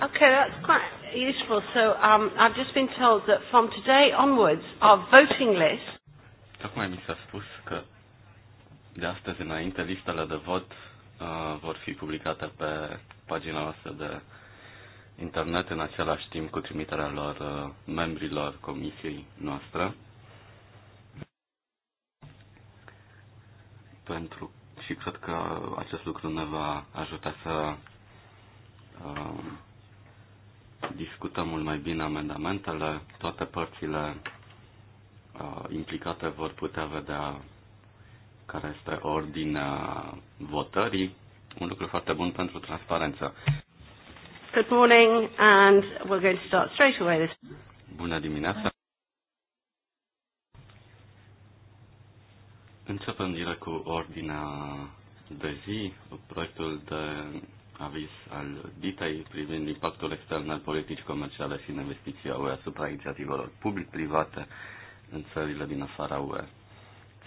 Okay, that's quite useful. So um, I've just been told that from today onwards, our voting list. Tocmai mi s-a spus că de astăzi înainte listele de vot uh, vor fi publicate pe pagina noastră de internet în același timp cu trimiterea lor uh, membrilor comisiei noastre. Pentru și cred că acest lucru ne va ajuta să uh, discutăm mult mai bine amendamentele, toate părțile uh, implicate vor putea vedea care este ordinea votării, un lucru foarte bun pentru transparență. Good morning and we're going to start straight away this. Bună dimineața. Începem direct cu ordinea de zi, proiectul de aviz al DITAI privind impactul extern al politicii comerciale și în investiții UE asupra inițiativelor public-private în țările din afara UE.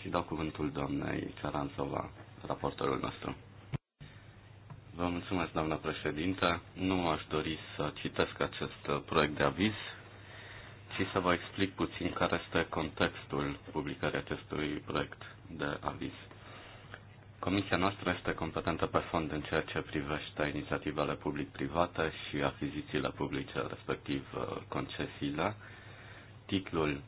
Și dau cuvântul doamnei Caranțova, raportorul nostru. Vă mulțumesc, doamna președintă. Nu aș dori să citesc acest proiect de aviz, ci să vă explic puțin care este contextul publicării acestui proiect de aviz. Comisia noastră este competentă pe fond în ceea ce privește inițiativele public-private și achizițiile publice, respectiv uh, concesiile. Titlul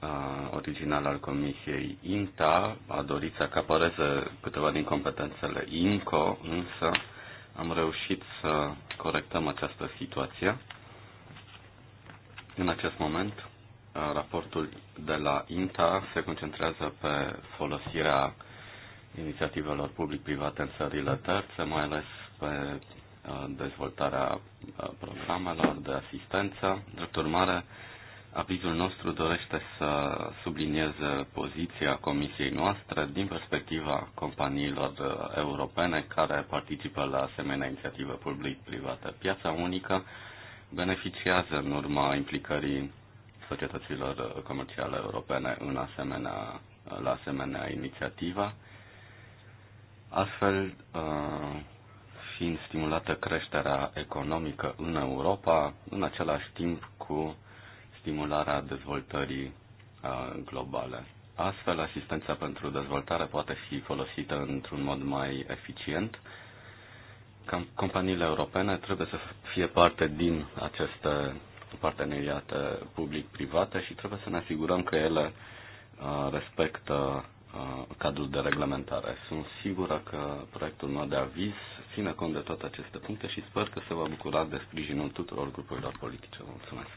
uh, original al Comisiei INTA a dorit să acapareze câteva din competențele INCO, însă am reușit să corectăm această situație. În acest moment, uh, raportul de la INTA se concentrează pe folosirea inițiativelor public-private în țările terțe, mai ales pe uh, dezvoltarea uh, programelor de asistență. Drept urmare, avizul nostru dorește să sublinieze poziția comisiei noastre din perspectiva companiilor uh, europene care participă la asemenea inițiative public-private. Piața unică beneficiază în urma implicării societăților comerciale europene în asemenea, la asemenea inițiativă astfel uh, fiind stimulată creșterea economică în Europa, în același timp cu stimularea dezvoltării uh, globale. Astfel, asistența pentru dezvoltare poate fi folosită într-un mod mai eficient. Companiile europene trebuie să fie parte din aceste parteneriate public-private și trebuie să ne asigurăm că ele uh, respectă Uh, cadrul de reglementare. Sunt sigură că proiectul meu de aviz ține cont de toate aceste puncte și sper că se va bucura de sprijinul tuturor grupurilor politice. mulțumesc.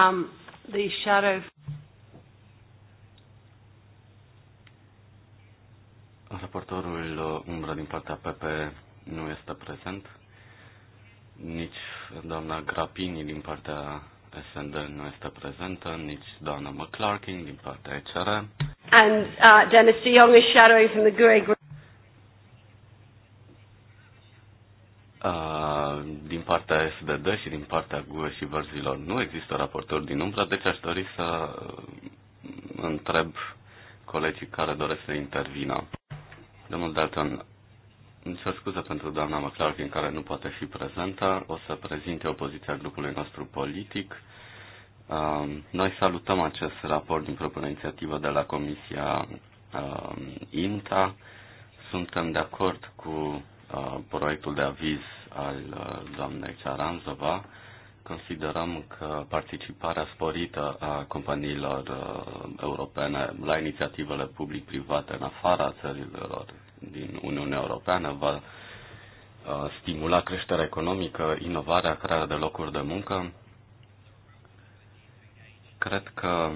Um, the shadow... Raportorul uh, umbră din partea PP nu este prezent, nici doamna Grapini din partea PSD nu este prezentă, nici doamna McClarkin din partea ECR. And uh, Dennis de Jong is shadowing from the GUE group. Uh, din partea SDD și din partea GUE și verzilor nu există raportori din umbră, deci aș dori să uh, întreb colegii care doresc să intervină. Domnul Dalton, îmi cer scuze pentru doamna McLaughlin care nu poate fi prezentă. O să prezinte opoziția grupului nostru politic. Um, noi salutăm acest raport din propria inițiativă de la Comisia um, INTA. Suntem de acord cu uh, proiectul de aviz al uh, doamnei Cearanzova. Considerăm că participarea sporită a companiilor uh, europene la inițiativele public-private în afara țărilor din Uniunea Europeană va uh, stimula creșterea economică, inovarea, crearea de locuri de muncă. Cred că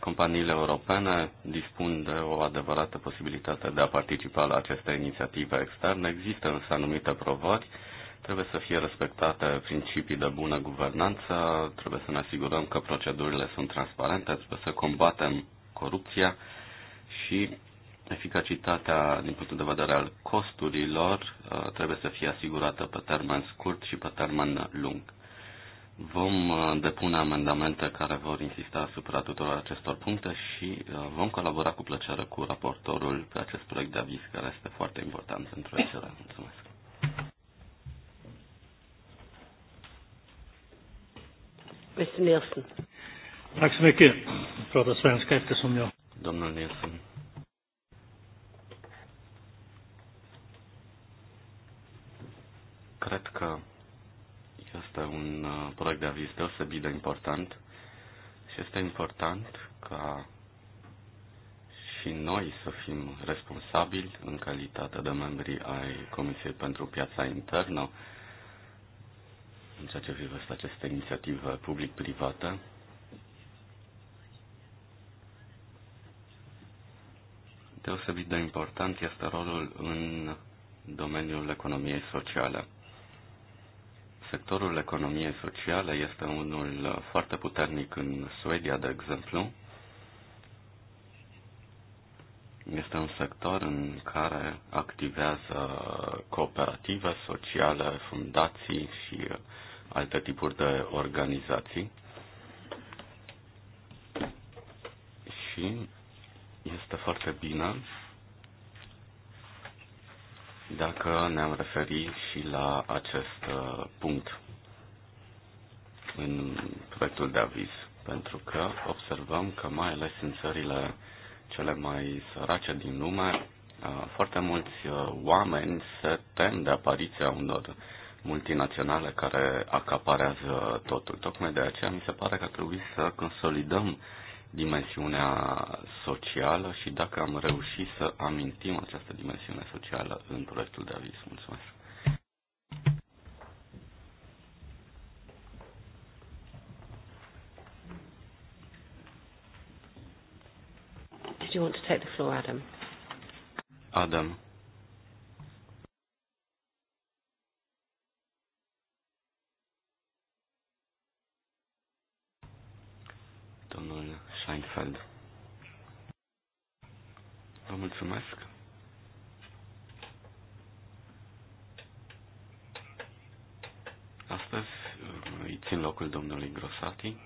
companiile europene dispun de o adevărată posibilitate de a participa la aceste inițiative externe. Există însă anumite provări, trebuie să fie respectate principii de bună guvernanță, trebuie să ne asigurăm că procedurile sunt transparente, trebuie să combatem corupția și eficacitatea din punctul de vedere al costurilor uh, trebuie să fie asigurată pe termen scurt și pe termen lung. Vom uh, depune amendamente care vor insista asupra tuturor acestor puncte și uh, vom colabora cu plăcere cu raportorul pe acest proiect de aviz care este foarte important pentru acela. Mulțumesc! Mr. Nielsen. Tack så mycket. Jag pratar svenska eftersom jag... Domnul Nielsen. Cred că este un uh, proiect de aviz deosebit de important și este important ca și noi să fim responsabili în calitate de membri ai Comisiei pentru Piața Internă în ceea ce privește aceste inițiative public-private. Deosebit de important este rolul în domeniul economiei sociale sectorul economiei sociale este unul uh, foarte puternic în Suedia, de exemplu. Este un sector în care activează cooperative sociale, fundații și uh, alte tipuri de organizații. Și este foarte bine dacă ne-am referit și la acest uh, punct în proiectul de aviz, pentru că observăm că mai ales în țările cele mai sărace din lume, uh, foarte mulți uh, oameni se tem de apariția unor multinaționale care acaparează totul. Tocmai de aceea mi se pare că trebuie să consolidăm uh, dimensiunea socială și dacă am reușit să amintim această dimensiune socială în proiectul de avis. Mulțumesc! Did you want to take the floor, Adam? Adam. Domnul Seinfeld. Vă mulțumesc. Astăzi uh, îi țin locul domnului Grosati,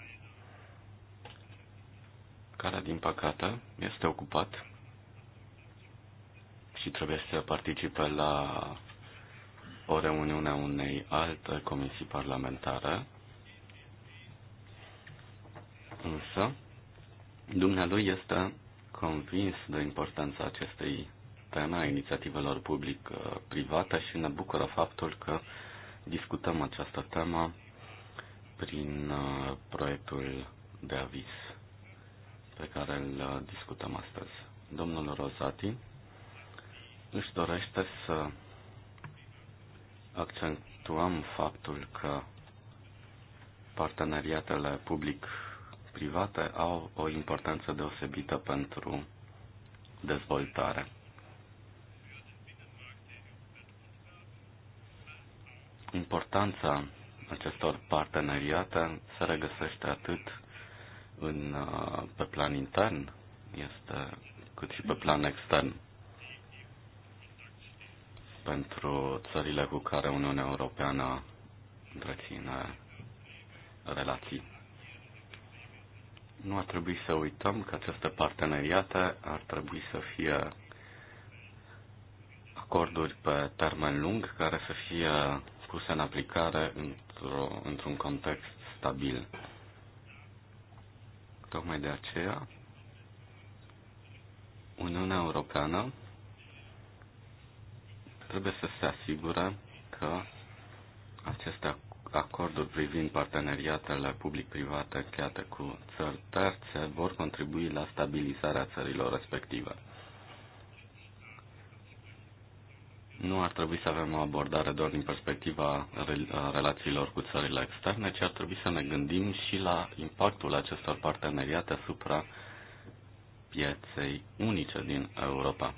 care, din păcate, este ocupat și trebuie să participe la o reuniune a unei alte comisii parlamentare. Însă, Dumnealui este convins de importanța acestei teme a inițiativelor public-private și ne bucură faptul că discutăm această temă prin uh, proiectul de avis pe care îl uh, discutăm astăzi. Domnul Rosati își dorește să accentuăm faptul că parteneriatele public private au o importanță deosebită pentru dezvoltare. Importanța acestor parteneriate se regăsește atât în, uh, pe plan intern, este, cât și pe plan extern. Pentru țările cu care Uniunea Europeană întreține relații nu ar trebui să uităm că această parteneriate ar trebui să fie acorduri pe termen lung care să fie puse în aplicare într într-un context stabil. Tocmai de aceea, Uniunea Europeană trebuie să se asigure că aceste acordul privind parteneriatele public-private cheate cu țări terțe vor contribui la stabilizarea țărilor respective. Nu ar trebui să avem o abordare doar din perspectiva relațiilor cu țările externe, ci ar trebui să ne gândim și la impactul acestor parteneriate asupra pieței unice din Europa.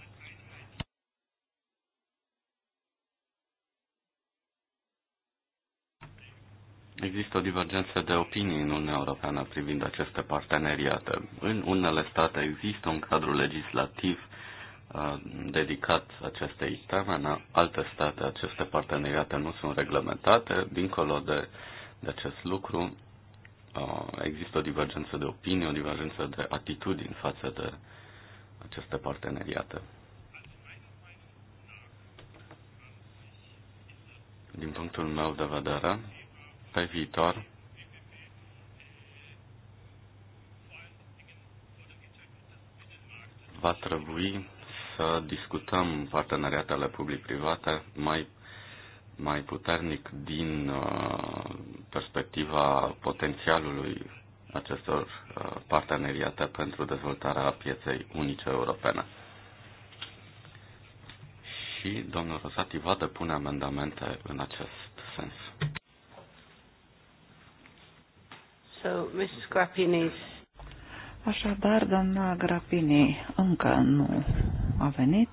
Există o divergență de opinii în Uniunea Europeană privind aceste parteneriate. În unele state există un cadru legislativ uh, dedicat acestei teme, în alte state aceste parteneriate nu sunt reglementate. Dincolo de, de acest lucru, uh, există o divergență de opinii, o divergență de atitudini față de aceste parteneriate. Din punctul meu de vedere, pe viitor va trebui să discutăm parteneriatele public-private mai, mai puternic din uh, perspectiva potențialului acestor uh, parteneriate pentru dezvoltarea pieței unice europene. Și domnul Rosati va depune amendamente în acest sens. So, Mrs. Grappini Așadar, doamna Grapini încă nu a venit.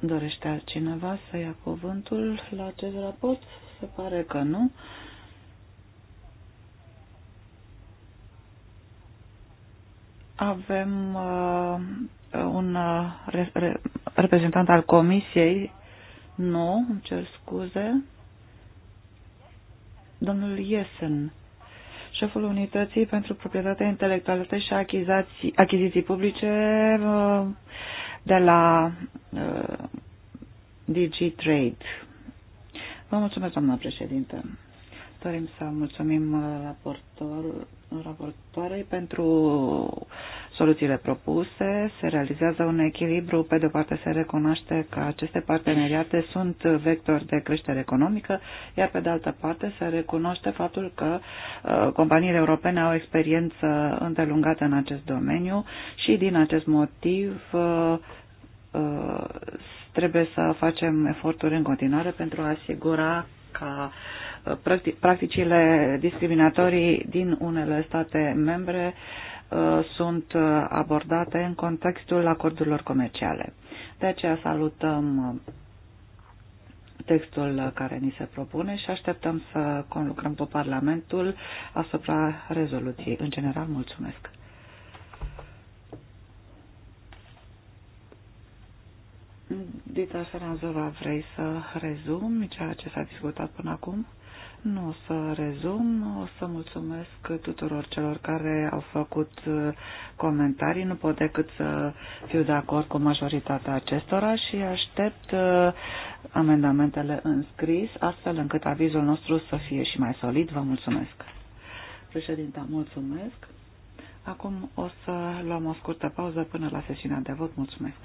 Dorește altcineva să ia cuvântul la acest raport? Se pare că nu. Avem uh, un uh, re, re, reprezentant al comisiei. Nu, îmi cer scuze. Domnul Iesen șeful Unității pentru Proprietatea Intelectuală și achiziții, achiziții publice uh, de la uh, DG Trade. Vă mulțumesc, doamna președinte. Dorim să mulțumim uh, raportor, raportoarei pentru Soluțiile propuse se realizează un echilibru, pe de o parte se recunoaște că aceste parteneriate sunt vectori de creștere economică, iar pe de altă parte se recunoaște faptul că uh, companiile europene au experiență îndelungată în acest domeniu și din acest motiv uh, uh, trebuie să facem eforturi în continuare pentru a asigura ca practicile discriminatorii din unele state membre uh, Uh, sunt uh, abordate în contextul acordurilor comerciale. De aceea salutăm uh, textul care ni se propune și așteptăm să conlucrăm cu Parlamentul asupra rezoluției. În general, mulțumesc. Dita Saranzova, vrei să rezumi ceea ce s-a discutat până acum? Nu o să rezum, o să mulțumesc tuturor celor care au făcut uh, comentarii, nu pot decât să fiu de acord cu majoritatea acestora și aștept uh, amendamentele înscris, astfel încât avizul nostru să fie și mai solid. Vă mulțumesc. Președinta, mulțumesc. Acum o să luăm o scurtă pauză până la sesiunea de vot. Mulțumesc.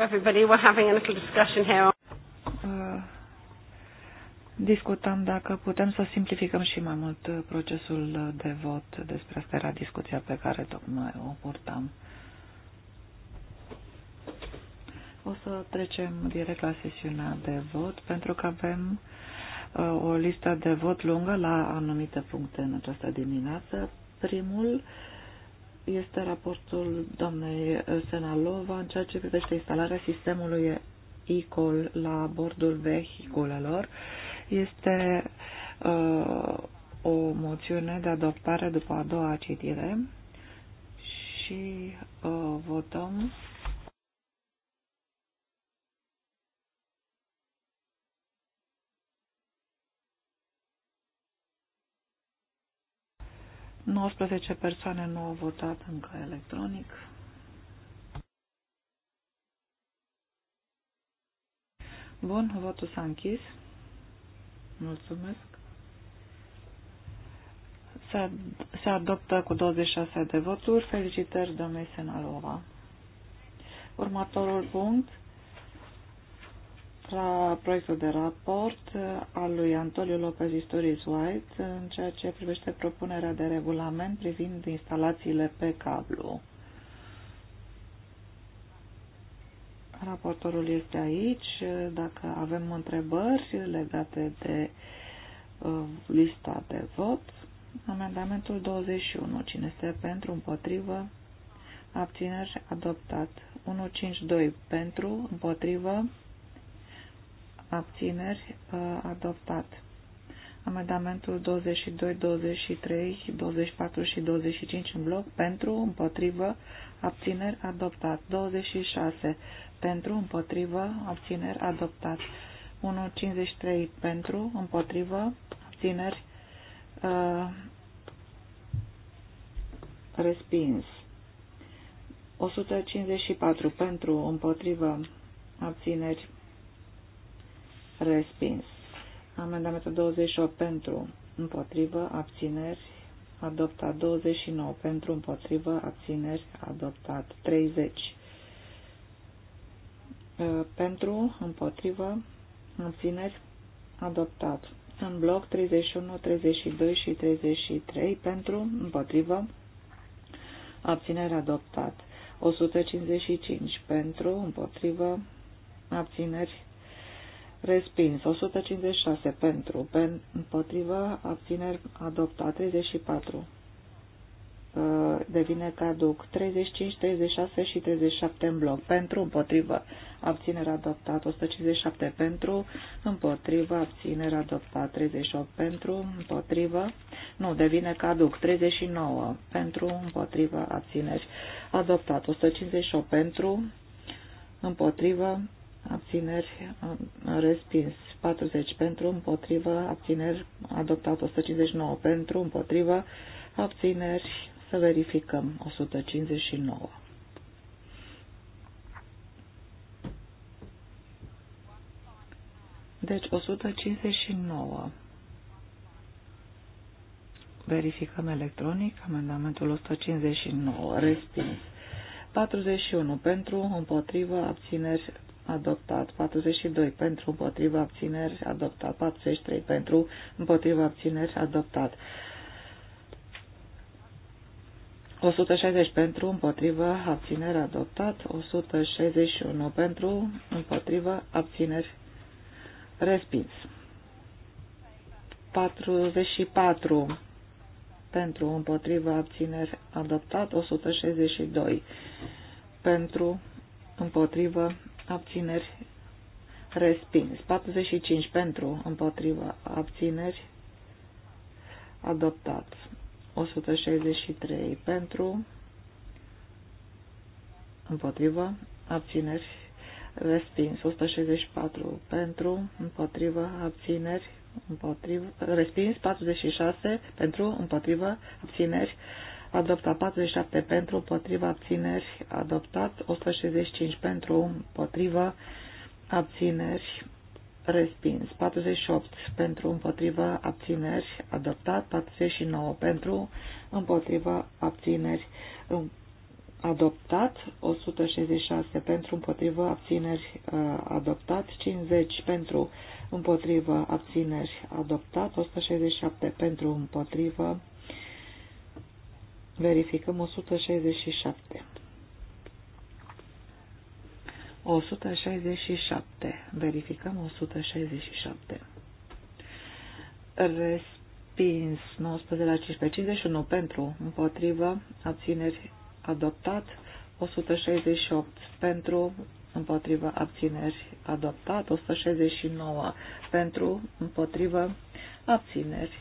everybody. We're having a little discussion here. Uh, discutăm dacă putem să simplificăm și mai mult uh, procesul de vot. Despre asta era discuția pe care tocmai o purtam. O să trecem direct la sesiunea de vot pentru că avem uh, o listă de vot lungă la anumite puncte în această dimineață. Primul uh, este raportul doamnei Senalova în ceea ce privește instalarea sistemului ICOL la bordul vehiculelor. Este uh, o moțiune de adoptare după a doua citire și uh, votăm 19 persoane nu au votat încă electronic. Bun, votul s-a închis. Mulțumesc. Se, adoptă cu 26 de voturi. Felicitări, domnului Senalova. Următorul punct asupra proiectul de raport uh, al lui Antonio Lopez Stories White uh, în ceea ce privește propunerea de regulament privind instalațiile pe cablu. Raportorul este aici. Uh, dacă avem întrebări legate de lista de vot, amendamentul 21. Cine este pentru, împotrivă, abțineri, adoptat. 152 pentru, împotrivă, abțineri, uh, adoptat. Amendamentul 22, 23, 24 și 25 în bloc, pentru, împotrivă, abțineri, adoptat. 26, pentru, împotrivă, abțineri, adoptat. 1.53 pentru, împotrivă, abțineri, uh, respins. 154 pentru, împotrivă, abțineri, Respins. Amendamentul 28 pentru, împotrivă, abțineri, adoptat 29 pentru, împotrivă, abțineri, adoptat 30 ă, pentru, împotrivă, abțineri, adoptat în bloc 31, 32 și 33 pentru, împotrivă, abțineri, adoptat. 155 pentru, împotrivă, abțineri Respins. 156 pentru. Pen, împotrivă. Abțineri. adopta 34. Uh, devine caduc. 35, 36 și 37 în bloc. Pentru. Împotrivă. Abținere adoptat. 157 pentru. Împotrivă. Abținere adoptat. 38 pentru. Împotrivă. Nu. Devine caduc. 39 pentru. Împotrivă. Abțineri. Adoptat. 158 pentru. Împotrivă abțineri uh, respins 40 pentru, împotrivă, abțineri adoptat 159 pentru, împotrivă, abțineri să verificăm 159. Deci 159. Verificăm electronic amendamentul 159, respins. 41 pentru, împotrivă, abțineri adoptat 42 pentru împotriva abțineri, adoptat 43 pentru împotriva abțineri, adoptat 160 pentru împotriva abțineri, adoptat 161 pentru împotriva abțineri, respins 44 pentru împotriva abțineri, adoptat 162 pentru împotrivă abțineri, respins. 45 pentru, împotriva, abțineri, adoptat. 163 pentru, împotriva, abțineri, respins. 164 pentru, împotriva, abțineri, împotriva, respins. 46 pentru, împotriva, abțineri, adoptat 47 pentru, potriva abțineri, adoptat 165 pentru, împotriva abțineri, respins 48 pentru, împotriva abțineri, adoptat 49 uh, pentru, împotriva abțineri, adoptat 166 pentru, împotriva abțineri, adoptat 50 pentru, împotriva abțineri, adoptat 167 pentru, împotriva Verificăm 167. 167. Verificăm 167. Respins 19 la 15. 51 pentru, împotrivă, abțineri adoptat. 168 pentru, împotrivă, abțineri adoptat. 169 pentru, împotrivă, abțineri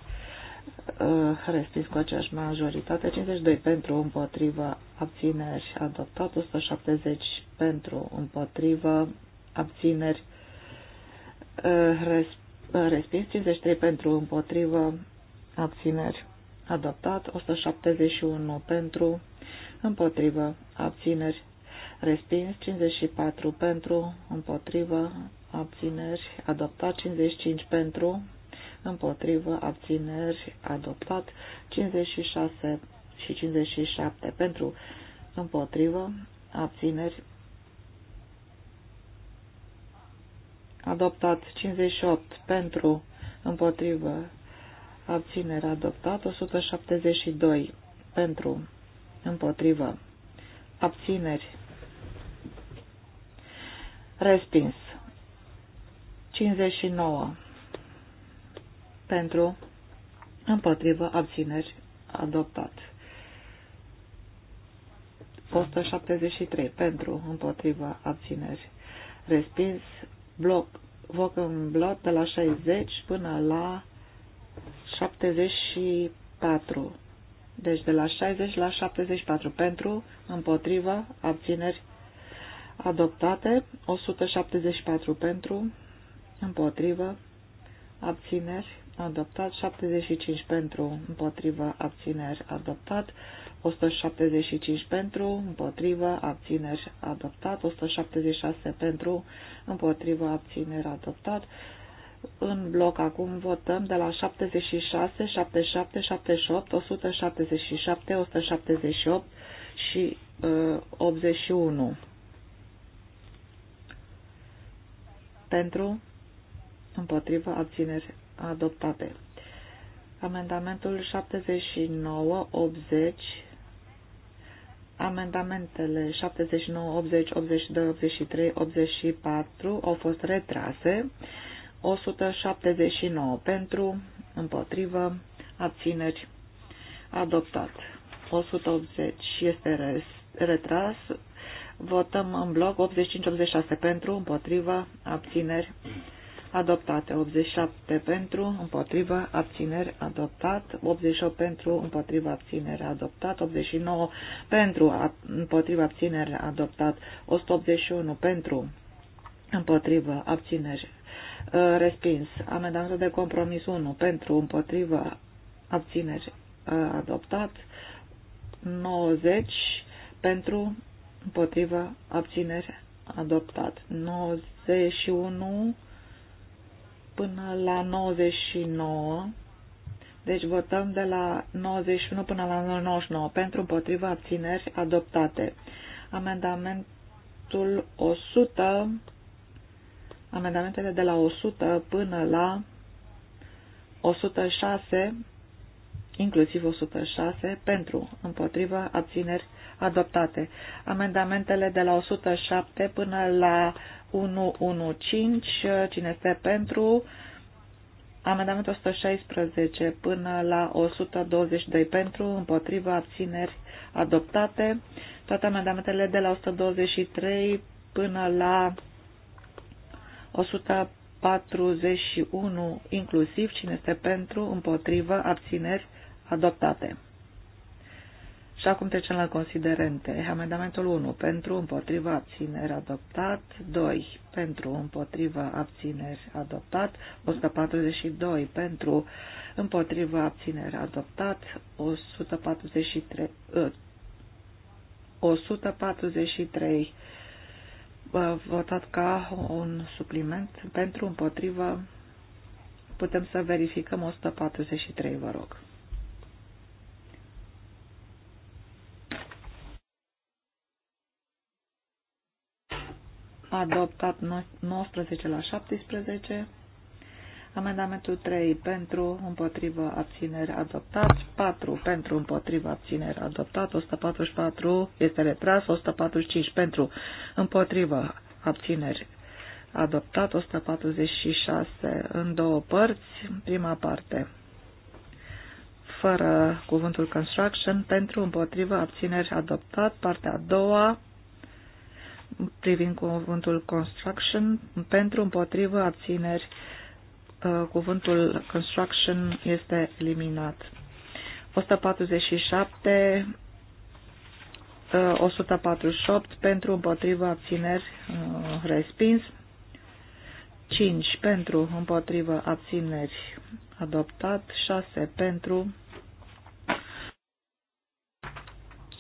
respins cu aceeași majoritate, 52 pentru, împotrivă, abțineri, adoptat, 170 pentru, împotrivă, abțineri, respins, 53 pentru, împotrivă, abțineri, adoptat, 171 pentru, împotrivă, abțineri, respins, 54 pentru, împotrivă, abțineri, adoptat, 55 pentru, împotrivă, abțineri, adoptat, 56 și 57 pentru, împotrivă, abțineri, adoptat, 58 pentru, împotrivă, abțineri, adoptat, 172 pentru, împotrivă, abțineri, respins, 59 pentru, împotrivă, abțineri, adoptat. 173 pentru, împotrivă, abțineri, respins, bloc, voc în bloc de la 60 până la 74. Deci de la 60 la 74 pentru, împotrivă, abțineri adoptate, 174 pentru, împotrivă, abțineri adoptat, 75 pentru, împotrivă, abțineri, adoptat, 175 pentru, împotrivă, abțineri, adoptat, 176 pentru, împotrivă, abțineri, adoptat. În bloc acum votăm de la 76, 77, 78, 177, 178 și uh, 81. Pentru, împotrivă, abțineri, adoptate. Amendamentul 79, 80, amendamentele 79, 80, 82, 83, 84 au fost retrase. 179 pentru, împotrivă, abțineri, adoptat. 180 este retras. Votăm în bloc 85-86 pentru, împotrivă, abțineri, adoptat adoptate, 87 pentru, împotrivă, abțineri, adoptat, 88 pentru, împotrivă, abțineri, adoptat, 89 pentru, împotrivă, abțineri, adoptat, 181 pentru, împotrivă, abțineri, uh, respins, amendamentul de compromis 1 pentru, împotrivă, uh, abțineri, adoptat, 90 pentru, împotrivă, abțineri, adoptat, 91 până la 99. Deci votăm de la 91 până la 99 pentru împotriva abțineri adoptate. Amendamentul 100, amendamentele de la 100 până la 106, inclusiv 106, pentru împotriva abțineri adoptate. Amendamentele de la 107 până la 115, cine este pentru, amendamentul 116 până la 122 pentru, împotriva abțineri adoptate, toate amendamentele de la 123 până la 141 inclusiv, cine este pentru, împotrivă, abțineri adoptate. Și acum trecem la considerente. Amendamentul 1. Pentru, împotriva, abțineri, adoptat. 2. Pentru, împotriva, abțineri, adoptat. 142. Pentru, împotriva, abțineri, adoptat. 143. 143 ă, votat ca un supliment pentru împotrivă putem să verificăm 143 vă rog adoptat 19 la 17, amendamentul 3 pentru, împotrivă, abțineri, adoptat, 4 pentru, împotrivă, abțineri, adoptat, 144 este retras, 145 pentru, împotrivă, abțineri, adoptat, 146 în două părți, prima parte fără cuvântul construction, pentru împotrivă abțineri adoptat, partea a doua, privind cuvântul construction, pentru împotrivă abțineri, uh, cuvântul construction este eliminat. 147, 148, uh, pentru împotrivă abțineri, uh, respins. 5 pentru împotrivă abțineri adoptat, 6 pentru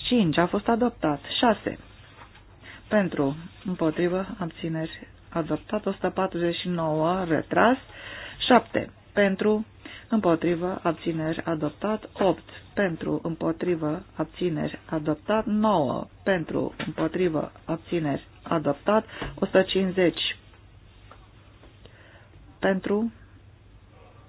5 a fost adoptat, 6 pentru, împotrivă, abțineri, adoptat, 149, retras, 7, pentru, împotrivă, abțineri, adoptat, 8, pentru, împotrivă, abțineri, adoptat, 9, pentru, împotrivă, abțineri, adoptat, 150, pentru,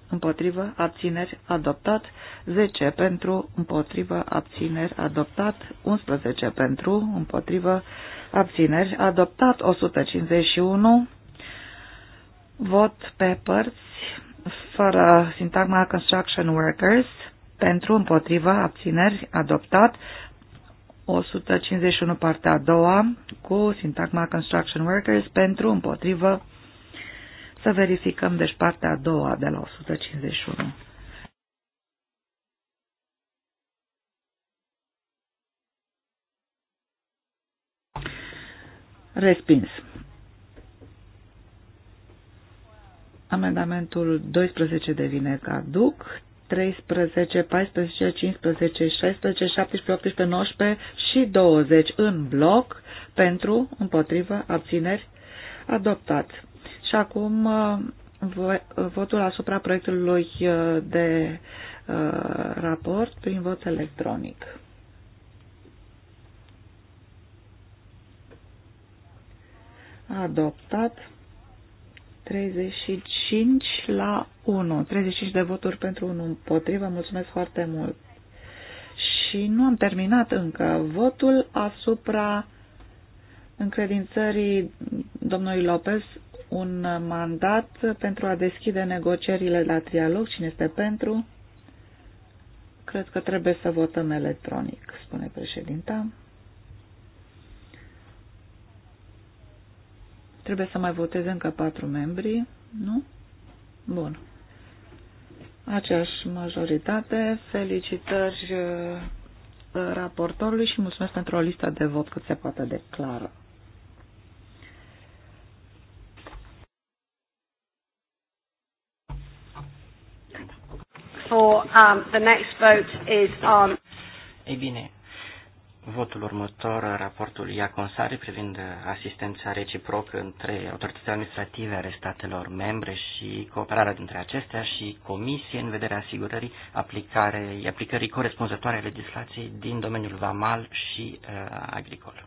împotrivă, abțineri, adoptat, 10 pentru, împotrivă, abțineri, adoptat, 11 pentru, împotrivă, abțineri, adoptat 151, vot pe părți, fără sintagma construction workers, pentru, împotriva, abțineri, adoptat, 151 partea a doua, cu sintagma construction workers, pentru, împotrivă, să verificăm, deci, partea a doua de la 151. Respins. Amendamentul 12 devine caduc. 13, 14, 15, 16, 17, 18, 19 și 20 în bloc pentru, împotrivă, abțineri, adoptat. Și acum uh, votul asupra proiectului uh, de uh, raport prin vot electronic. adoptat 35 la 1, 35 de voturi pentru 1 împotrivă, mulțumesc foarte mult. Și nu am terminat încă votul asupra încredințării domnului Lopez un mandat pentru a deschide negocierile la trialog. Cine este pentru? Cred că trebuie să votăm electronic, spune președinta. Trebuie să mai voteze încă patru membri, nu? Bun. Aceeași majoritate. Felicitări uh, raportorului și mulțumesc pentru o listă de vot cât se poate de clară. For um, the next vote is on. Ei bine, Votul următor, raportul Iaconsari privind asistența reciprocă între autoritățile administrative ale statelor membre și cooperarea dintre acestea și comisie în vederea asigurării aplicare, aplicării corespunzătoare a legislației din domeniul vamal și uh, agricol.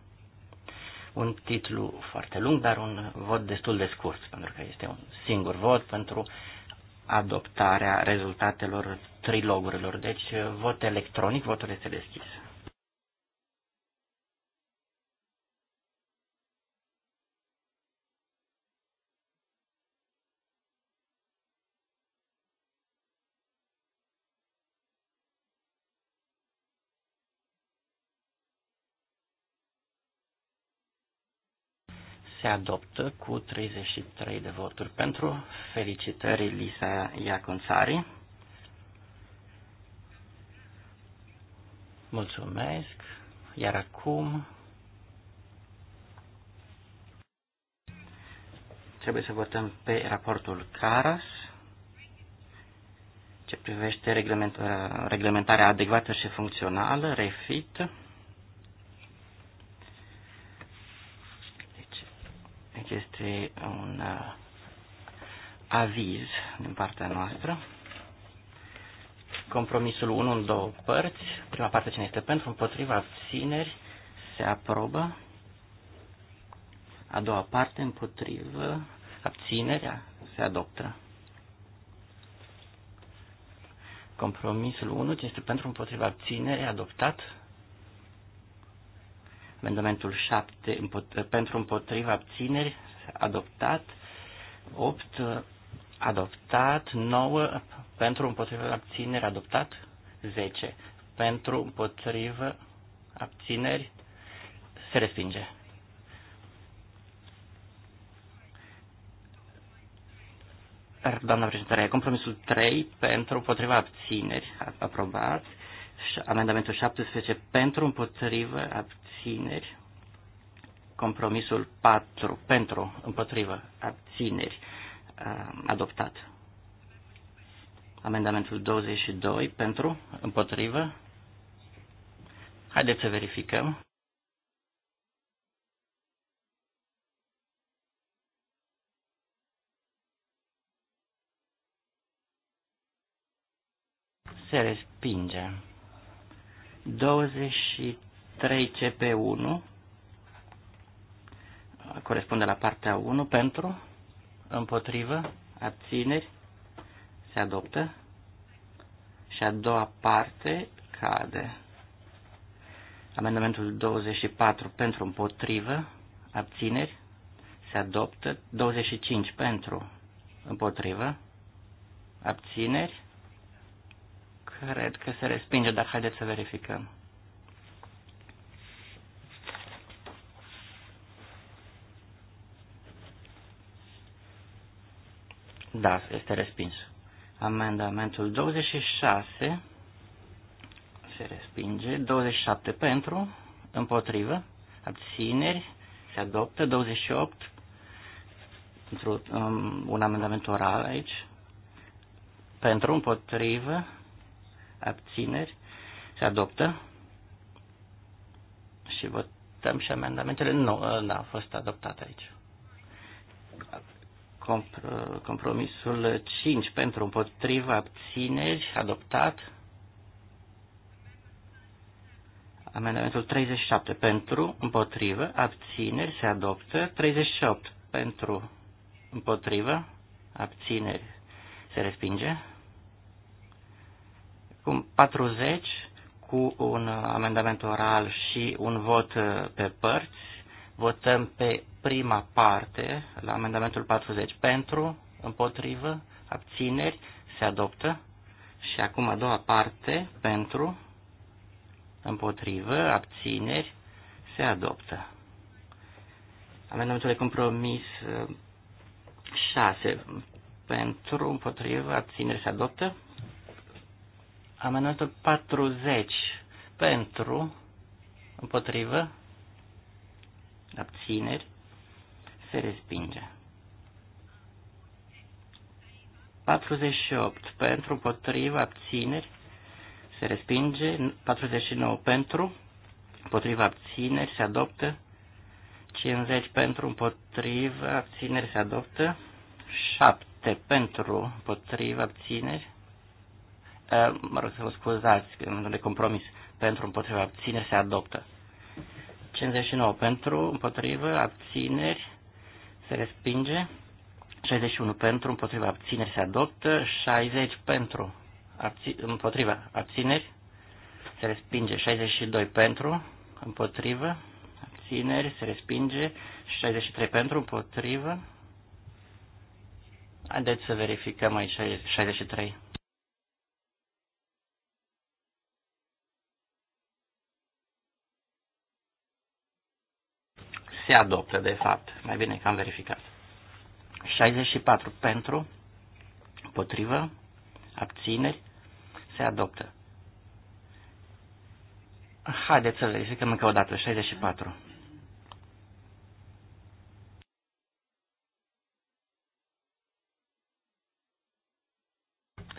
Un titlu foarte lung, dar un vot destul de scurt, pentru că este un singur vot pentru adoptarea rezultatelor trilogurilor. Deci, vot electronic, votul este deschis. se adoptă cu 33 de voturi pentru. Felicitări Lisa Iaconțari. Mulțumesc. Iar acum trebuie să votăm pe raportul Caras ce privește reglementarea adecvată și funcțională, refit. este un uh, aviz din partea noastră. Compromisul 1 în două părți. Prima parte cine este pentru, împotriva, abțineri, se aprobă. A doua parte, împotrivă, abținerea, se adoptă. Compromisul 1, ce este pentru împotriva abținere, adoptat. Amendamentul 7 pentru împotriva abțineri adoptat. 8 adoptat. 9 pentru împotriva abțineri adoptat. 10 pentru împotriva abțineri se respinge. Doamna președintă, compromisul 3 pentru împotriva abțineri aprobat amendamentul 17 pentru, împotrivă, abțineri. Compromisul 4 pentru, împotrivă, abțineri, uh, adoptat. Amendamentul 22 pentru, împotrivă. Haideți să verificăm. Se respinge. 23 CP1 corespunde la partea 1 pentru, împotrivă, abțineri, se adoptă și a doua parte cade. Amendamentul 24 pentru împotrivă, abțineri, se adoptă, 25 pentru împotrivă, abțineri, Cred că se respinge, dar haideți să verificăm. Da, este respins. Amendamentul 26 se respinge. 27 pentru, împotrivă, abțineri, se adoptă. 28 pentru um, un amendament oral aici. Pentru, împotrivă, abțineri, se adoptă. Și votăm și amendamentele. Nu, da, ă, a fost adoptat aici. Compromisul 5 pentru împotriva abțineri, adoptat. Amendamentul 37 pentru, împotrivă, abțineri, se adoptă. 38 pentru, împotrivă, abțineri, se respinge. Cum 40 cu un amendament oral și un vot uh, pe părți. Votăm pe prima parte la amendamentul 40 pentru, împotrivă, abțineri, se adoptă. Și acum a doua parte pentru, împotrivă, abțineri, se adoptă. Amendamentul de compromis 6 uh, pentru, împotrivă, abțineri, se adoptă. Amendamentul 40 pentru, împotrivă, abțineri, se respinge. 48 pentru, împotrivă, abțineri, se respinge. 49 pentru, împotrivă, abțineri, se adoptă. 50 pentru, împotrivă, abțineri, se adoptă. 7 pentru, împotrivă, abțineri, mă rog să vă scuzați, de compromis, pentru împotriva abțineri se adoptă. 59 pentru, împotrivă, abțineri, se respinge. 61 pentru, împotriva abțineri se adoptă. 60 pentru, abți, împotriva abțineri, se respinge. 62 pentru, împotrivă, abțineri, se respinge. 63 pentru, împotrivă. Haideți să verificăm aici 63. se adoptă, de fapt. Mai bine că am verificat. 64 pentru, potrivă, abțineri, se adoptă. Haideți să verificăm încă o dată, 64.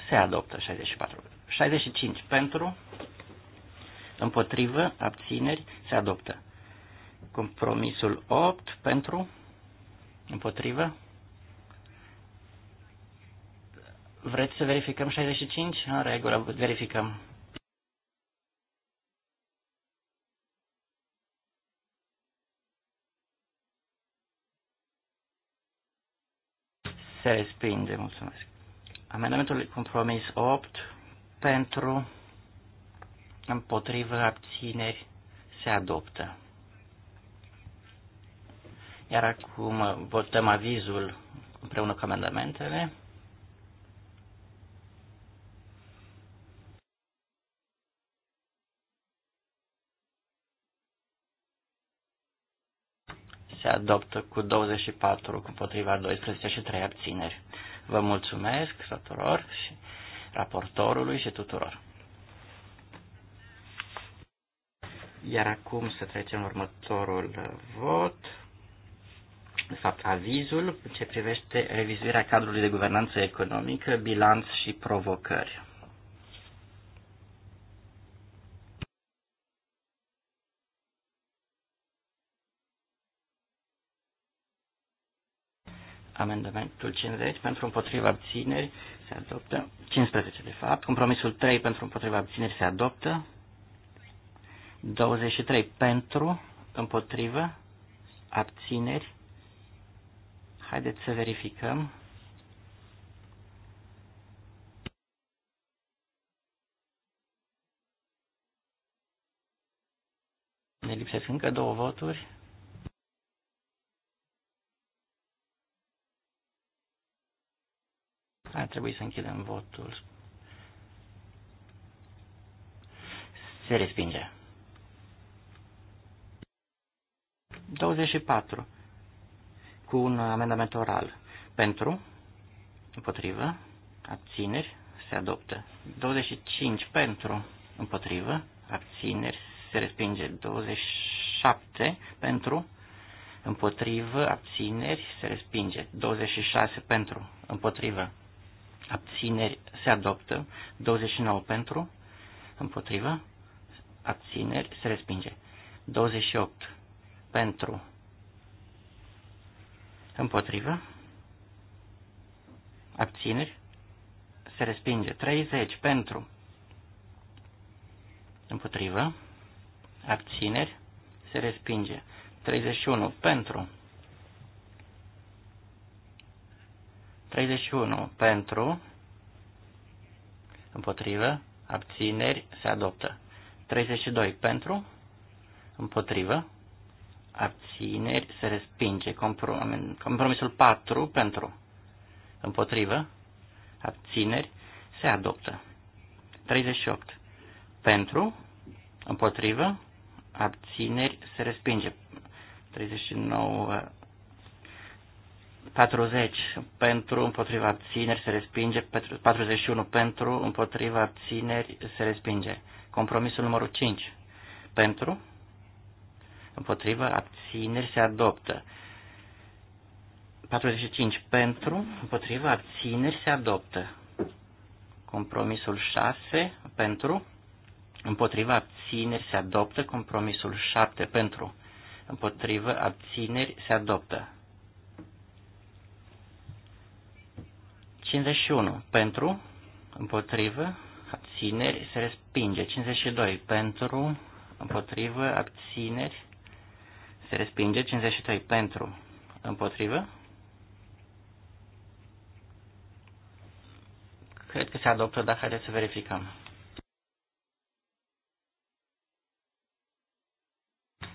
Se adoptă 64. 65 pentru, împotrivă, abțineri, se adoptă. Compromisul 8 pentru, împotrivă. Vreți să verificăm 65? În regulă, verificăm. Se respinde, mulțumesc. Amendamentul compromis 8 pentru împotrivă abțineri se adoptă. Iar acum votăm avizul împreună cu amendamentele. se adoptă cu 24 împotriva 12 și 3 abțineri. Vă mulțumesc tuturor și raportorului și tuturor. Iar acum să trecem următorul vot. Deci, de fapt, avizul ce privește revizuirea cadrului de guvernanță economică, bilanț și provocări. Amendamentul 50 pentru împotriva abțineri se adoptă. 15 de fapt. Compromisul 3 pentru împotriva abțineri se adoptă. 23 pentru împotriva abțineri Haideți să verificăm. Ne lipsesc încă două voturi. Ar trebui să închidem votul. Se respinge. 24 cu un amendament oral. Pentru, împotrivă, abțineri, se adoptă. 25 pentru, împotrivă, abțineri, se respinge. 27 pentru, împotrivă, abțineri, se respinge. 26 pentru, împotrivă, abțineri, se adoptă. 29 pentru, împotrivă, abțineri, se respinge. 28 pentru, Împotrivă. Abțineri. Se respinge. 30 pentru. Împotrivă. Abțineri. Se respinge. 31 pentru. 31 pentru. Împotrivă. Abțineri. Se adoptă. 32 pentru. Împotrivă abțineri, se respinge. Compromisul 4 pentru, împotrivă, abțineri, se adoptă. 38. Pentru, împotrivă, abțineri, se respinge. 39. 40 pentru, împotriva abțineri, se respinge. 41 pentru, împotriva abțineri, se respinge. Compromisul numărul 5. Pentru, împotriva abțineri se adoptă. 45 pentru, împotriva abțineri se adoptă. Compromisul 6 pentru, împotriva abțineri se adoptă. Compromisul 7 pentru, împotriva abțineri se adoptă. 51 pentru, împotrivă, abțineri se respinge. 52 pentru, împotrivă, abțineri se respinge, 53 pentru, împotrivă. Cred că se adoptă, dar haideți să verificăm.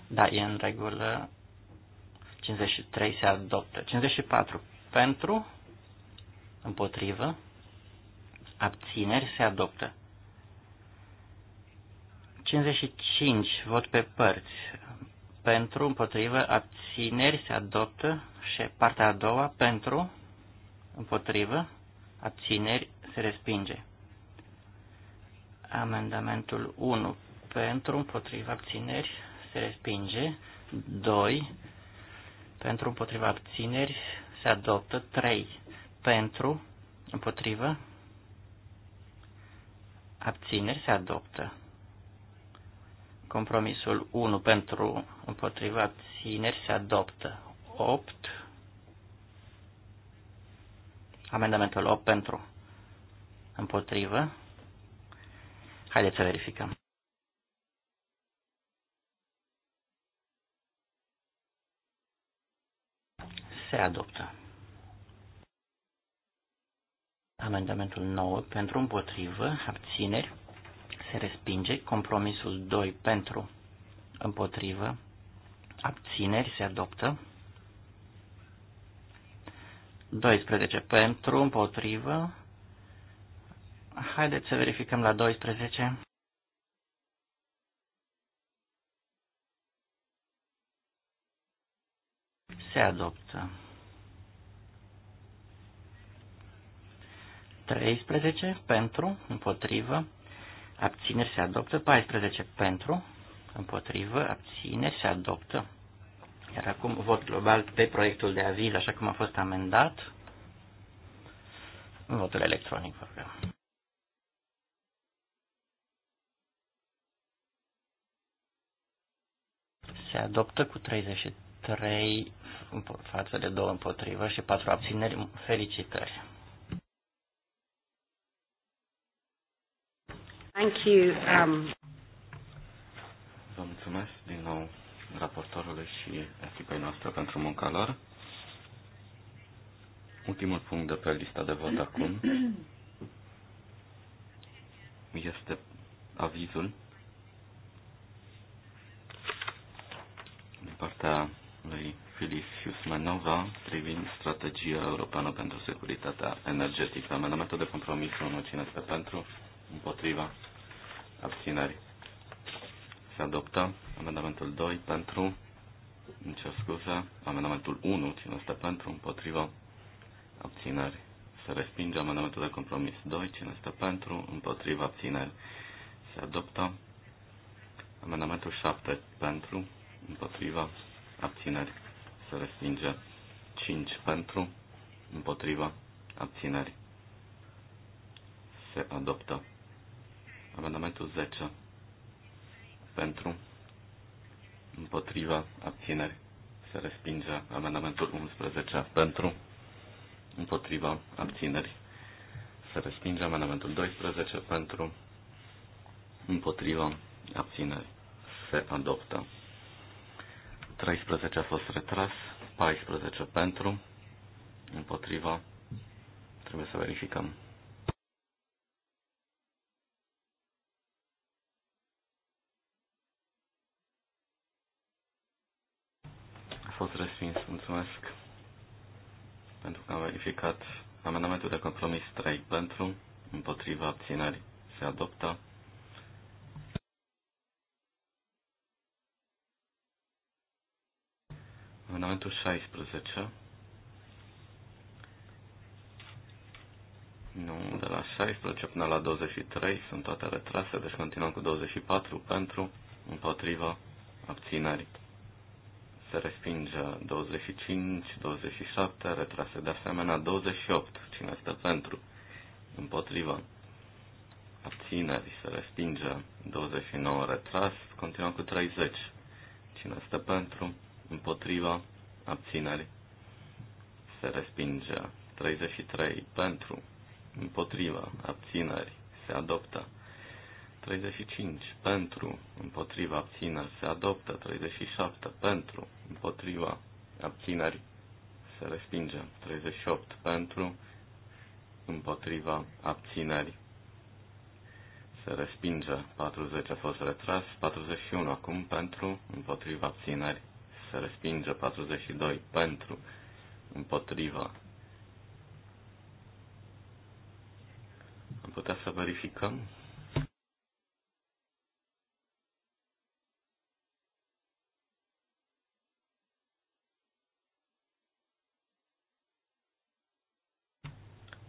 Da, e în regulă. 53 se adoptă. 54 pentru, împotrivă, abțineri se adoptă. 55 vot pe părți pentru, împotrivă, abțineri se adoptă și partea a doua pentru, împotrivă, abțineri se respinge. Amendamentul 1 pentru, împotriva abțineri se respinge. 2 pentru, împotriva abțineri se adoptă. 3 pentru, împotriva abțineri se adoptă. Compromisul 1 pentru împotriva țineri se adoptă. 8. Amendamentul 8 pentru împotrivă. Haideți să verificăm. Se adoptă. Amendamentul 9 pentru împotrivă, abțineri, se respinge. Compromisul 2 pentru, împotrivă, abțineri se adoptă. 12 pentru, împotrivă. Haideți să verificăm la 12. Se adoptă. 13 pentru, împotrivă, abțineri se adoptă, 14 pentru, împotrivă, abțineri se adoptă. Iar acum vot global pe proiectul de aviz, așa cum a fost amendat, votul electronic, vă Se adoptă cu 33 față de 2 împotrivă și 4 abțineri. Felicitări! Thank you. Um... Vă mulțumesc din nou raportorului și echipei noastre pentru munca lor. Ultimul punct de pe lista de vot acum este avizul din partea lui Filip hughes privind strategia europeană pentru securitatea energetică. Amendamentul de compromis nu cine este pentru, împotriva, abțineri. Se adoptă amendamentul 2 pentru, îmi cer amendamentul 1, cine este pentru, împotriva, abțineri. Se respinge amendamentul de compromis 2, cine este pentru, împotriva, abțineri. Se adoptă amendamentul 7 pentru, împotriva, abțineri. Se respinge 5 pentru, împotriva, abțineri. Se adoptă Amendamentul 10. Pentru. Împotriva. Abțineri. Se respinge. Amendamentul 11. Pentru. Împotriva. Abțineri. Se respinge. Amendamentul 12. Pentru. Împotriva. Abțineri. Se adoptă. 13 a fost retras. 14 pentru. Împotriva. Trebuie să verificăm. fost respins. Mulțumesc pentru că am verificat amendamentul de compromis 3 pentru, împotriva abținerii. Se adoptă. Amendamentul 16. Nu, de la 16 până la 23 sunt toate retrase, deci continuăm cu 24 pentru, împotriva, abținerii se respinge 25, 27, retrase de asemenea 28, cine este pentru, împotriva, abțineri, se respinge 29, retras, continuăm cu 30, cine este pentru, împotriva, abțineri, se respinge 33, pentru, împotriva, abțineri, se adoptă 35 pentru, împotriva abțineri se adoptă, 37 pentru, împotriva abțineri se respinge, 38 pentru, împotriva abțineri se respinge, 40 a fost retras, 41 acum pentru, împotriva abțineri se respinge, 42 pentru, împotriva. Am putea să verificăm?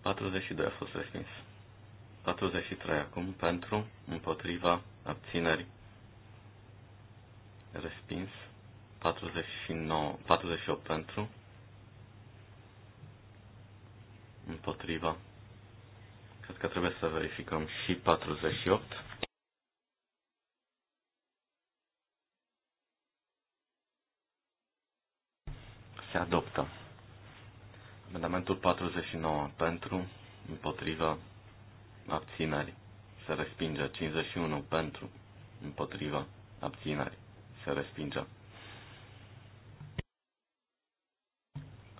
42 a fost respins. 43 acum pentru, împotriva, abțineri, respins. 49, 48 pentru, împotriva. Cred că trebuie să verificăm și 48. Se adoptă. Amendamentul 49 pentru, împotriva, abțineri, se respinge. 51 pentru, împotriva, abțineri, se respinge.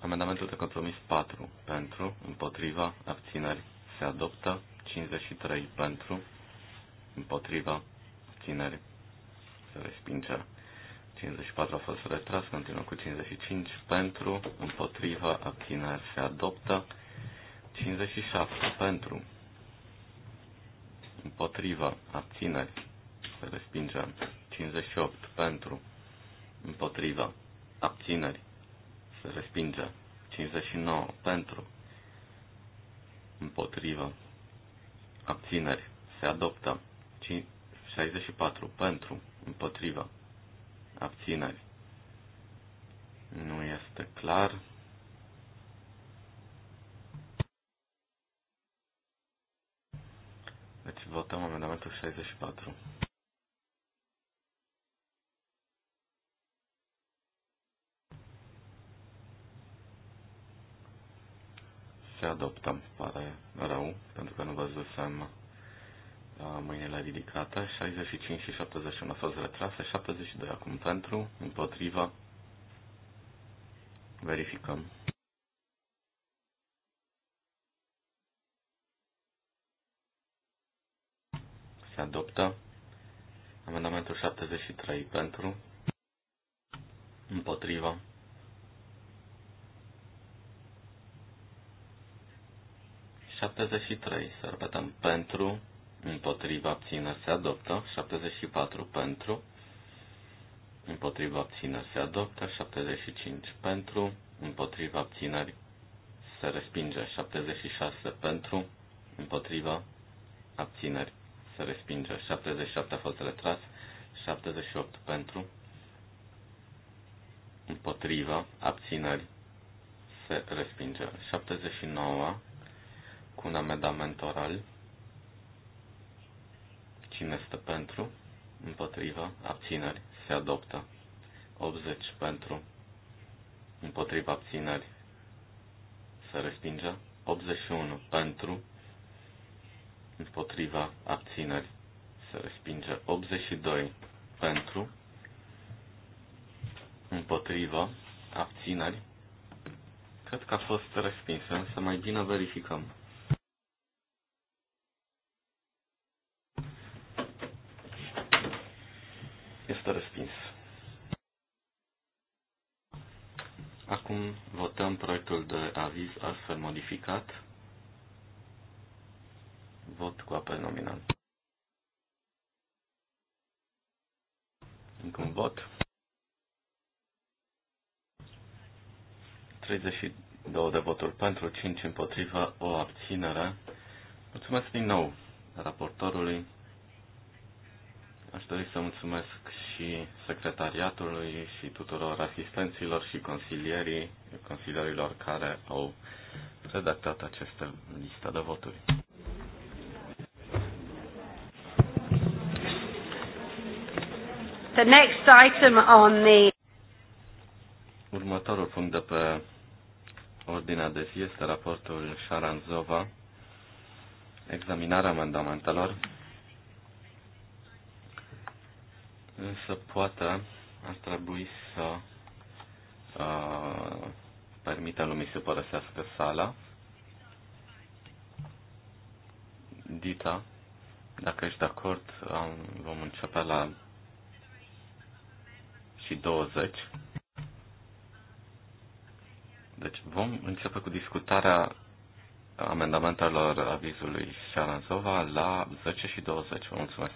Amendamentul de compromis 4 pentru, împotriva, abțineri, se adoptă. 53 pentru, împotriva, abțineri, se respinge. 54 a fost retras, continuă cu 55 pentru, împotriva, abțineri se adoptă, 57 pentru, împotriva, abțineri se respinge, 58 pentru, împotriva, abțineri se respinge, 59 pentru, împotriva, abțineri se adoptă, 64 pentru, împotriva, abțineri. Nu este clar. Deci votăm amendamentul 64. Se adoptăm pare rău, pentru că nu văzusem la ridicată, 65 și 71 a fost retrasă, 72 acum pentru, împotriva, verificăm. Se adoptă amendamentul 73 pentru, împotriva, Șaptezeci și să pentru, împotriva abțineri se adoptă, 74 pentru, împotriva abțineri se adoptă, 75 pentru, împotriva abțineri se respinge, 76 pentru, împotriva abțineri se respinge, 77 a fost retras, 78 pentru, împotriva abțineri se respinge, 79 cu un amendament oral Cine stă pentru? Împotriva. Abțineri. Se adoptă. 80 pentru. Împotriva abțineri. Se respinge. 81 pentru. Împotriva abțineri. Se respinge. 82 pentru. Împotriva abțineri. Cred că a fost respinsă, însă mai bine verificăm. Este respins. Acum votăm proiectul de aviz astfel modificat. Vot cu apel nominal. Încă un vot. 32 de voturi pentru, 5 împotriva, o abținere. Mulțumesc din nou raportorului. Aș dori să mulțumesc și secretariatului și tuturor asistenților și consilierii, consilierilor care au redactat această listă de voturi. The next item on the Următorul punct de pe ordinea de zi este raportul Șaranzova, examinarea amendamentelor însă poate ar trebui să a, permită lumii să părăsească sala. Dita, dacă ești de acord, am, vom începe la și 20. Deci vom începe cu discutarea amendamentelor avizului Șaranzova la 10 și 20. Vă mulțumesc!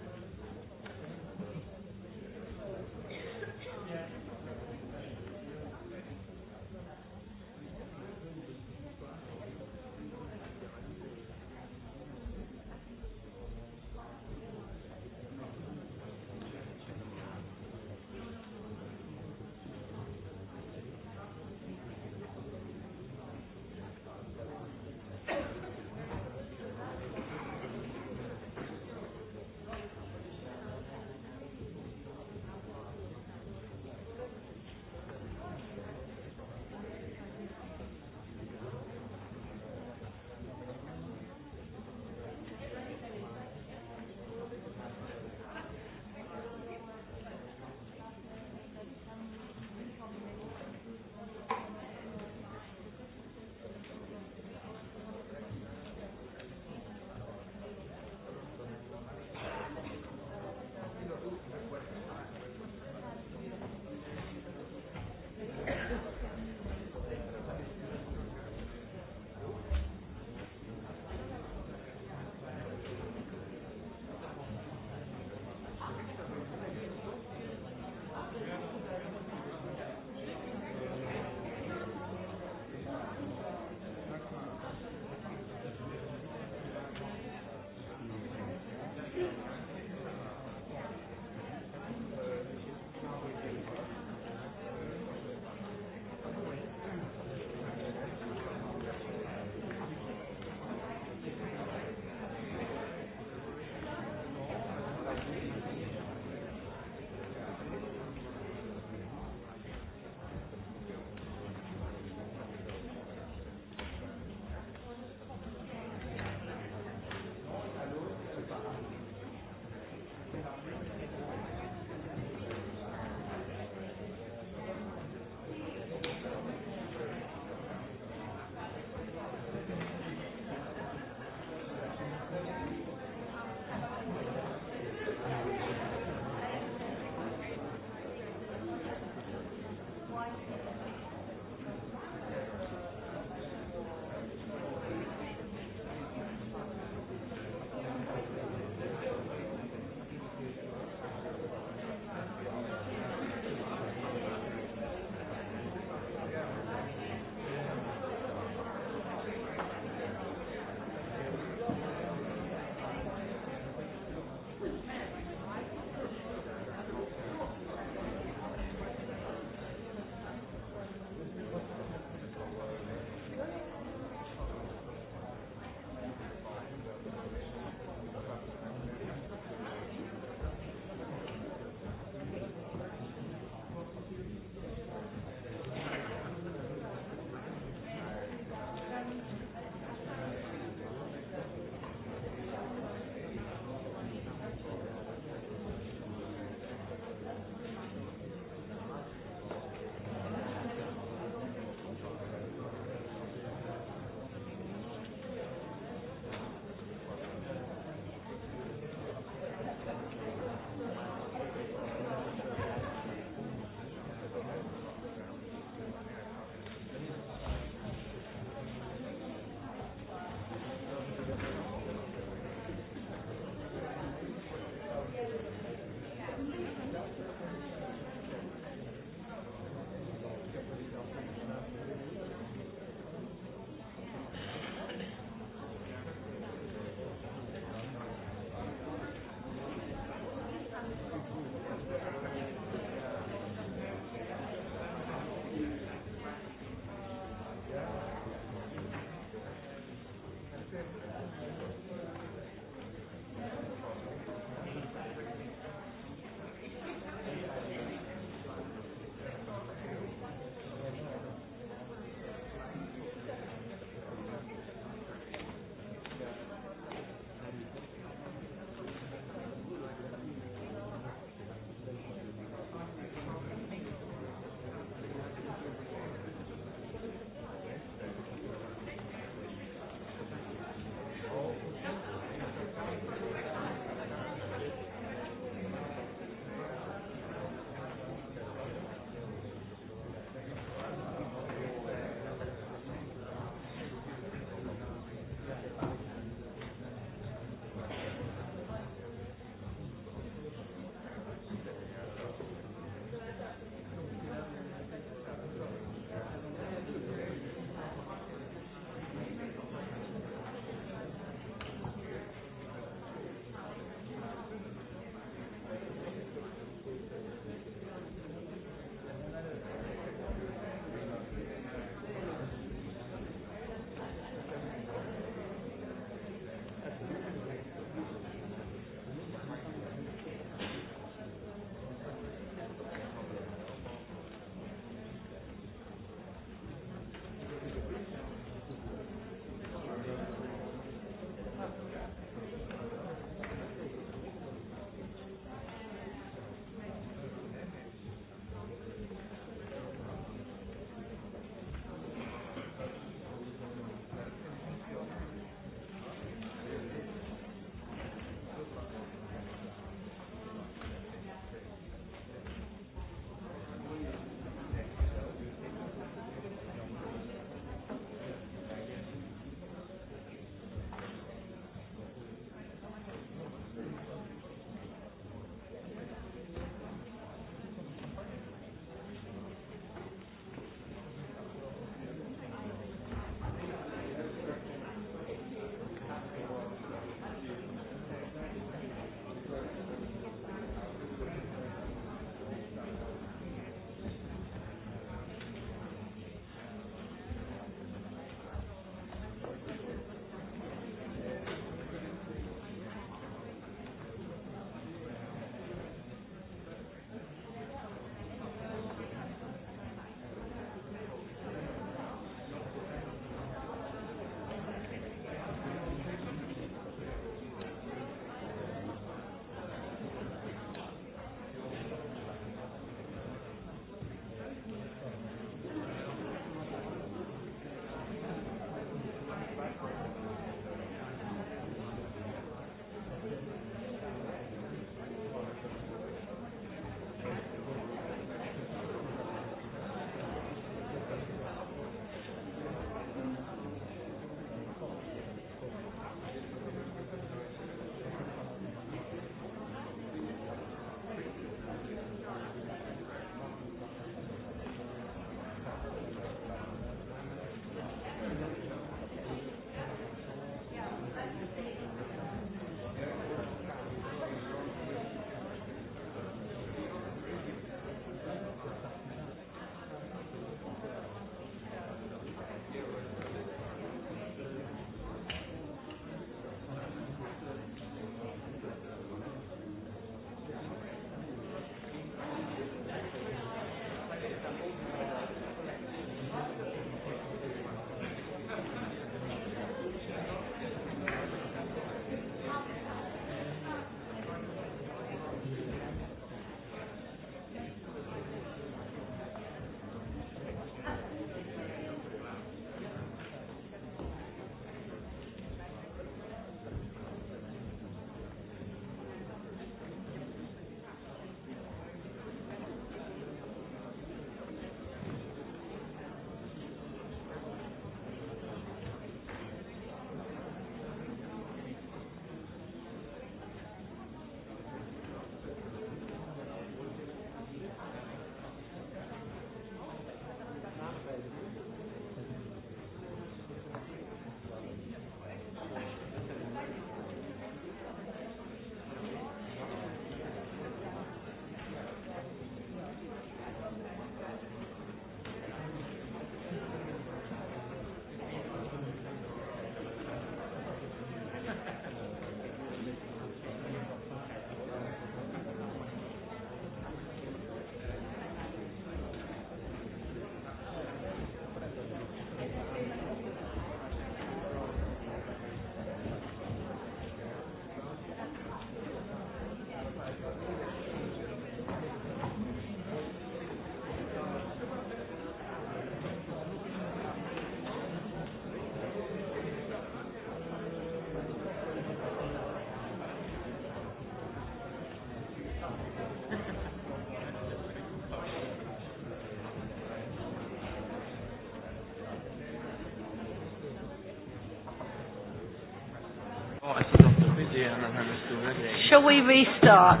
Shall we restart?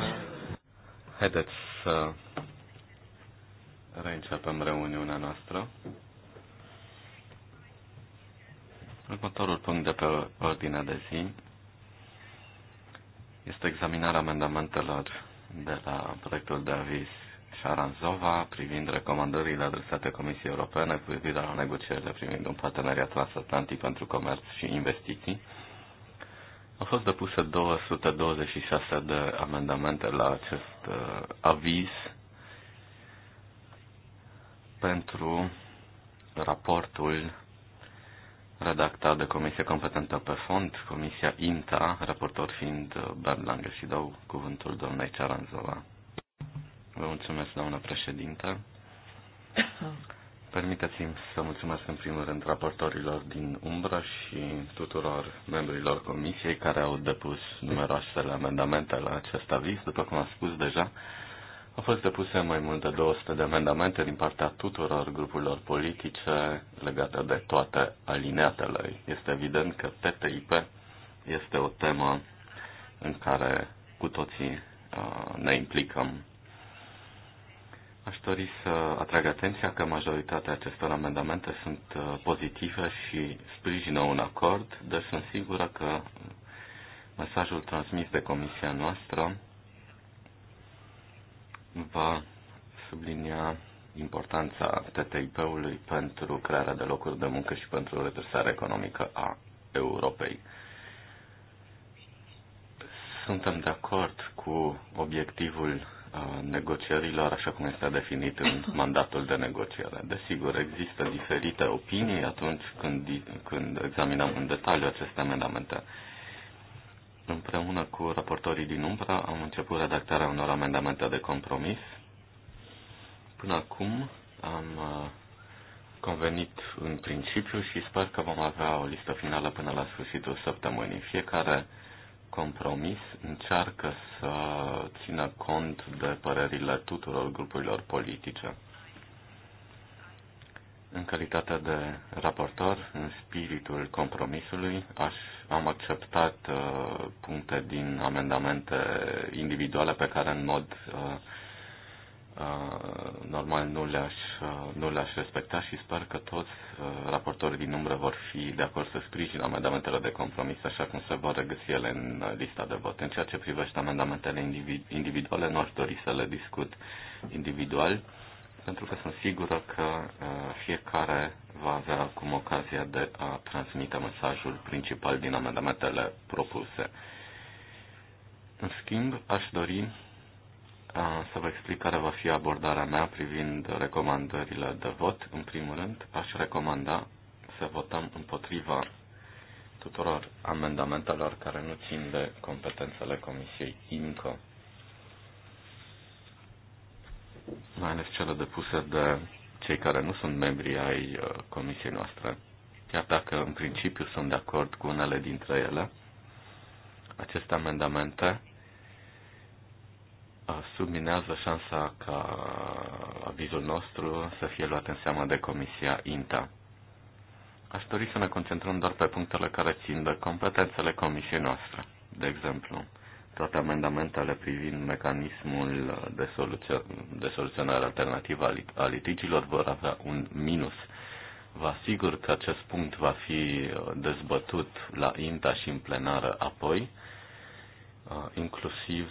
Haideți să reîncepem reuniunea noastră. Următorul punct de pe ordinea de zi este examinarea amendamentelor de la proiectul de aviz Șaranzova privind recomandările adresate Comisiei Europene cu privire la negocierile privind un parteneriat transatlantic pentru comerț și investiții fost depuse 226 de amendamente la acest uh, aviz pentru raportul redactat de Comisia Competentă pe Fond, Comisia INTA, raportor fiind uh, Bernd Lange și dau cuvântul doamnei Cearanzova. Vă mulțumesc, doamnă președinte. Permiteți-mi să mulțumesc în primul rând raportorilor din Umbra și tuturor membrilor comisiei care au depus numeroasele amendamente la acest aviz. După cum am spus deja, au fost depuse mai mult de 200 de amendamente din partea tuturor grupurilor politice legate de toate alineatele. Este evident că TTIP este o temă în care cu toții uh, ne implicăm Aș dori să atrag atenția că majoritatea acestor amendamente sunt uh, pozitive și sprijină un acord, deci sunt sigură că mesajul transmis de comisia noastră va sublinia importanța TTIP-ului pentru crearea de locuri de muncă și pentru redresarea economică a Europei. Suntem de acord cu obiectivul negocierilor așa cum este definit în mandatul de negociere. Desigur, există diferite opinii atunci când, când examinăm în detaliu aceste amendamente. Împreună cu raportorii din Umbra am început redactarea unor amendamente de compromis. Până acum am uh, convenit în principiu și sper că vom avea o listă finală până la sfârșitul săptămânii. Fiecare compromis încearcă să țină cont de părerile tuturor grupurilor politice. În calitate de raportor, în spiritul compromisului, aș, am acceptat uh, puncte din amendamente individuale pe care în mod uh, normal nu le-aș, nu le-aș respecta și sper că toți raportorii din umbră vor fi de acord să sprijină amendamentele de compromis așa cum se vor regăsi ele în lista de vot. În ceea ce privește amendamentele individuale, nu aș dori să le discut individual, pentru că sunt sigură că fiecare va avea acum ocazia de a transmite mesajul principal din amendamentele propuse. În schimb, aș dori să vă explic care va fi abordarea mea privind recomandările de vot. În primul rând, aș recomanda să votăm împotriva tuturor amendamentelor care nu țin de competențele Comisiei INCO, mai ales cele depuse de cei care nu sunt membri ai uh, Comisiei noastre. Chiar dacă în principiu sunt de acord cu unele dintre ele, aceste amendamente subminează șansa ca avizul nostru să fie luat în seamă de Comisia INTA. Aș dori să ne concentrăm doar pe punctele care țin de competențele Comisiei noastre. De exemplu, toate amendamentele privind mecanismul de, soluție, de soluționare alternativă a litigilor vor avea un minus. Vă asigur că acest punct va fi dezbătut la INTA și în plenară apoi inclusiv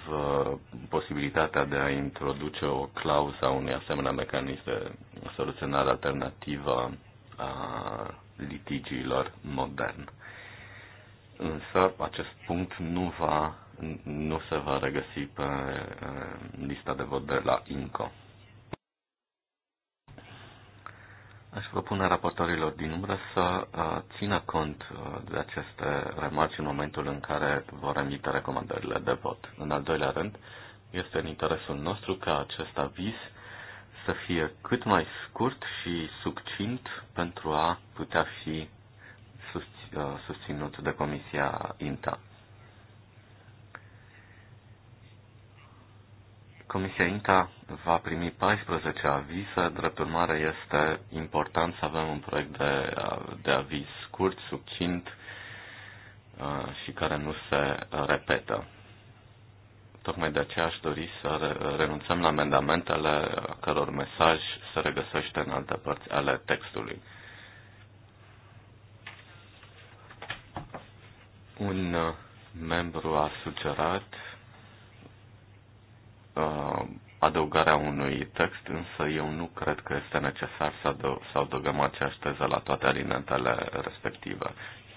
posibilitatea de a introduce o clauză a unui asemenea mecanism de soluționare alternativă a litigiilor modern. Însă acest punct nu, va, nu se va regăsi pe lista de vot de la INCO. Aș propune raportorilor din umbră să uh, țină cont uh, de aceste remarci în momentul în care vor emite recomandările de vot. În al doilea rând, este în interesul nostru ca acest aviz să fie cât mai scurt și succint pentru a putea fi uh, susținut de Comisia INTA. Comisia INTA va primi 14 avize, drept urmare este important să avem un proiect de, de aviz scurt, subțint uh, și care nu se uh, repetă. Tocmai de aceea aș dori să renunțăm la amendamentele uh, căror mesaj se regăsește în alte părți ale textului. Un membru a sugerat uh, adăugarea unui text, însă eu nu cred că este necesar să, adă- să adăugăm aceeași teză la toate alimentele respective.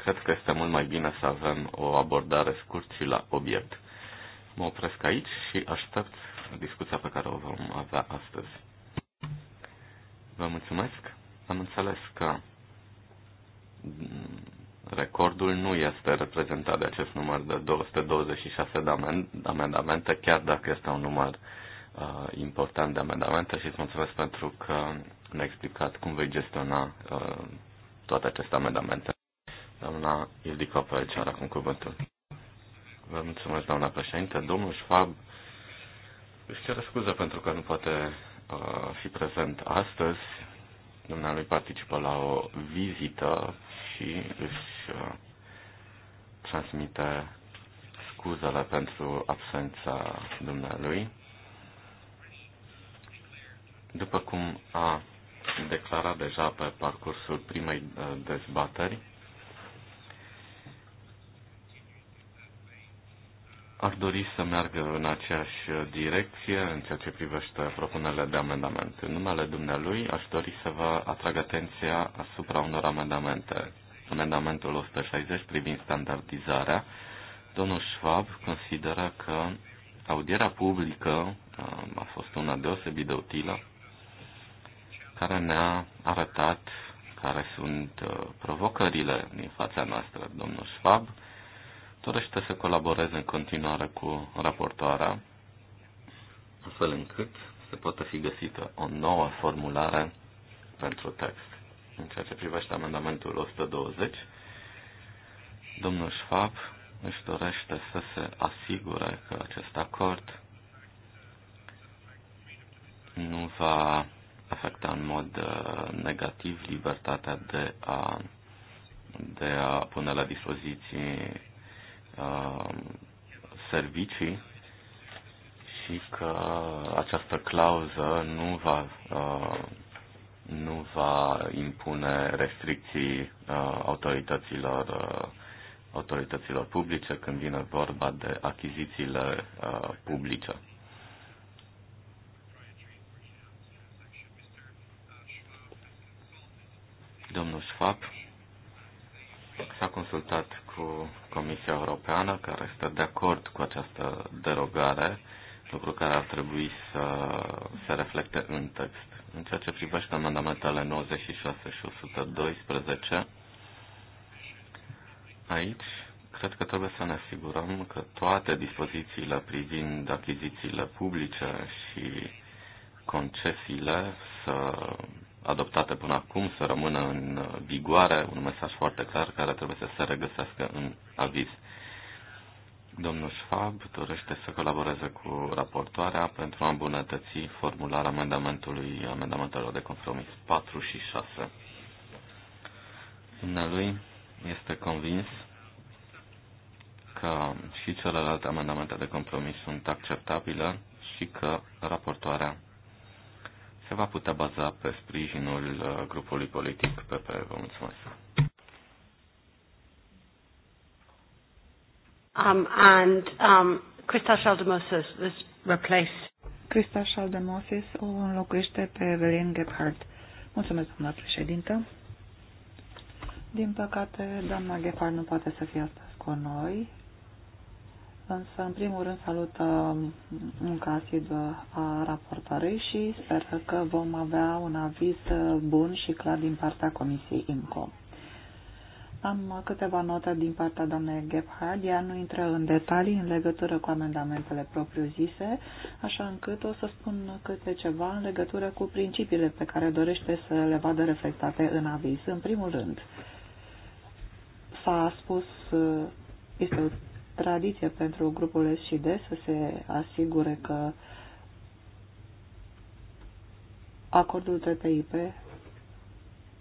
Cred că este mult mai bine să avem o abordare scurt și la obiect. Mă opresc aici și aștept discuția pe care o vom avea astăzi. Vă mulțumesc. Am înțeles că Recordul nu este reprezentat de acest număr de 226 de amendamente, chiar dacă este un număr uh, important de amendamente și îți mulțumesc pentru că ne-a explicat cum vei gestiona uh, toate aceste amendamente. Doamna Ildico Apălce are acum cuvântul. Vă mulțumesc, doamna președinte. Domnul Schwab își cere scuze pentru că nu poate uh, fi prezent astăzi. Dumnealui participă la o vizită și își uh, transmite scuzele pentru absența dumnealui. După cum a declarat deja pe parcursul primei uh, dezbateri, ar dori să meargă în aceeași direcție în ceea ce privește propunerile de amendament. În numele dumnealui aș dori să vă atrag atenția asupra unor amendamente. Amendamentul 160 privind standardizarea. Domnul Schwab consideră că audierea publică uh, a fost una deosebit de utilă, care ne-a arătat care sunt uh, provocările din fața noastră. Domnul Schwab dorește să colaboreze în continuare cu raportoarea, astfel încât să poată fi găsită o nouă formulare pentru text. În ceea ce privește amendamentul 120, domnul Schwab își dorește să se asigure că acest acord nu va afecta în mod uh, negativ libertatea de a, de a pune la dispoziție Uh, servicii și că această clauză nu va, uh, nu va impune restricții uh, autorităților, autorităților publice când vine vorba de achizițiile publice. Domnul Schwab s-a consultat cu Comisia Europeană, care este de acord cu această derogare, lucru care ar trebui să se reflecte în text. În ceea ce privește amendamentele 96 și 112, aici cred că trebuie să ne asigurăm că toate dispozițiile privind achizițiile publice și concesiile să adoptate până acum să rămână în vigoare, un mesaj foarte clar care trebuie să se regăsească în aviz. Domnul Schwab dorește să colaboreze cu raportoarea pentru a îmbunătăți formularea amendamentului, amendamentelor de compromis 4 și 6. Dumnealui este convins că și celelalte amendamente de compromis sunt acceptabile și că raportoarea se va putea baza pe sprijinul uh, grupului politic PP. Vă mulțumesc. Um, and um, Christa Schaldemoses is replaced. Christa Schaldemoses o înlocuiește pe Evelyn Gephardt. Mulțumesc, doamna președintă. Din păcate, doamna Gephardt nu poate să fie astăzi cu noi. Însă, în primul rând, salut uh, munca asiduă a raportării și sper că vom avea un aviz uh, bun și clar din partea Comisiei IMCO. Am câteva note din partea doamnei Gebhard. Ea nu intră în detalii în legătură cu amendamentele propriu-zise, așa încât o să spun câte ceva în legătură cu principiile pe care dorește să le vadă reflectate în aviz. În primul rând, s-a spus, uh, este tradiție pentru grupul SCD să se asigure că acordul TTIP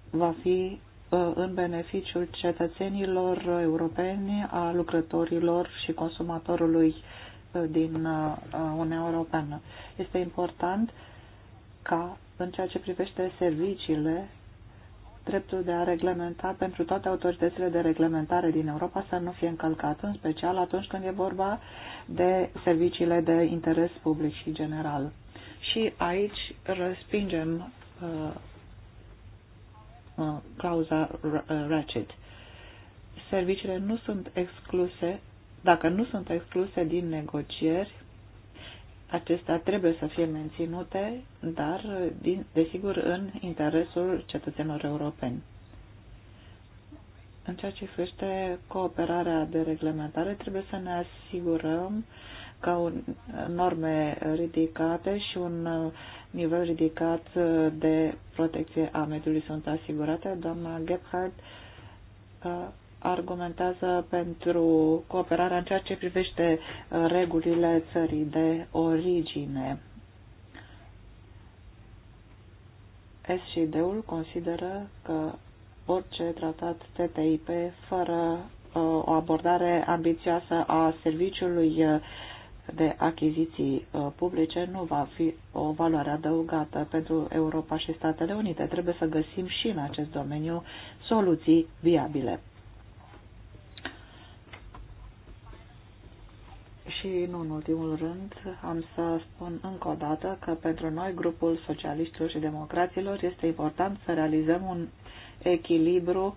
va fi ă, în beneficiul cetățenilor europeni, a lucrătorilor și consumatorului ă, din ă, Uniunea Europeană. Este important ca în ceea ce privește serviciile dreptul de a reglementa pentru toate autoritățile de reglementare din Europa să nu fie încălcat, în special atunci când e vorba de serviciile de interes public și general. Și aici respingem uh, uh, clauza uh, ratchet. Serviciile nu sunt excluse, dacă nu sunt excluse din negocieri, acestea trebuie să fie menținute, dar, din, desigur, în interesul cetățenilor europeni. În ceea ce privește cooperarea de reglementare, trebuie să ne asigurăm ca un, norme ridicate și un uh, nivel ridicat de protecție a mediului sunt asigurate. Doamna Gebhardt uh, argumentează pentru cooperarea în ceea ce privește uh, regulile țării de origine. SCD-ul consideră că orice tratat TTIP fără uh, o abordare ambițioasă a serviciului uh, de achiziții uh, publice nu va fi o valoare adăugată pentru Europa și Statele Unite. Trebuie să găsim și în acest domeniu soluții viabile. și, nu în ultimul rând, am să spun încă o dată că pentru noi, grupul socialiștilor și democraților, este important să realizăm un echilibru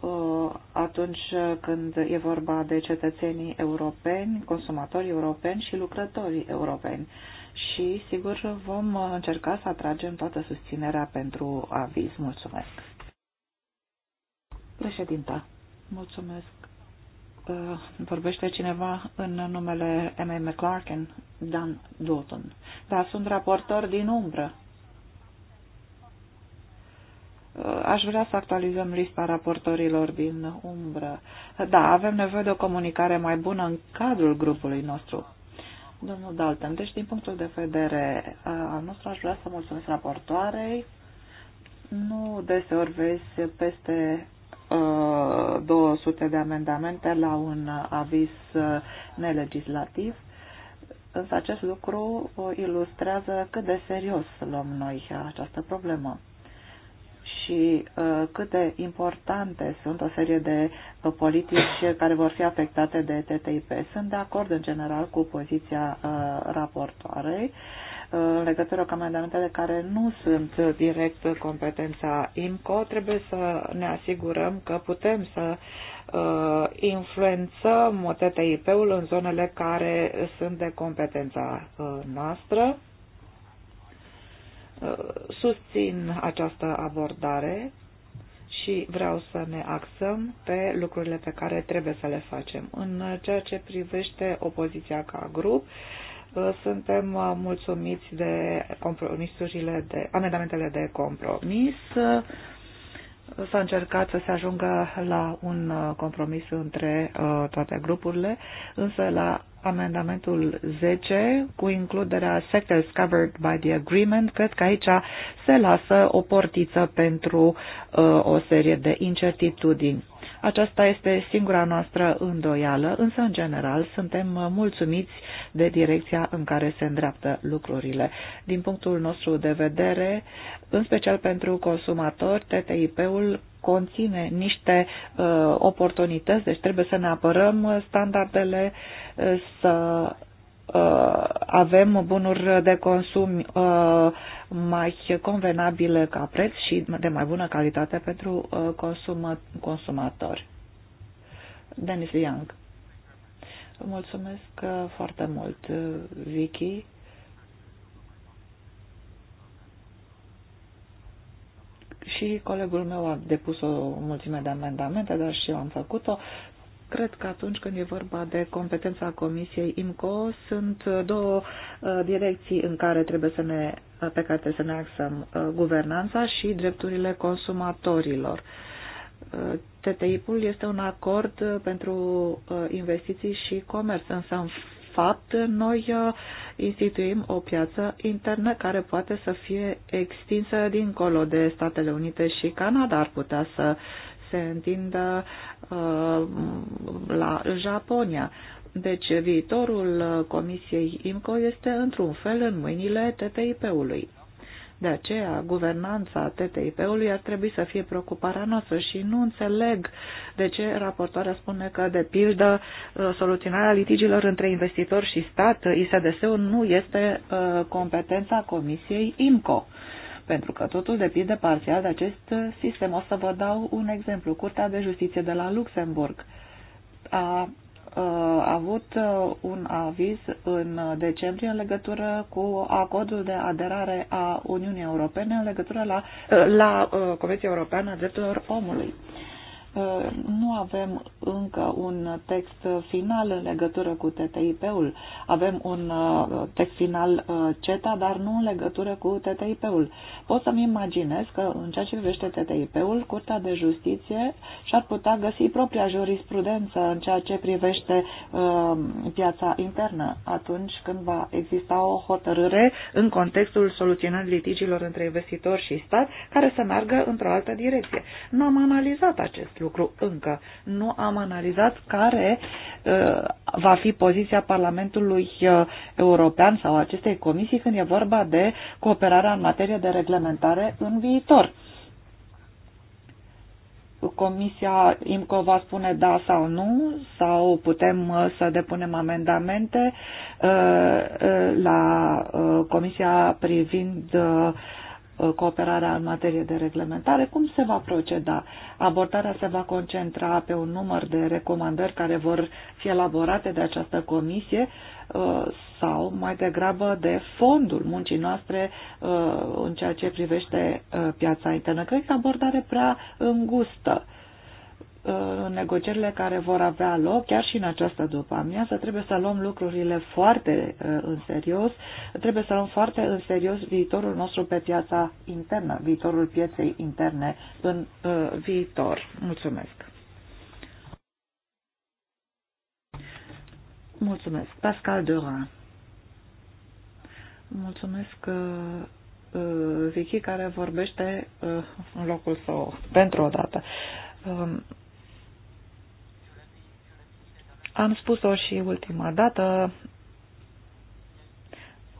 uh, atunci când e vorba de cetățenii europeni, consumatori europeni și lucrătorii europeni. Și, sigur, vom încerca să atragem toată susținerea pentru aviz. Mulțumesc. Președinta, mulțumesc Ă, vorbește cineva în numele M.A. McClarkin, Dan Doughton. Dar sunt raportor din umbră. Ă, aș vrea să actualizăm lista raportorilor din umbră. Da, avem nevoie de o comunicare mai bună în cadrul grupului nostru. Domnul Dalton, deci din punctul de vedere ă, al nostru aș vrea să mulțumesc raportoarei. Nu deseori vezi peste 200 de amendamente la un avis nelegislativ, însă acest lucru uh, ilustrează cât de serios luăm noi această problemă și uh, cât de importante sunt o serie de uh, politici care vor fi afectate de TTIP. Sunt de acord în general cu poziția raportoarei legătură cu amendamentele care nu sunt direct competența IMCO, trebuie să ne asigurăm că putem să uh, influențăm TTIP-ul în zonele care sunt de competența uh, noastră. Uh, susțin această abordare și vreau să ne axăm pe lucrurile pe care trebuie să le facem. În ceea ce privește opoziția ca grup, Uh, suntem uh, mulțumiți de compromisurile de amendamentele de compromis. Uh, s-a încercat să se ajungă la un compromis între toate grupurile, însă la amendamentul 10, cu includerea sectors covered by the agreement, cred că aici se lasă o portiță pentru o serie de incertitudini aceasta este singura noastră îndoială, însă, în general, suntem mulțumiți de direcția în care se îndreaptă lucrurile. Din punctul nostru de vedere, în special pentru consumatori, TTIP-ul conține niște uh, oportunități, deci trebuie să ne apărăm standardele, uh, să Uh, avem bunuri de consum uh, mai convenabile ca preț și de mai bună calitate pentru uh, consumă, consumatori. Denis Young. Mulțumesc foarte mult, Vicky. și colegul meu a depus o mulțime de amendamente, dar și eu am făcut-o. Cred că atunci când e vorba de competența Comisiei IMCO, sunt două uh, direcții în care trebuie să ne, uh, pe care trebuie să ne axăm uh, guvernanța și drepturile consumatorilor. TTIP-ul este un acord pentru investiții și comerț, însă în fapt noi instituim o piață internă care poate să fie extinsă dincolo de Statele Unite și Canada ar putea să se întindă uh, la Japonia. Deci viitorul Comisiei IMCO este într-un fel în mâinile TTIP-ului. De aceea, guvernanța TTIP-ului ar trebui să fie preocuparea noastră și nu înțeleg de ce raportoarea spune că, de pildă, uh, soluționarea litigiilor între investitor și stat, ISDS-ul, nu este uh, competența Comisiei IMCO pentru că totul depinde parțial de acest sistem. O să vă dau un exemplu. Curtea de Justiție de la Luxemburg a, a avut uh, un aviz în decembrie în legătură cu acordul de aderare a Uniunii Europene în legătură la, uh, la uh, Comisia Europeană a Drepturilor Omului. Uh, Ă, nu avem încă un text final în legătură cu TTIP-ul. Avem un ă, text final ă, CETA, dar nu în legătură cu TTIP-ul. Pot să-mi imaginez că în ceea ce privește TTIP-ul, Curtea de Justiție și-ar putea găsi propria jurisprudență în ceea ce privește piața internă atunci când va exista o hotărâre în contextul soluționării litigiilor între investitori și stat care să meargă într-o altă direcție. N-am analizat acest lucru încă. Nu am analizat care uh, va fi poziția Parlamentului uh, European sau acestei comisii când e vorba de cooperarea în materie de reglementare în viitor. Comisia IMCO va spune da sau nu, sau putem uh, să depunem amendamente la Comisia privind Uh, cooperarea în materie de reglementare, cum se va proceda? Abordarea se va concentra pe un număr de recomandări care vor fi elaborate de această comisie uh, sau mai degrabă de fondul muncii noastre uh, în ceea ce privește piața internă. Cred că abordare prea îngustă Uh, negocierile care vor avea loc chiar și în această după amiază. Trebuie să luăm lucrurile foarte uh, în serios, trebuie să luăm foarte în serios viitorul nostru pe piața internă, viitorul pieței interne în uh, viitor. Mulțumesc! Mulțumesc. Pascal Duran. Mulțumesc Vicky care vorbește în locul său pentru o dată. Um, am spus-o și ultima dată,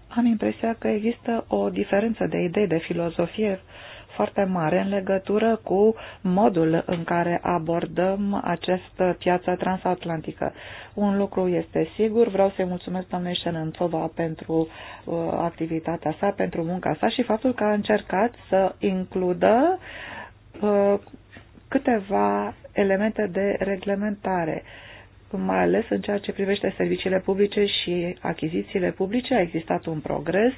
am impresia că există o diferență de idei, de filozofie foarte mare în legătură cu modul în care abordăm această piață transatlantică. Un lucru este sigur, vreau să-i mulțumesc doamnei Șenănțova pentru uh, activitatea sa, pentru munca sa și faptul că a încercat să includă uh, câteva elemente de reglementare. Uh, mai ales în ceea ce privește serviciile publice și achizițiile publice, a existat un progres.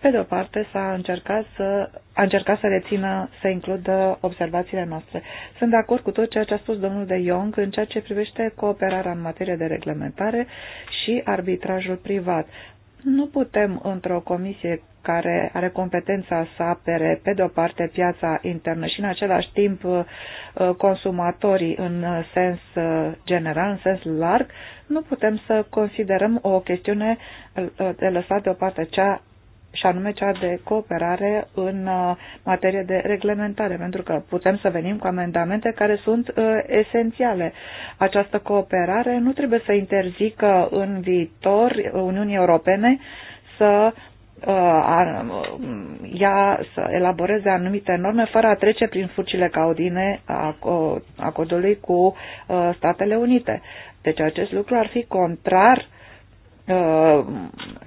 Pe de o parte, s-a încercat să, a încercat să rețină, să includă observațiile noastre. Sunt de acord cu tot ceea ce a spus domnul de Jong în ceea ce privește cooperarea în materie de reglementare și arbitrajul privat. Nu putem, într-o comisie care are competența să apere, pe de o parte, piața internă și, în același timp, uh, consumatorii în sens uh, general, în sens larg, nu putem să considerăm o chestiune uh, de lăsat deoparte cea și anume cea de cooperare în materie de reglementare, pentru că putem să venim cu amendamente care sunt esențiale. Această cooperare nu trebuie să interzică în viitor Uniunii Europene să ea să elaboreze anumite norme fără a trece prin furcile caudine a codului cu Statele Unite. Deci acest lucru ar fi contrar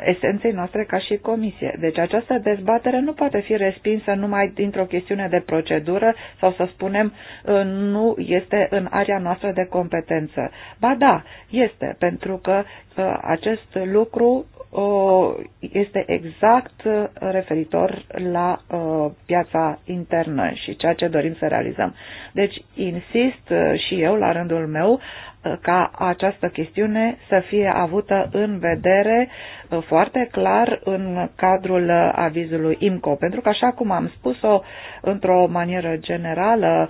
esenței noastre ca și comisie. Deci această dezbatere nu poate fi respinsă numai dintr-o chestiune de procedură sau să spunem nu este în area noastră de competență. Ba da, este, pentru că acest lucru este exact uh, referitor la uh, piața internă și ceea ce dorim să realizăm. Deci insist uh, și eu, la rândul meu, ca această chestiune să fie avută în vedere foarte clar în cadrul avizului IMCO, pentru că, așa cum am spus-o într-o manieră generală,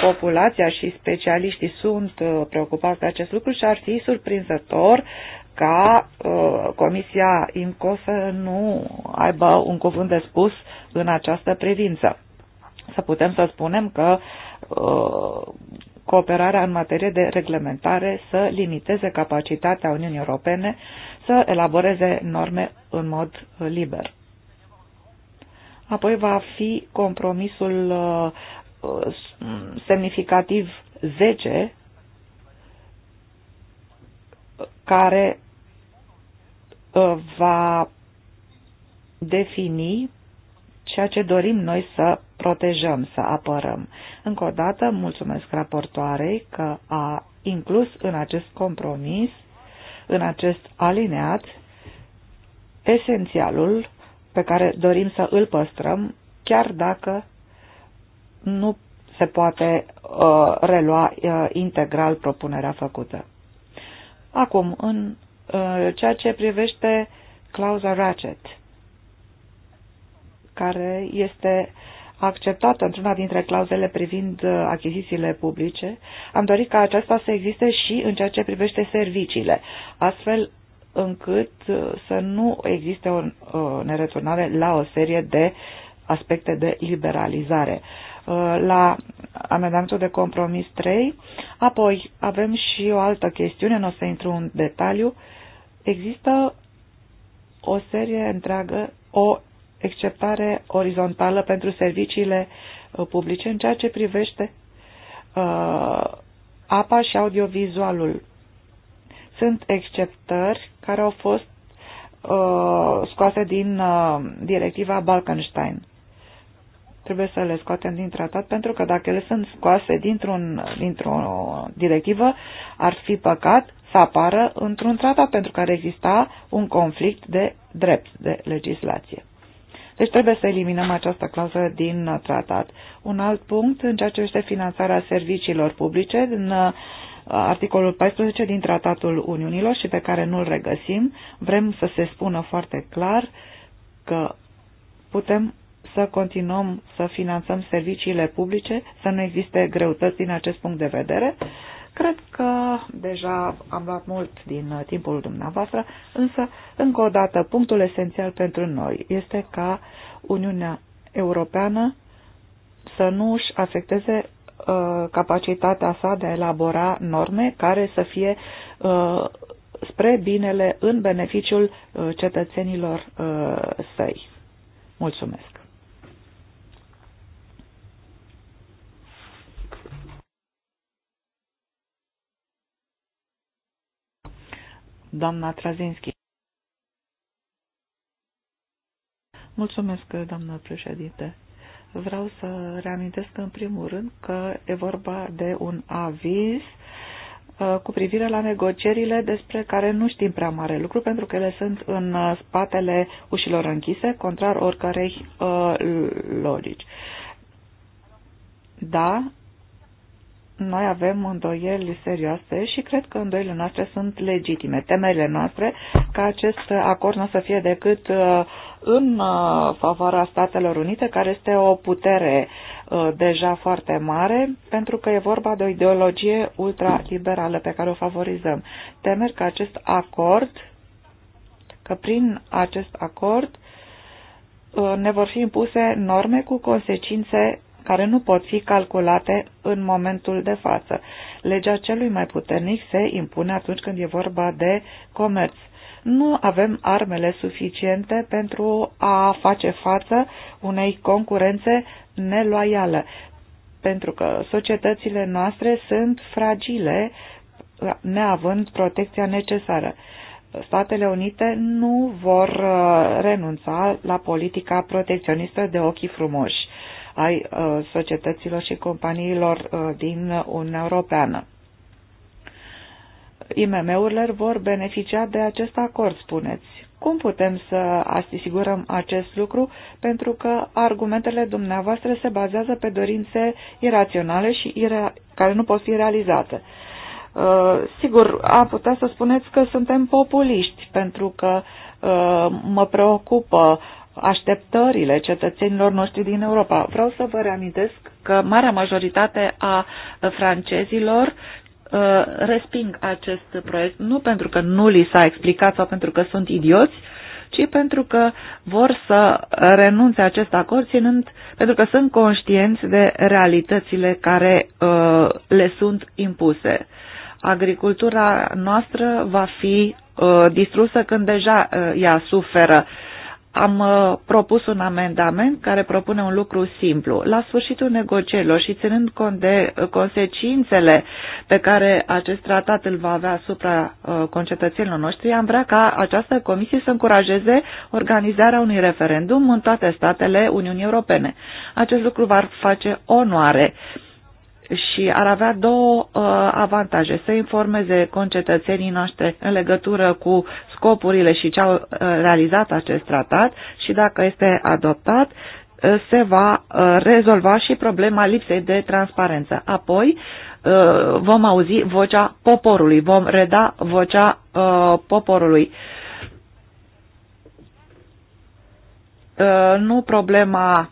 populația și specialiștii sunt preocupați de acest lucru și ar fi surprinzător ca uh, Comisia INCO să nu aibă un cuvânt de spus în această privință. Să putem să spunem că uh, cooperarea în materie de reglementare să limiteze capacitatea Uniunii Europene să elaboreze norme în mod ă, liber. Apoi va fi compromisul uh, semnificativ 10 care Uh, va defini ceea ce dorim noi să protejăm, să apărăm. Încă o dată, mulțumesc raportoarei că a inclus în acest compromis, în acest alineat, esențialul pe care dorim să îl păstrăm, chiar dacă nu se poate uh, relua uh, integral propunerea făcută. Acum, în Uh, ceea ce privește clauza ratchet, care este acceptată într-una dintre clauzele privind uh, achizițiile publice, am dorit ca aceasta să existe și în ceea ce privește serviciile, astfel încât uh, să nu existe o nereturnare la o serie de aspecte de liberalizare. La amendamentul de compromis 3, apoi avem și o altă chestiune, nu o să intru în detaliu, Există o serie întreagă, o exceptare orizontală pentru serviciile uh, publice în ceea ce privește uh, apa și audiovizualul. Sunt exceptări care au fost uh, scoase din uh, directiva Balkenstein. Trebuie să le scoatem din tratat pentru că dacă ele sunt scoase dintr-un, dintr-o directivă, ar fi păcat să apară într-un tratat pentru care exista un conflict de drept, de legislație. Deci trebuie să eliminăm această clauză din tratat. Un alt punct în ceea ce este finanțarea serviciilor publice din uh, articolul 14 din Tratatul Uniunilor și pe care nu-l regăsim, vrem să se spună foarte clar că putem să continuăm să finanțăm serviciile publice, să nu existe greutăți din acest punct de vedere. Uh, Cred că deja am luat mult din uh, timpul dumneavoastră, însă, încă o dată, punctul esențial pentru noi este ca Uniunea Europeană să nu își afecteze uh, capacitatea sa de a elabora norme care să fie uh, spre binele, în beneficiul uh, cetățenilor uh, săi. Mulțumesc! doamna Trazinski. Mulțumesc, doamnă președinte. Vreau să reamintesc în primul rând că e vorba de un aviz uh, cu privire la negocierile despre care nu știm prea mare lucru, pentru că ele sunt în uh, spatele ușilor închise, contrar oricărei uh, logici. Da, noi avem îndoieli serioase și cred că îndoielile noastre sunt legitime. Temerile noastre ca acest acord nu o să fie decât uh, în uh, favoarea Statelor Unite, care este o putere uh, deja foarte mare, pentru că e vorba de o ideologie ultraliberală pe care o favorizăm. Temer că acest acord, că prin acest acord ne vor fi impuse norme cu consecințe care nu pot fi calculate în momentul de față. Legea celui mai puternic se impune atunci când e vorba de comerț. Nu avem armele suficiente pentru a face față unei concurențe neloiale, pentru că societățile noastre sunt fragile, neavând protecția necesară. Statele Unite nu vor uh, renunța la politica protecționistă de ochii frumoși ai uh, societăților și companiilor uh, din Uniunea Europeană. IMM-urile vor beneficia de acest acord, spuneți. Cum putem să asigurăm acest lucru? Pentru că argumentele dumneavoastră se bazează pe dorințe iraționale și ira care nu pot fi realizate. Uh, sigur, am putea să spuneți că suntem populiști, pentru că uh, mă preocupă așteptările cetățenilor noștri din Europa. Vreau să vă reamintesc că marea majoritate a francezilor uh, resping acest proiect nu pentru că nu li s-a explicat sau pentru că sunt idioți, ci pentru că vor să renunțe acest acord, ținând, pentru că sunt conștienți de realitățile care uh, le sunt impuse. Agricultura noastră va fi uh, distrusă când deja uh, ea suferă am uh, propus un amendament care propune un lucru simplu. La sfârșitul negocierilor și ținând cont de uh, consecințele pe care acest tratat îl va avea asupra uh, concetățenilor noștri, am vrea ca această comisie să încurajeze organizarea unui referendum în toate statele Uniunii Europene. Acest lucru va face onoare uh, și ar avea două uh, avantaje. Să informeze concetățenii noștri în legătură cu scopurile și ce au uh, realizat acest tratat și dacă este adoptat, uh, se va uh, rezolva și problema lipsei de transparență. Apoi uh, vom auzi vocea poporului, vom reda vocea poporului. nu problema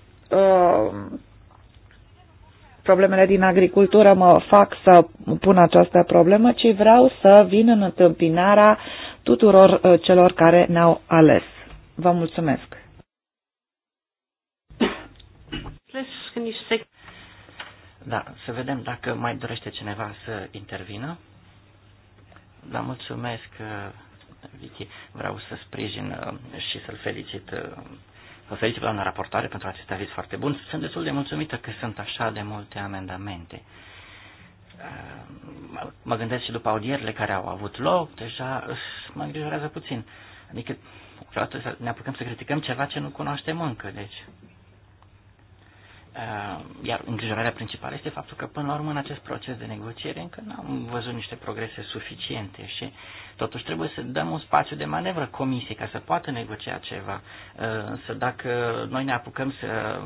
problemele din agricultură mă fac să pun această problemă, ci vreau să vin în întâmpinarea tuturor uh, celor care ne-au ales. Vă mulțumesc! Da, să vedem dacă mai dorește cineva să intervină. Da, mulțumesc, uh, Vicky. Vreau să sprijin uh, și să-l felicit Vă felicit, doamna raportare, pentru acest aviz foarte bun. Sunt destul de mulțumită că sunt așa de multe amendamente. Mă gândesc și după audierile care au avut loc, deja mă îngrijorează puțin. Adică, vreodată ne apucăm să criticăm ceva ce nu cunoaștem încă, deci. Uh, iar îngrijorarea principală este faptul că, până la urmă, în acest proces de negociere încă n-am văzut niște progrese suficiente și Totuși trebuie să dăm un spațiu de manevră comisiei ca să poată negocia ceva. Însă ă, dacă noi ne apucăm să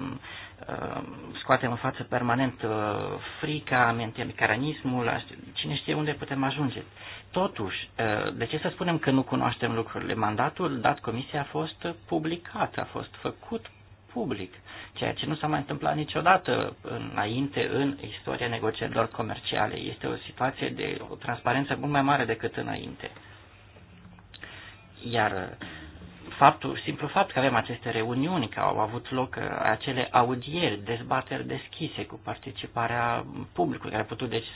ă, scoatem în față permanent ă, frica, mecanismul, cine știe unde putem ajunge. Totuși, de ce să spunem că nu cunoaștem lucrurile? Mandatul dat comisiei a fost publicat, a fost făcut public, ceea ce nu s-a mai întâmplat niciodată înainte în istoria negocierilor comerciale. Este o situație de o transparență mult mai mare decât înainte. Iar uh, faptul, simplu fapt că avem aceste reuniuni, că au avut loc uh, acele audieri, dezbateri deschise cu participarea publicului, care a putut deci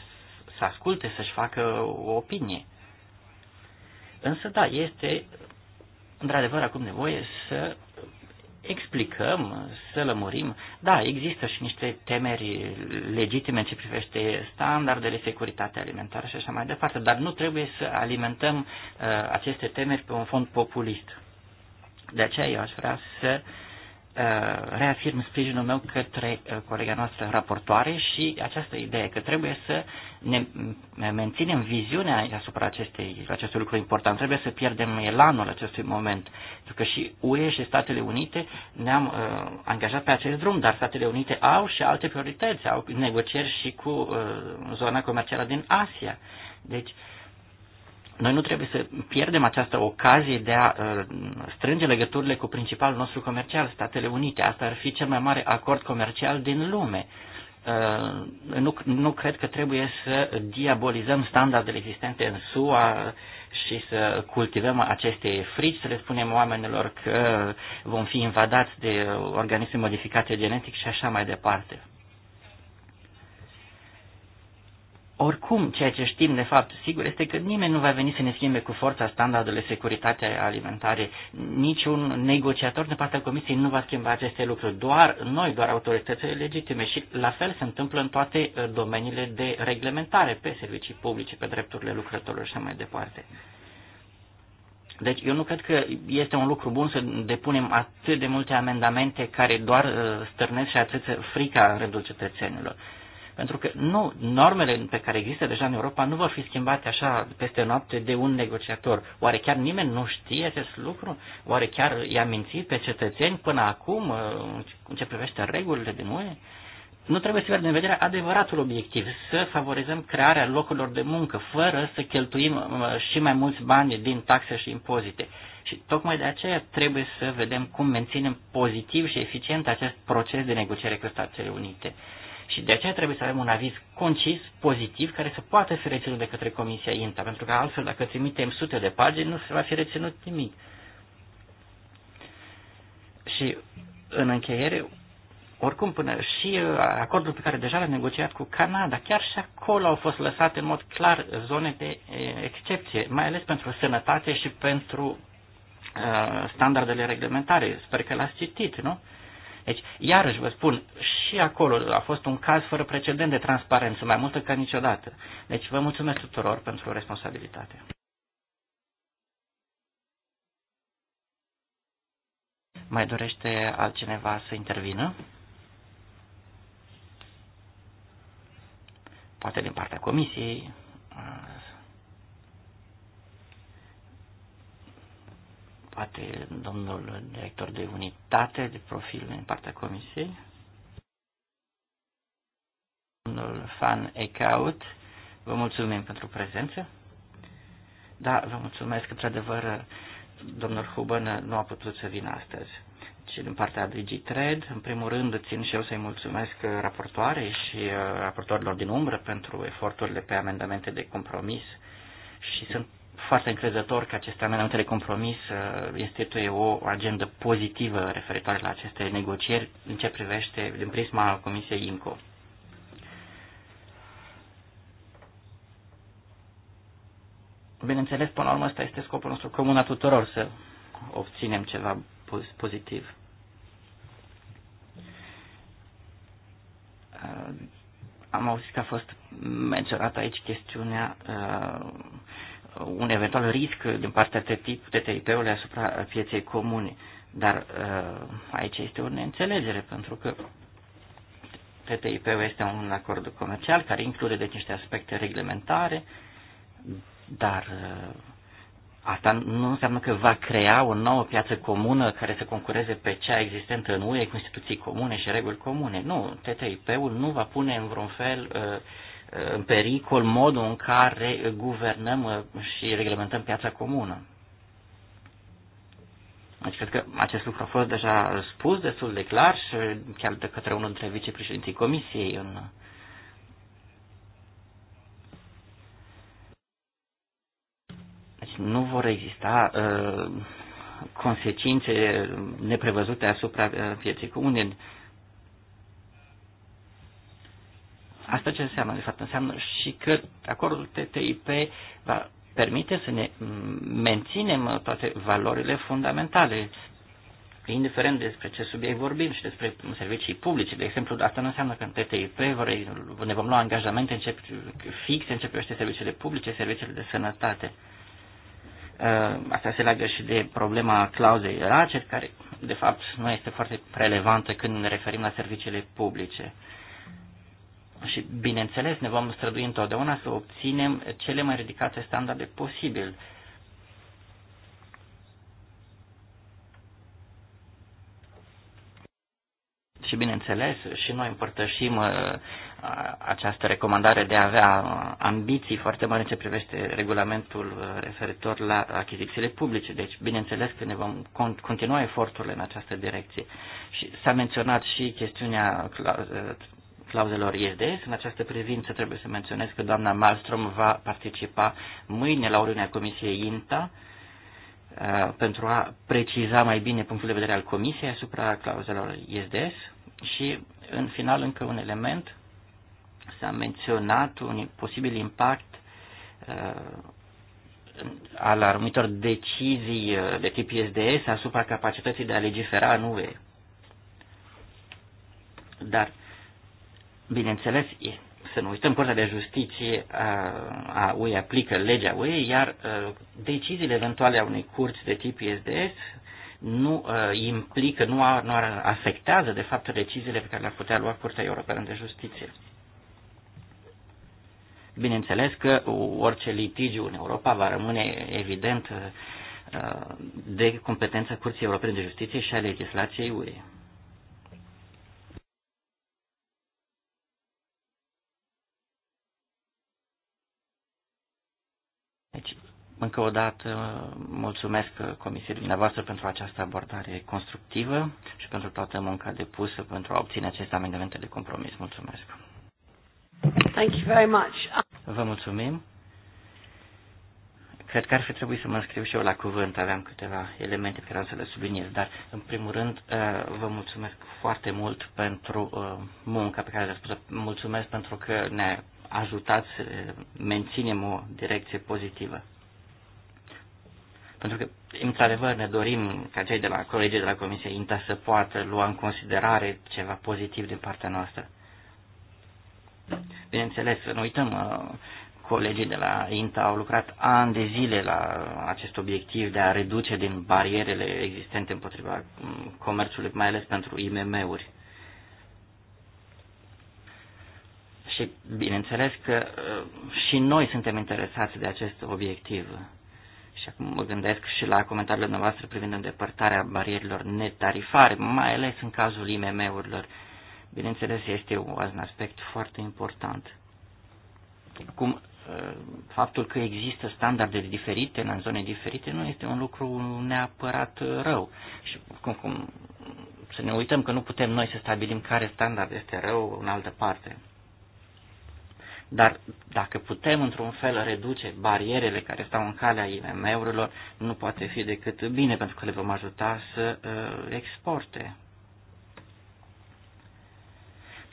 să asculte, să-și facă o opinie. Însă, da, este într-adevăr acum nevoie să explicăm, să lămurim. Da, există și niște temeri legitime în ce privește standardele, securitate alimentară și așa mai departe, dar nu trebuie să alimentăm uh, aceste temeri pe un fond populist. De aceea eu aș vrea să uh, Uh, reafirm sprijinul meu către uh, colega noastră raportoare și această idee că trebuie să ne menținem viziunea asupra acestei, acestui lucru important. Trebuie să pierdem elanul acestui moment, pentru că și UE și Statele Unite ne-am uh, angajat pe acest drum, dar Statele Unite au și alte priorități, au negocieri și cu uh, zona comercială din Asia. Deci, uh, noi nu trebuie să pierdem această ocazie de a uh, strânge legăturile cu principalul nostru comercial, Statele Unite. Asta ar fi cel mai mare acord comercial din lume. Uh, nu, nu cred că trebuie să diabolizăm standardele existente în SUA și să cultivăm aceste frici, să le spunem oamenilor că vom fi invadați de organisme modificate genetic și așa mai departe. Oricum, ceea ce știm de fapt sigur este că nimeni nu va veni să ne schimbe cu forța standardele securitate alimentare. Niciun negociator de partea Comisiei nu va schimba aceste lucruri. Doar noi, doar autoritățile legitime și la fel se întâmplă în toate uh, domeniile de reglementare pe servicii publice, pe drepturile lucrătorilor și mai departe. Deci eu nu cred că este un lucru bun să depunem atât de multe amendamente care doar uh, stârnesc și atât frica în rândul cetățenilor. Pentru că nu, normele pe care există deja în Europa nu vor fi schimbate așa peste noapte de un negociator. Oare chiar nimeni nu știe acest lucru? Oare chiar i-a mințit pe cetățeni până acum uh, în ce privește regulile din UE? Nu trebuie să pierdem în vedere adevăratul obiectiv, să favorizăm crearea locurilor de muncă, fără să cheltuim uh, și mai mulți bani din taxe și impozite. Și tocmai de aceea trebuie să vedem cum menținem pozitiv și eficient acest proces de negociere cu Statele Unite. Și de aceea trebuie să avem un aviz concis, pozitiv, care să poată fi reținut de către Comisia INTA, pentru că altfel, dacă trimitem sute de pagini, nu se va fi reținut nimic. Și, în încheiere, oricum, până și uh, acordul pe care deja l-am negociat cu Canada, chiar și acolo au fost lăsate în mod clar zone de excepție, mai ales pentru sănătate și pentru uh, standardele reglementare. Sper că l-ați citit, nu? Uh, deci, iarăși vă spun, și acolo a fost un caz fără precedent de transparență, mai multă ca niciodată. Deci, vă mulțumesc tuturor pentru responsabilitate. Mai dorește altcineva să intervină? Poate din partea comisiei poate domnul director de unitate de profil din partea comisiei, domnul Fan Ecaut, vă mulțumim pentru prezență. Da, vă mulțumesc, într-adevăr, domnul Huban nu a putut să vină astăzi. Și din partea DigiTrade, în primul rând, țin și eu să-i mulțumesc raportoarei și uh, raportorilor din umbră pentru eforturile pe amendamente de compromis și sunt foarte încrezător că aceste amendamente de compromis uh, instituie o agendă pozitivă referitoare la aceste negocieri în ce privește din prisma Comisiei INCO. Bineînțeles, până la urmă, ăsta este scopul nostru comun a tuturor, să obținem ceva pozitiv. Uh, am auzit că a fost menționată aici chestiunea uh, Uh, un eventual risc din partea TTIP-ului asupra pieței comune. Dar uh, aici este o neînțelegere, pentru că TTIP-ul este un acord comercial care include deci niște aspecte reglementare, dar uh, asta nu înseamnă că va crea o nouă piață comună care să concureze pe cea existentă în UE cu instituții comune și reguli comune. Nu, TTIP-ul nu va pune în vreun fel uh, în pericol modul în care guvernăm uh, și reglementăm piața comună. Deci cred că acest lucru a fost deja spus destul de clar și chiar de către unul dintre vicepreședinții Comisiei în, deci nu vor exista uh, consecințe neprevăzute asupra uh, pieței comune. Asta ce înseamnă, de fapt, înseamnă și că acordul TTIP va permite să ne menținem toate valorile fundamentale, indiferent despre ce subiect vorbim și despre servicii publice. De exemplu, asta nu înseamnă că în TTIP ne vom lua angajamente în ce, fixe în ce privește serviciile publice, serviciile de sănătate. Uh, asta se leagă și de problema clauzei Racer, care de fapt nu este foarte relevantă când ne referim la serviciile publice. Și, bineînțeles, ne vom strădui întotdeauna să obținem cele mai ridicate standarde posibil. Și, bineînțeles, și noi împărtășim uh, această recomandare de a avea ambiții foarte mari în ce privește regulamentul uh, referitor la achizițiile publice. Deci, bineînțeles că ne vom continua eforturile în această direcție. Și s-a menționat și chestiunea clauzelor IEDES. În această privință trebuie să menționez că doamna Malmström va participa mâine la o Comisiei INTA uh, pentru a preciza mai bine punctul de vedere al Comisiei asupra clauzelor ISDS și, în final, încă un element. S-a menționat un posibil impact uh, al anumitor decizii uh, de tip ISDS asupra capacității de a legifera în UE. Dar Bineînțeles, să nu uităm, Curtea de Justiție uh, a UE aplică legea UE, iar uh, deciziile eventuale a unei curți de tip ISDS nu uh, implică, nu, a, nu afectează, de fapt, deciziile pe care le-ar putea lua Curtea Europeană de Justiție. Bineînțeles că orice litigiu în Europa va rămâne, evident, de competența Curții Europene de Justiție și a legislației UE. Încă o dată uh, mulțumesc uh, Comisiei dumneavoastră pentru această abordare constructivă și pentru toată munca depusă pentru a obține aceste amendamente de compromis. Mulțumesc. Thank you very much. Vă mulțumim. Cred că ar fi trebuit să mă înscriu și eu la cuvânt, aveam câteva elemente pe care am să le subliniez, dar în primul rând uh, vă mulțumesc foarte mult pentru munca pe care le-ați Mulțumesc pentru că ne-a ajutat să menținem o direcție pozitivă. Pentru că, într-adevăr, ne dorim ca cei de la colegii de la Comisia INTA să poată lua în considerare ceva pozitiv din partea noastră. Bineînțeles, nu uităm, uh, colegii de la INTA au lucrat ani de zile la acest obiectiv de a reduce din barierele existente împotriva mm, comerțului, mai ales pentru IMM-uri. Și bineînțeles că uh, și noi suntem interesați de acest obiectiv. Și acum mă gândesc și la comentariile noastre privind îndepărtarea barierilor netarifare, mai ales în cazul IMM-urilor. Bineînțeles, este un aspect foarte important. Acum, uh, faptul că există standarde diferite în zone diferite nu este un lucru neapărat uh, rău. Și cum, cum, să ne uităm că nu putem noi să stabilim care standard este rău în altă parte. Dar dacă putem într-un fel reduce barierele care stau în calea IMM-urilor, nu poate fi decât bine, pentru că le vom ajuta să uh, exporte.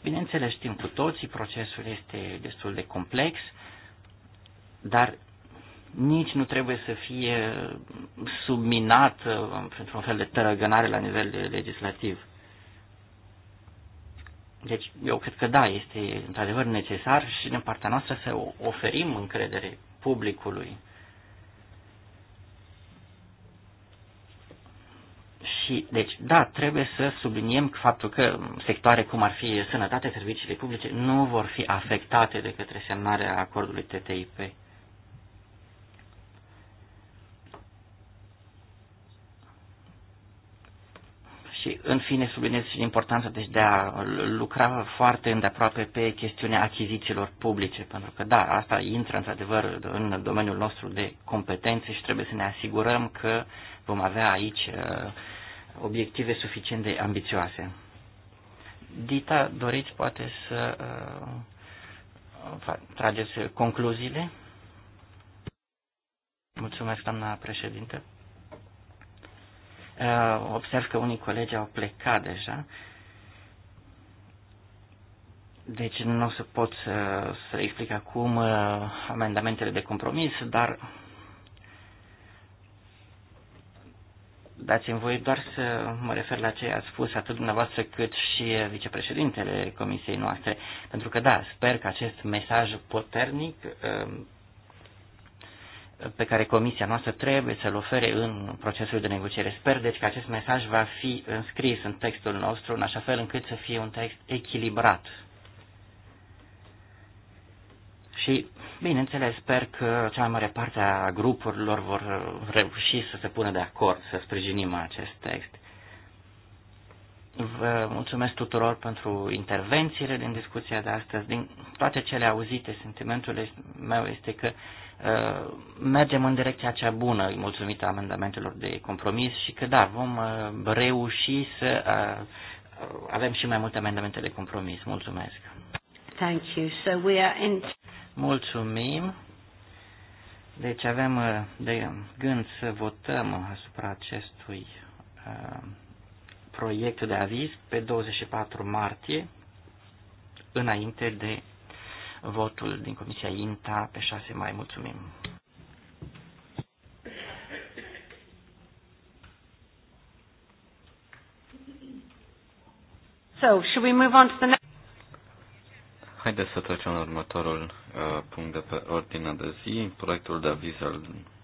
Bineînțeles, știm cu toții, procesul este destul de complex, dar nici nu trebuie să fie subminat uh, într un fel de tărăgânare la nivel legislativ. Deci, eu cred că da, este într-adevăr necesar și din partea noastră să oferim încredere publicului. Și, deci, da, trebuie să subliniem faptul că sectoare cum ar fi sănătate, serviciile publice, nu vor fi afectate de către semnarea acordului TTIP. Și, în fine, subliniez și importanța deci, de a lucra foarte îndeaproape pe chestiunea achizițiilor publice, pentru că, da, asta intră, într-adevăr, în domeniul nostru de competențe și trebuie să ne asigurăm că vom avea aici uh, obiective suficient de ambițioase. Dita, doriți poate să uh, trageți concluziile? Mulțumesc, doamna președinte. Uh, observ că unii colegi au plecat deja. Deci nu o să pot uh, să explic acum uh, amendamentele de compromis, dar dați-mi voi doar să mă refer la ce a spus atât dumneavoastră cât și vicepreședintele comisiei noastre, pentru că da, sper că acest mesaj puternic uh, pe care comisia noastră trebuie să-l ofere în procesul de negociere. Sper deci că acest mesaj va fi înscris în textul nostru în așa fel încât să fie un text echilibrat. Și, bineînțeles, sper că cea mai mare parte a grupurilor vor reuși să se pună de acord, să sprijinim acest text. Vă mulțumesc tuturor pentru intervențiile din discuția de astăzi. Din toate cele auzite, sentimentul meu este că Uh, mergem în direcția cea bună, mulțumită amendamentelor de compromis și că da, vom uh, reuși să uh, avem și mai multe amendamente de compromis. Mulțumesc. Thank you. So we are in... Mulțumim. Deci avem de gând să votăm asupra acestui proiect de aviz pe 24 martie, înainte de votul din Comisia INTA pe 6 mai. Mulțumim! So, should we move on to the next? Haideți să trecem la următorul uh, punct de pe ordinea de zi, proiectul de aviz al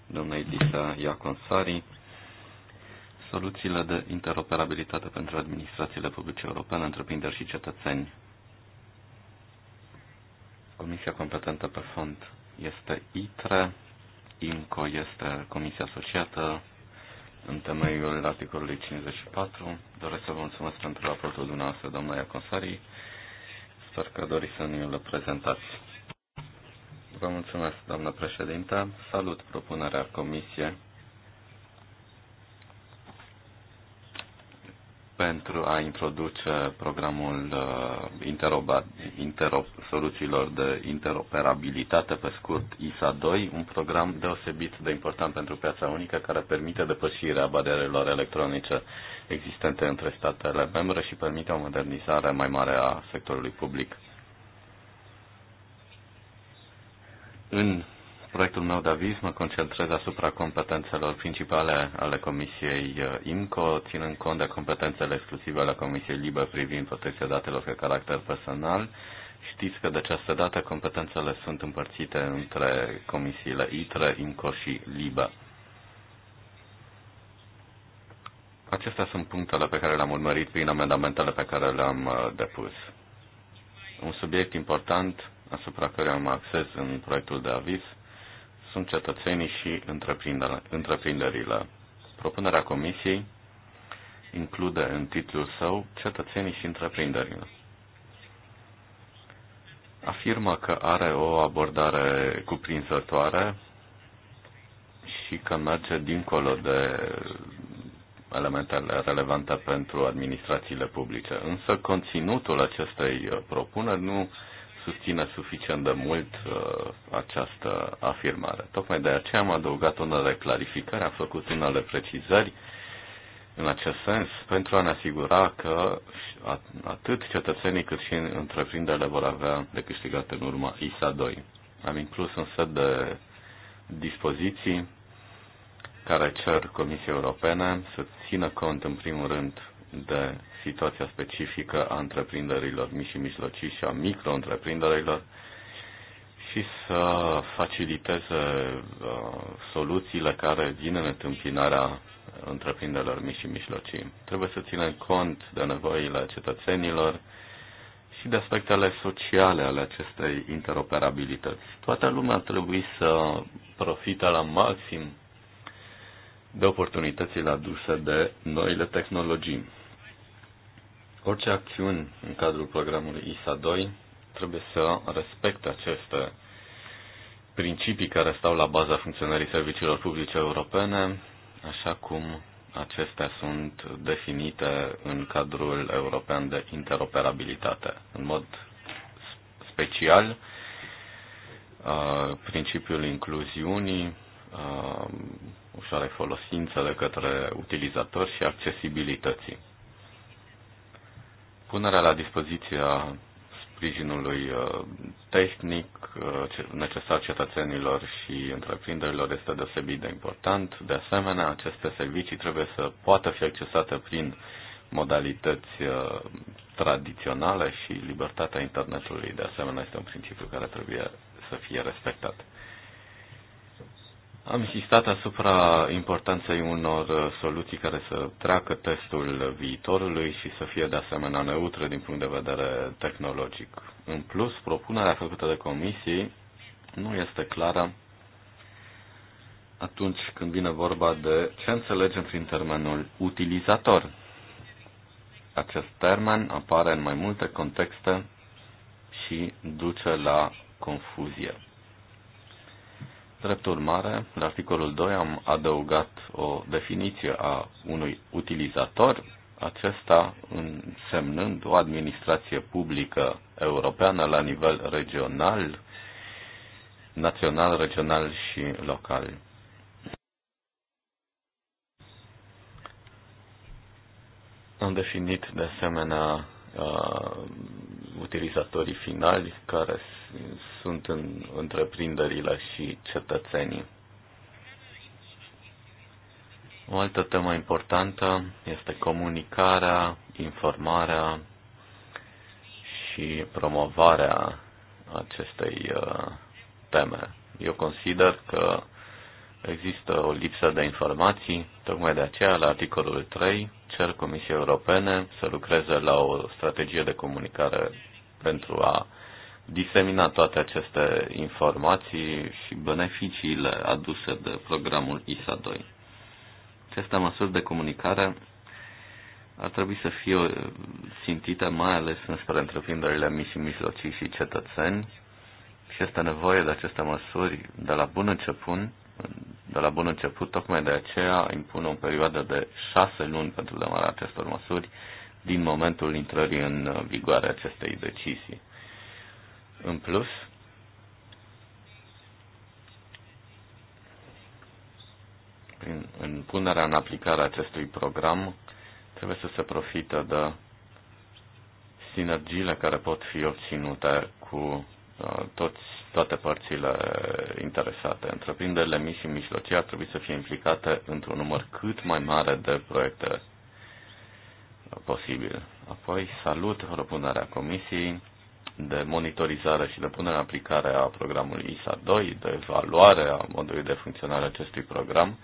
domnului Dita Iaconsari, soluțiile de interoperabilitate pentru administrațiile publice europene, întreprinderi și cetățeni Comisia competentă pe fond este ITRE, INCO este comisia asociată în temeiul articolului 54. Doresc să vă mulțumesc pentru raportul dumneavoastră, doamna Iaconsari. Sper că doriți să ne l prezentați. Vă mulțumesc, doamnă președinte. Salut propunerea comisiei pentru a introduce programul uh, soluțiilor de interoperabilitate, pe scurt ISA 2, un program deosebit de important pentru piața unică care permite depășirea barierelor electronice existente între statele membre și permite o modernizare mai mare a sectorului public. În proiectul meu de aviz mă concentrez asupra competențelor principale ale Comisiei uh, IMCO, ținând cont de competențele exclusive ale Comisiei LIBE privind protecția datelor pe caracter personal. Știți că de această dată competențele sunt împărțite între comisiile ITRE, IMCO și LIBE. Acestea sunt punctele pe care le-am urmărit prin amendamentele pe care le-am uh, depus. Un subiect important asupra căruia mă acces în proiectul de aviz sunt cetățenii și întreprinderile. Propunerea Comisiei include în titlul său cetățenii și întreprinderile. Afirmă că are o abordare cuprinzătoare și că merge dincolo de elementele relevante pentru administrațiile publice. Însă conținutul acestei propuneri nu susține suficient de mult uh, această afirmare. Tocmai de aceea am adăugat unele clarificări, am făcut unele precizări în acest sens pentru a ne asigura că atât cetățenii cât și întreprinderile vor avea de câștigat în urma ISA 2. Am inclus un set de dispoziții care cer Comisiei Europene să țină cont în primul rând de situația specifică a întreprinderilor mici și mijlocii și a micro-întreprinderilor și să faciliteze uh, soluțiile care vin în întâmpinarea întreprinderilor mici și mijlocii. Trebuie să ținem cont de nevoile cetățenilor și de aspectele sociale ale acestei interoperabilități. Toată lumea trebuie să profite la maxim de oportunitățile aduse de noile tehnologii. Orice acțiuni în cadrul programului ISA 2 trebuie să respecte aceste principii care stau la baza funcționării serviciilor publice europene, așa cum acestea sunt definite în cadrul european de interoperabilitate. În mod special, principiul incluziunii, ușoare folosință de către utilizatori și accesibilității punerea la dispoziția sprijinului uh, tehnic uh, necesar cetățenilor și întreprinderilor este deosebit de important. De asemenea, aceste servicii trebuie să poată fi accesate prin modalități uh, tradiționale și libertatea internetului, de asemenea, este un principiu care trebuie să fie respectat. Am insistat asupra importanței unor uh, soluții care să treacă testul viitorului și să fie de asemenea neutre din punct de vedere tehnologic. În plus, propunerea făcută de comisii nu este clară atunci când vine vorba de ce înțelegem prin termenul utilizator. Acest termen apare în mai multe contexte și duce la confuzie. Drept urmare, la articolul 2 am adăugat o definiție a unui utilizator, acesta însemnând o administrație publică europeană la nivel regional, național, regional și local. Am definit de asemenea uh, utilizatorii finali, care sunt în întreprinderile și cetățenii. O altă temă importantă este comunicarea, informarea și promovarea acestei uh, teme. Eu consider că există o lipsă de informații, tocmai de aceea la articolul 3 cer Comisiei Europene să lucreze la o strategie de comunicare pentru a disemina toate aceste informații și beneficiile aduse de programul ISA 2. Aceste măsuri de comunicare ar trebui să fie simțite uh, mai ales înspre întreprinderile mici și mijlocii și cetățeni și este nevoie de aceste măsuri de la bun început de la bun început, tocmai de aceea impun o perioadă de șase luni pentru demararea acestor măsuri din momentul intrării în vigoare acestei decizii. În plus, prin, în punerea în aplicare acestui program, trebuie să se profită de sinergiile care pot fi obținute cu uh, toți toate părțile interesate. Întreprinderile mici și mijlocii ar trebui să fie implicate într-un număr cât mai mare de proiecte posibil. Apoi salut propunerea Comisiei de monitorizare și de punere în aplicare a programului ISA 2, de evaluare a modului de funcționare a acestui program.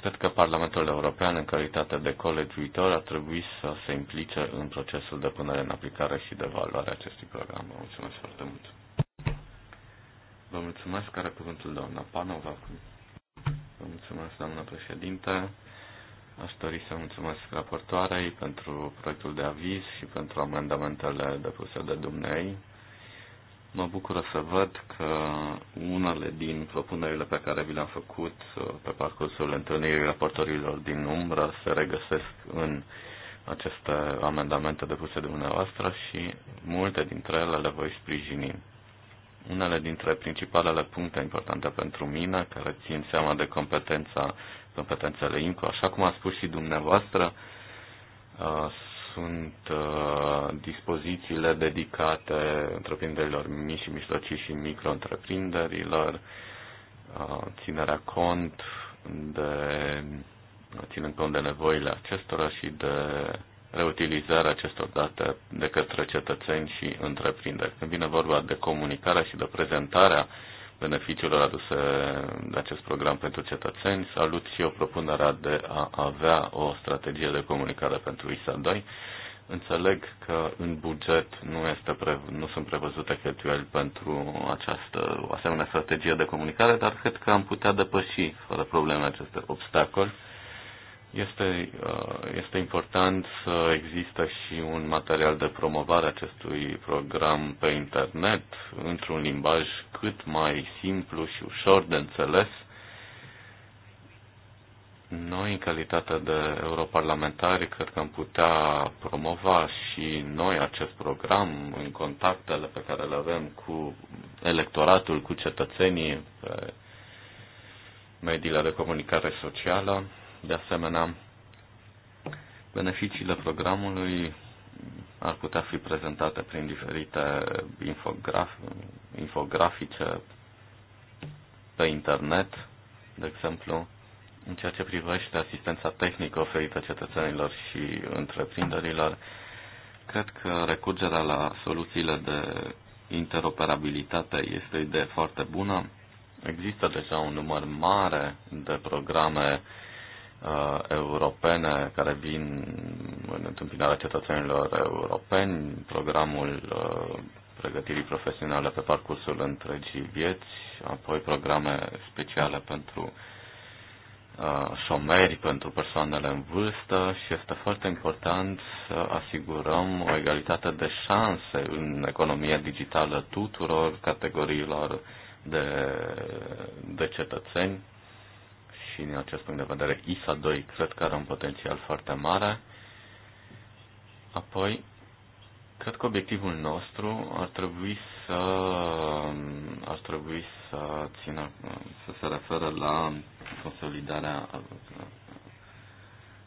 Cred că Parlamentul European, în calitate de colegiuitor, ar trebui să se implice în procesul de punere în aplicare și de evaluare a acestui program. Vă mulțumesc foarte mult! Vă mulțumesc, care cuvântul doamna Panova. Vă mulțumesc, doamna președinte. Aș dori să mulțumesc raportoarei pentru proiectul de aviz și pentru amendamentele depuse de dumnei. Mă bucură să văd că unele din propunerile pe care vi le-am făcut uh, pe parcursul întâlnirii raportorilor din umbră se regăsesc în aceste amendamente depuse de dumneavoastră și multe dintre ele le voi sprijini. Unele dintre principalele puncte importante pentru mine, care țin seama de competența, competențele INCO. așa cum a spus și dumneavoastră, uh, sunt uh, dispozițiile dedicate întreprinderilor mici și mijlocii și micro-întreprinderilor, uh, ținerea cont de ținând cont de nevoile acestora și de reutilizarea acestor date de către cetățeni și întreprinderi. Când vine vorba de comunicarea și de prezentarea beneficiilor aduse de acest program pentru cetățeni, salut și eu propunerea de a avea o strategie de comunicare pentru ISA 2. Înțeleg că în buget nu, este pre, nu sunt prevăzute cheltuieli pentru această o asemenea strategie de comunicare, dar cred că am putea depăși fără probleme aceste obstacol este, uh, este important să există și un material de promovare acestui program pe internet, într-un limbaj cât mai simplu și ușor de înțeles. Noi, în calitate de europarlamentari, cred că am putea promova și noi acest program în contactele pe care le avem cu electoratul, cu cetățenii, pe mediile de comunicare socială de asemenea, beneficiile programului ar putea fi prezentate prin diferite infograf- infografice pe internet, de exemplu, în ceea ce privește asistența tehnică oferită cetățenilor și întreprinderilor, cred că recurgerea la soluțiile de interoperabilitate este o idee foarte bună. Există deja un număr mare de programe uh, uh, europene care vin în întâmpinarea cetățenilor europeni, programul uh, pregătirii profesionale pe parcursul întregii vieți, apoi programe speciale pentru uh, șomeri, pentru persoanele în vârstă și este foarte important să asigurăm o egalitate de șanse în economia digitală tuturor categoriilor de, de cetățeni și din acest punct de vedere ISA 2 cred că are un potențial foarte mare. Apoi, cred că obiectivul nostru ar trebui să ar trebui să țină să se referă la consolidarea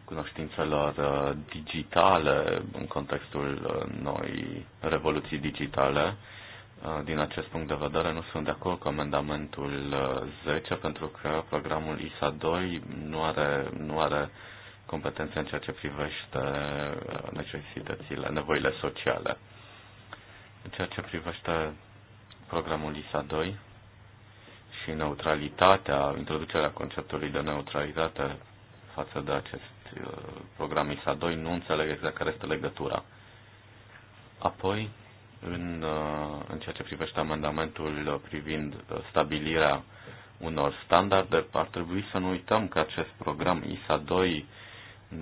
cunoștințelor uh, digitale în contextul uh, noi revoluții digitale Uh, din acest punct de vedere, nu sunt de acord cu amendamentul 10, uh, pentru că programul ISA 2 nu are, nu are competențe în ceea ce privește uh, necesitățile, nevoile sociale. În ceea ce privește programul ISA 2 și neutralitatea, introducerea conceptului de neutralitate față de acest program ISA 2, nu înțeleg exact care este legătura. Apoi, în, uh, în ceea ce privește amendamentul privind uh, stabilirea unor standarde, ar trebui să nu uităm că acest program ISA 2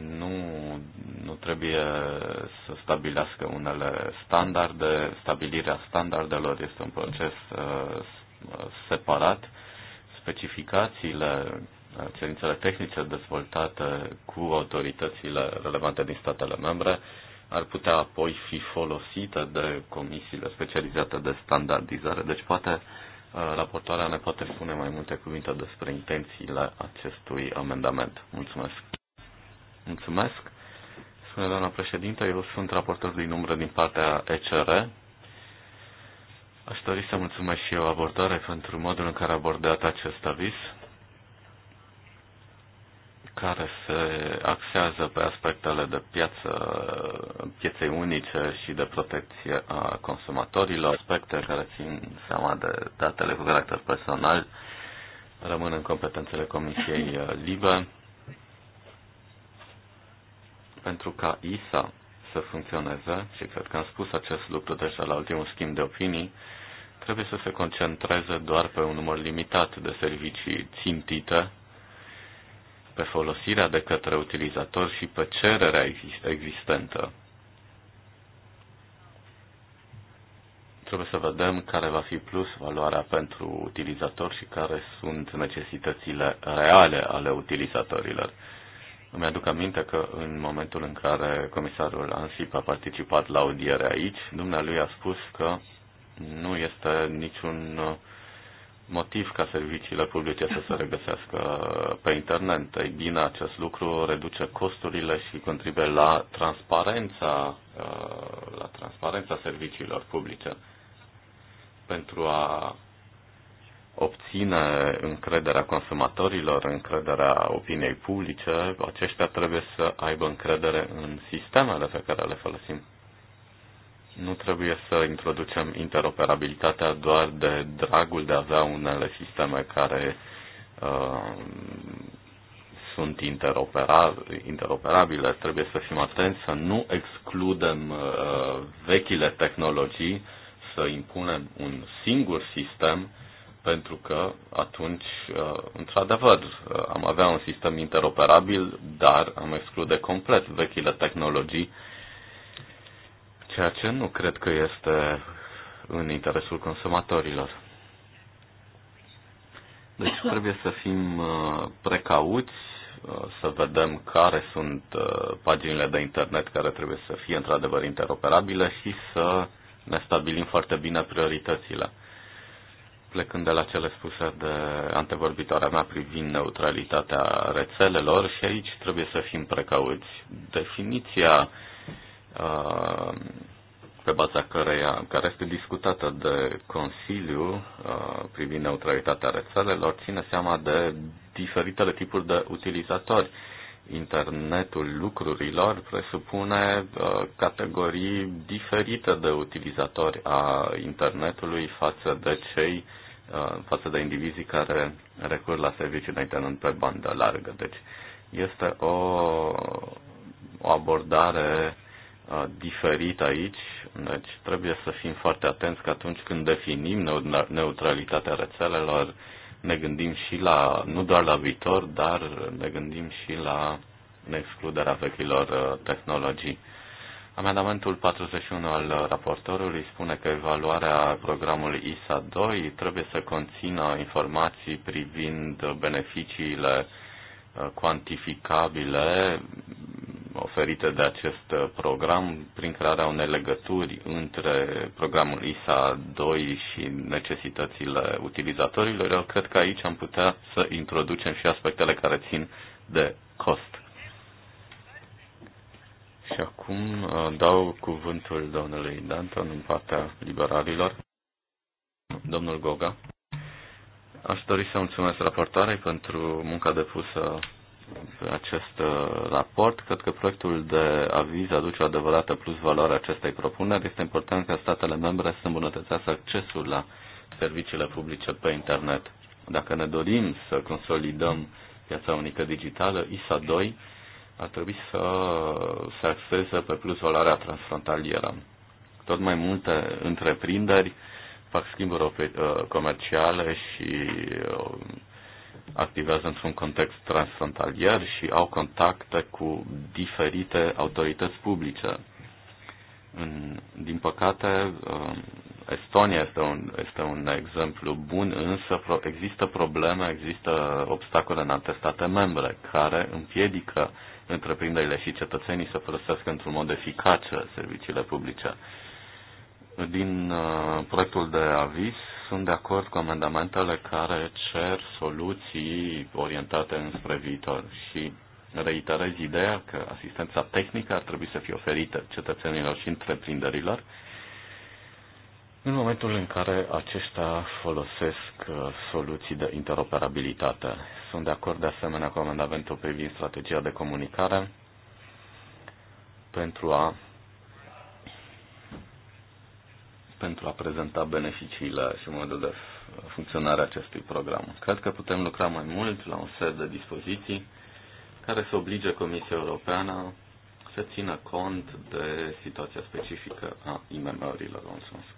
nu, nu trebuie să stabilească unele standarde. Stabilirea standardelor este un proces uh, separat. Specificațiile, uh, cerințele tehnice dezvoltate cu autoritățile relevante din statele membre ar putea apoi fi folosită de comisiile specializate de standardizare. Deci poate uh, raportoarea ne poate spune mai multe cuvinte despre intențiile acestui amendament. Mulțumesc. Mulțumesc. Spune doamna președinte, eu sunt raportor din umbră din partea ECR. Aș dori să mulțumesc și eu abordare pentru modul în care a abordat acest avis care se axează pe aspectele de piață, pieței unice și de protecție a consumatorilor, aspecte care țin seama de datele cu caracter personal, rămân în competențele Comisiei Libe. Pentru ca ISA să funcționeze, și cred că am spus acest lucru deja la ultimul schimb de opinii, trebuie să se concentreze doar pe un număr limitat de servicii țintite pe folosirea de către utilizator și pe cererea exist- existentă. Trebuie să vedem care va fi plus valoarea pentru utilizator și care sunt necesitățile reale ale utilizatorilor. Îmi aduc aminte că în momentul în care comisarul Ansip a participat la audiere aici, dumnealui a spus că nu este niciun motiv ca serviciile publice să se regăsească pe internet. Ei bine, acest lucru reduce costurile și contribuie la transparența, uh, la transparența serviciilor publice. Pentru a obține încrederea consumatorilor, încrederea opiniei publice, aceștia trebuie să aibă încredere în sistemele pe care le folosim. Nu trebuie să introducem interoperabilitatea doar de dragul de a avea unele sisteme care uh, sunt interoperabile. Trebuie să fim atenți să nu excludem uh, vechile tehnologii, să impunem un singur sistem, pentru că atunci, uh, într-adevăr, uh, am avea un sistem interoperabil, dar am exclude complet vechile tehnologii uh, ceea ce nu cred că este în interesul consumatorilor. Deci trebuie să fim uh, precauți, uh, să vedem care sunt uh, paginile de internet care trebuie să fie într-adevăr interoperabile și să ne stabilim foarte bine prioritățile. Plecând de la cele spuse de antevorbitoarea mea privind neutralitatea rețelelor, și aici trebuie să fim precauți. Definiția Uh, pe baza căreia, care este discutată de Consiliu uh, privind neutralitatea rețelelor, ține seama de diferitele tipuri de utilizatori. Internetul lucrurilor presupune uh, categorii diferite de utilizatori a internetului față de cei față de indivizii care recur la servicii de internet pe bandă largă. Deci este o, o abordare diferit aici, deci trebuie să fim foarte atenți că atunci când definim neutralitatea rețelelor, ne gândim și la, nu doar la viitor, dar ne gândim și la excluderea vechilor tehnologii. Amendamentul 41 al raportorului spune că evaluarea programului ISA 2 trebuie să conțină informații privind beneficiile cuantificabile oferite de acest uh, program prin crearea unei legături între programul ISA 2 și necesitățile utilizatorilor. Eu cred că aici am putea să introducem și aspectele care țin de cost. Și acum uh, dau cuvântul domnului Danton în partea liberalilor. Domnul Goga. Aș dori să mulțumesc raportoarei pentru munca depusă acest uh, raport. Cred că proiectul de aviz aduce o adevărată plus valoare acestei propuneri. Este important ca statele membre să îmbunătățească accesul la serviciile publice pe internet. Dacă ne dorim să consolidăm piața unică digitală, ISA 2 ar trebui să se axeze pe plus valoarea transfrontalieră. Tot mai multe întreprinderi fac schimburi uh, comerciale și uh, activează într-un context transfrontalier și au contacte cu diferite autorități publice. În, din păcate, um, Estonia este un, este un exemplu bun, însă există probleme, există obstacole în alte state membre care împiedică întreprinderile și cetățenii să folosească într-un mod eficace serviciile publice. Din uh, proiectul de aviz sunt de acord cu amendamentele care cer soluții orientate înspre viitor și reiterez ideea că asistența tehnică ar trebui să fie oferită cetățenilor și întreprinderilor în momentul în care aceștia folosesc uh, soluții de interoperabilitate. Sunt de acord de asemenea cu amendamentul privind strategia de comunicare pentru a pentru a prezenta beneficiile și modul de funcționare acestui program. Cred că putem lucra mai mult la un set de dispoziții care să oblige Comisia Europeană să țină cont de situația specifică a IMM-urilor. Mulțumesc.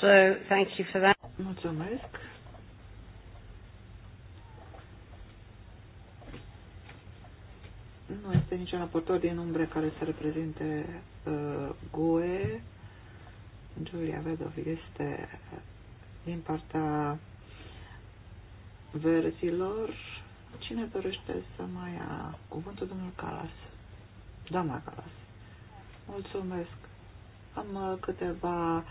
So, thank you for that. Mulțumesc. Nu este niciun raportor din umbre care să reprezinte uh, GUE. Julia Vedov este din partea verzilor. Cine dorește să mai ia cuvântul? Domnul Calas. Doamna Calas. Mulțumesc. Am uh, câteva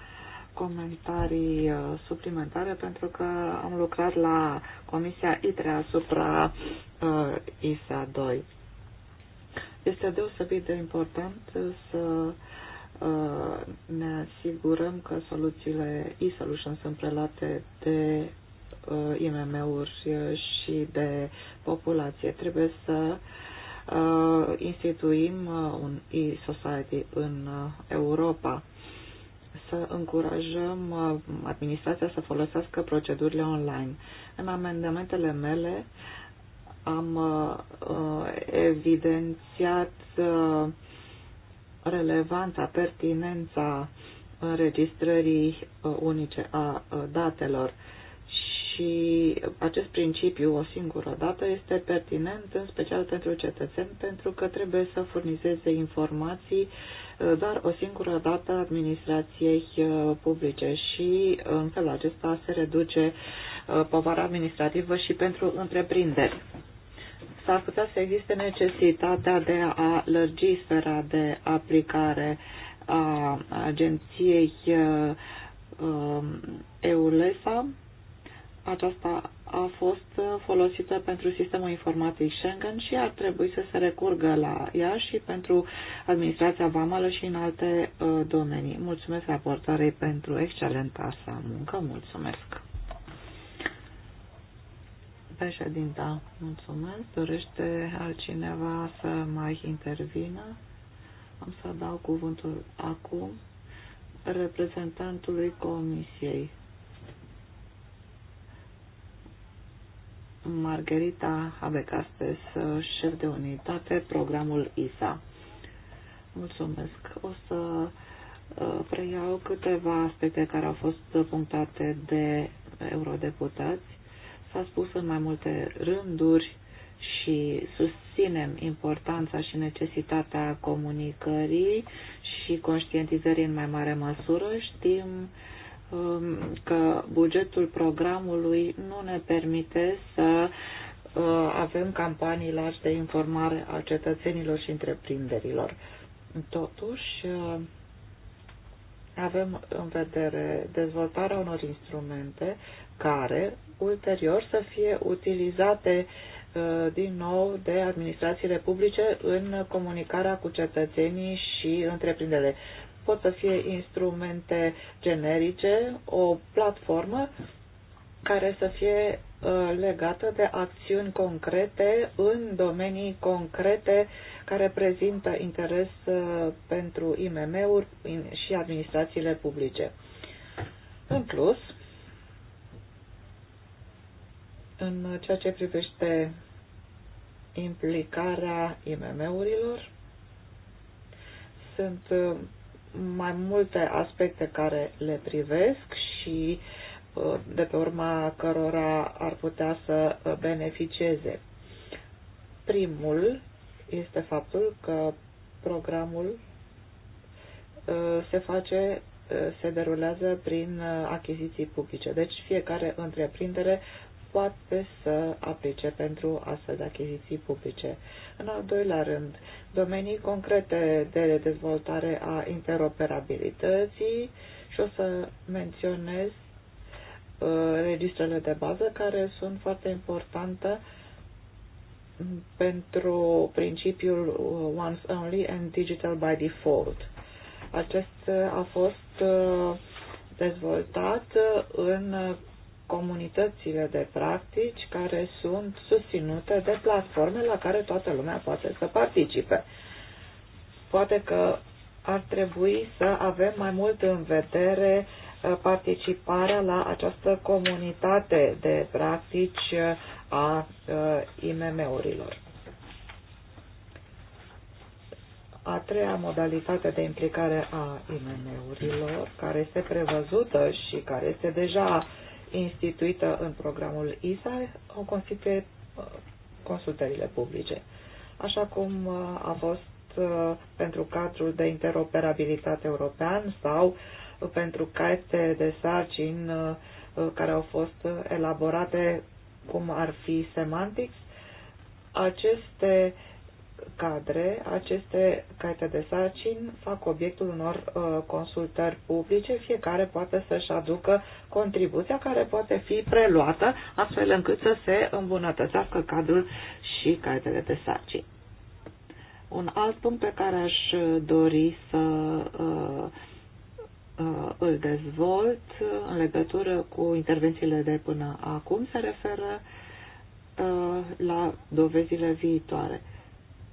comentarii uh, suplimentare pentru că am lucrat la Comisia ITRE asupra uh, ISA 2 este deosebit de important să uh, ne asigurăm că soluțiile e solution sunt prelate de uh, IMM-uri uh, și de populație. Trebuie să instituim un e-society în Europa să încurajăm administrația să folosească procedurile online. În amendamentele mele am uh, evidențiat uh, relevanța, pertinența înregistrării uh, unice a uh, datelor și acest principiu o singură dată este pertinent în special pentru cetățeni pentru că trebuie să furnizeze informații uh, doar o singură dată administrației uh, publice și uh, în felul acesta se reduce povara administrativă și pentru întreprinderi s-ar putea să existe necesitatea de a lărgi sfera de aplicare a agenției um, EULESA. Aceasta a fost folosită pentru sistemul informatic Schengen și ar trebui să se recurgă la ea și pentru administrația vamală și în alte uh, domenii. Mulțumesc raportoarei pentru excelenta sa muncă. Mulțumesc! Președinta, mulțumesc. Dorește altcineva să mai intervină? Am să dau cuvântul acum reprezentantului Comisiei. Margherita Habecastes, șef de unitate, programul ISA. Mulțumesc. O să uh, preiau câteva aspecte care au fost punctate de eurodeputați S-a spus în mai multe rânduri și susținem importanța și necesitatea comunicării și conștientizării în mai mare măsură. Știm um, că bugetul programului nu ne permite să uh, avem campanii largi de informare a cetățenilor și întreprinderilor. Totuși, uh, avem în vedere dezvoltarea unor instrumente care ulterior să fie utilizate uh, din nou de administrațiile publice în comunicarea cu cetățenii și întreprinderile. Pot să fie instrumente generice, o platformă care să fie uh, legată de acțiuni concrete în domenii concrete care prezintă interes uh, pentru IMM-uri și administrațiile publice. În plus, în ceea ce privește implicarea IMM-urilor, sunt uh, mai multe aspecte care le privesc și uh, de pe urma cărora ar putea să uh, beneficieze. Primul este faptul că programul se face, se derulează prin achiziții publice. Deci fiecare întreprindere poate să aplice pentru astfel de achiziții publice. În al doilea rând, domenii concrete de dezvoltare a interoperabilității și o să menționez uh, registrele de bază care sunt foarte importante pentru principiul uh, once only and digital by default. Acest uh, a fost uh, dezvoltat în comunitățile de practici care sunt susținute de platforme la care toată lumea poate să participe. Poate că ar trebui să avem mai mult în vedere uh, participarea la această comunitate de practici uh, a uh, IMM-urilor. A treia modalitate de implicare a IMM-urilor, care este prevăzută și care este deja uh, instituită în programul ISA o constituie uh, consultările publice, așa cum uh, a fost uh, pentru cadrul de interoperabilitate european sau pentru caiete de sarcini care au fost elaborate, cum ar fi semantics, aceste cadre, aceste caiete de sarcini fac obiectul unor uh, consultări publice, fiecare poate să-și aducă contribuția care poate fi preluată astfel încât să se îmbunătățească cadrul și caietele de sarcini. Un alt punct pe care aș dori să uh, uh, îl dezvolt în legătură cu intervențiile de până acum se referă uh, la dovezile viitoare. Uh,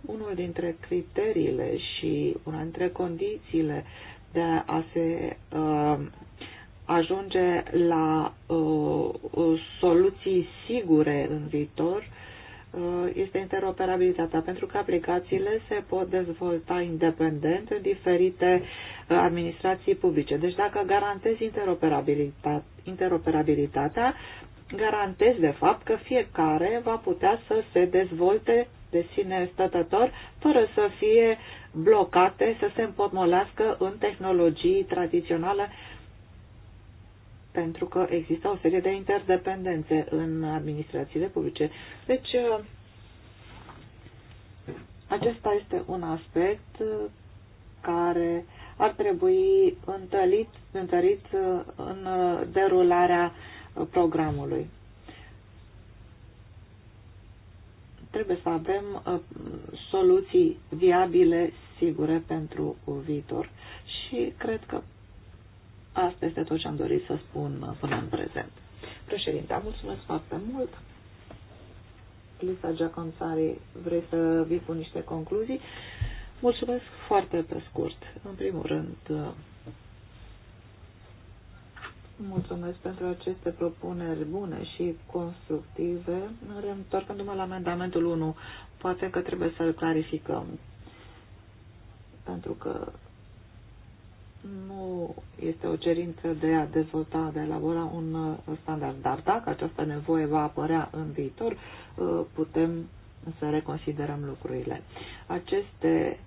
unul dintre criteriile și una dintre condițiile de a se uh, ajunge la uh, soluții sigure în viitor uh, este interoperabilitatea, pentru că aplicațiile se pot dezvolta independent în diferite uh, administrații publice. Deci dacă garantezi interoperabilitatea, interoperabilitatea, garantezi de fapt că fiecare va putea să se dezvolte de sine stătător, fără să fie blocate, să se împotmolească în tehnologii tradiționale, pentru că există o serie de interdependențe în administrațiile publice. Deci, uh, acesta este un aspect uh, care ar trebui întărit, întărit uh, în derularea programului. trebuie să avem uh, soluții viabile, sigure pentru viitor. Și cred că asta este tot ce am dorit să spun uh, până în prezent. Președinte, mulțumesc foarte mult. Lisa Giaconțari, vrei să vii cu niște concluzii? Mulțumesc foarte pe scurt. În primul rând, uh, Mulțumesc pentru aceste propuneri bune și constructive. Întoarcându-mă la amendamentul 1, poate că trebuie să-l clarificăm, pentru că nu este o cerință de a dezvolta, de a elabora un uh, standard. Dar dacă această nevoie va apărea în viitor, uh, putem să reconsiderăm lucrurile. Aceste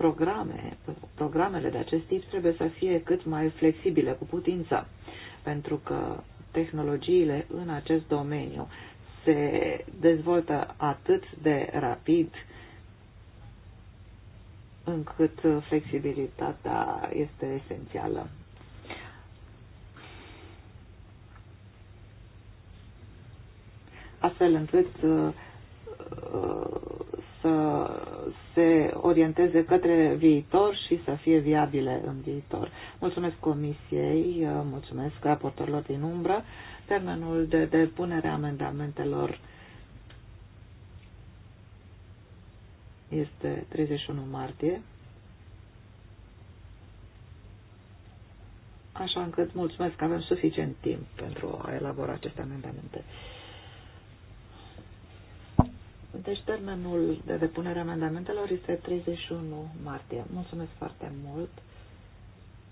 programe, programele de acest tip trebuie să fie cât mai flexibile cu putință, pentru că tehnologiile în acest domeniu se dezvoltă atât de rapid încât flexibilitatea este esențială. Astfel încât uh, să se orienteze către viitor și să fie viabile în viitor. Mulțumesc Comisiei, mulțumesc raportorilor din umbră. Termenul de depunere a amendamentelor este 31 martie. Așa încât mulțumesc că avem suficient timp pentru a elabora aceste amendamente. Deci termenul de depunere amendamentelor este 31 martie. Mulțumesc foarte mult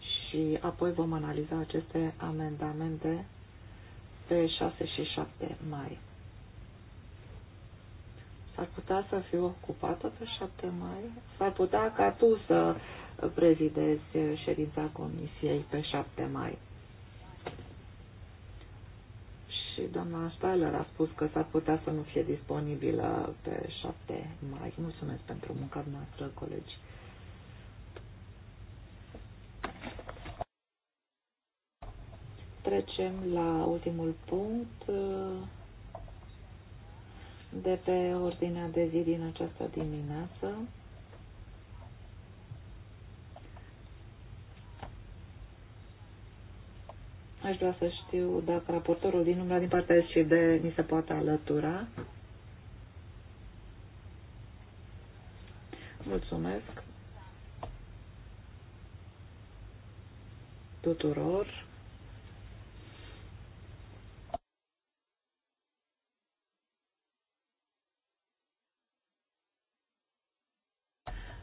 și apoi vom analiza aceste amendamente pe 6 și 7 mai. S-ar putea să fiu ocupată pe 7 mai? S-ar putea ca tu să prezidezi ședința comisiei pe 7 mai. și doamna Steiler a spus că s-ar putea să nu fie disponibilă pe 7 mai. Mulțumesc pentru munca noastră, colegi. Trecem la ultimul punct uh, de pe ordinea de zi din această dimineață. Aș vrea să știu dacă raportorul din umbra din partea SCD mi se poate alătura. Mulțumesc tuturor.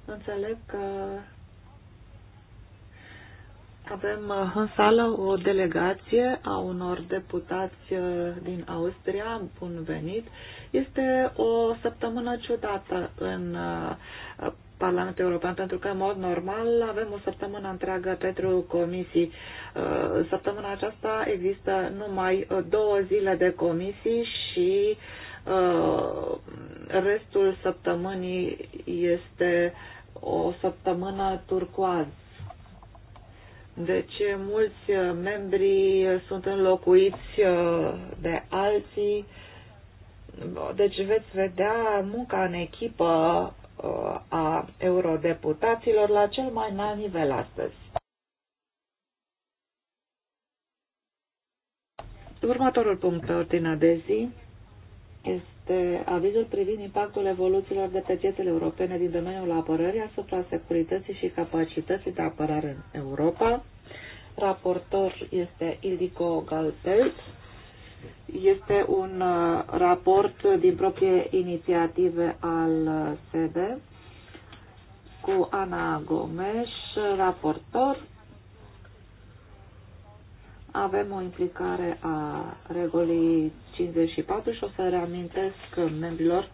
Înțeleg că avem uh, în sală o delegație a unor deputați uh, din Austria, bun venit. Este o săptămână ciudată în uh, Parlamentul European, pentru că, în mod normal, avem o săptămână întreagă pentru comisii. Săptămâna aceasta există numai două zile de comisii și restul săptămânii este o săptămână turcoază deci mulți uh, membri uh, sunt înlocuiți uh, de alții. Deci veți vedea munca în echipă a eurodeputaților la cel mai înalt nivel astăzi. Următorul punct pe ordinea de zi este este avizul privind impactul evoluțiilor de pe piețele europene din domeniul apărării asupra securității și capacității de apărare în Europa. Raportor este Ildico Galpelt. Este un uh, raport din proprie inițiative al uh, SEDE cu Ana Gomes, raportor avem o implicare a regulii 54 și o să reamintesc membrilor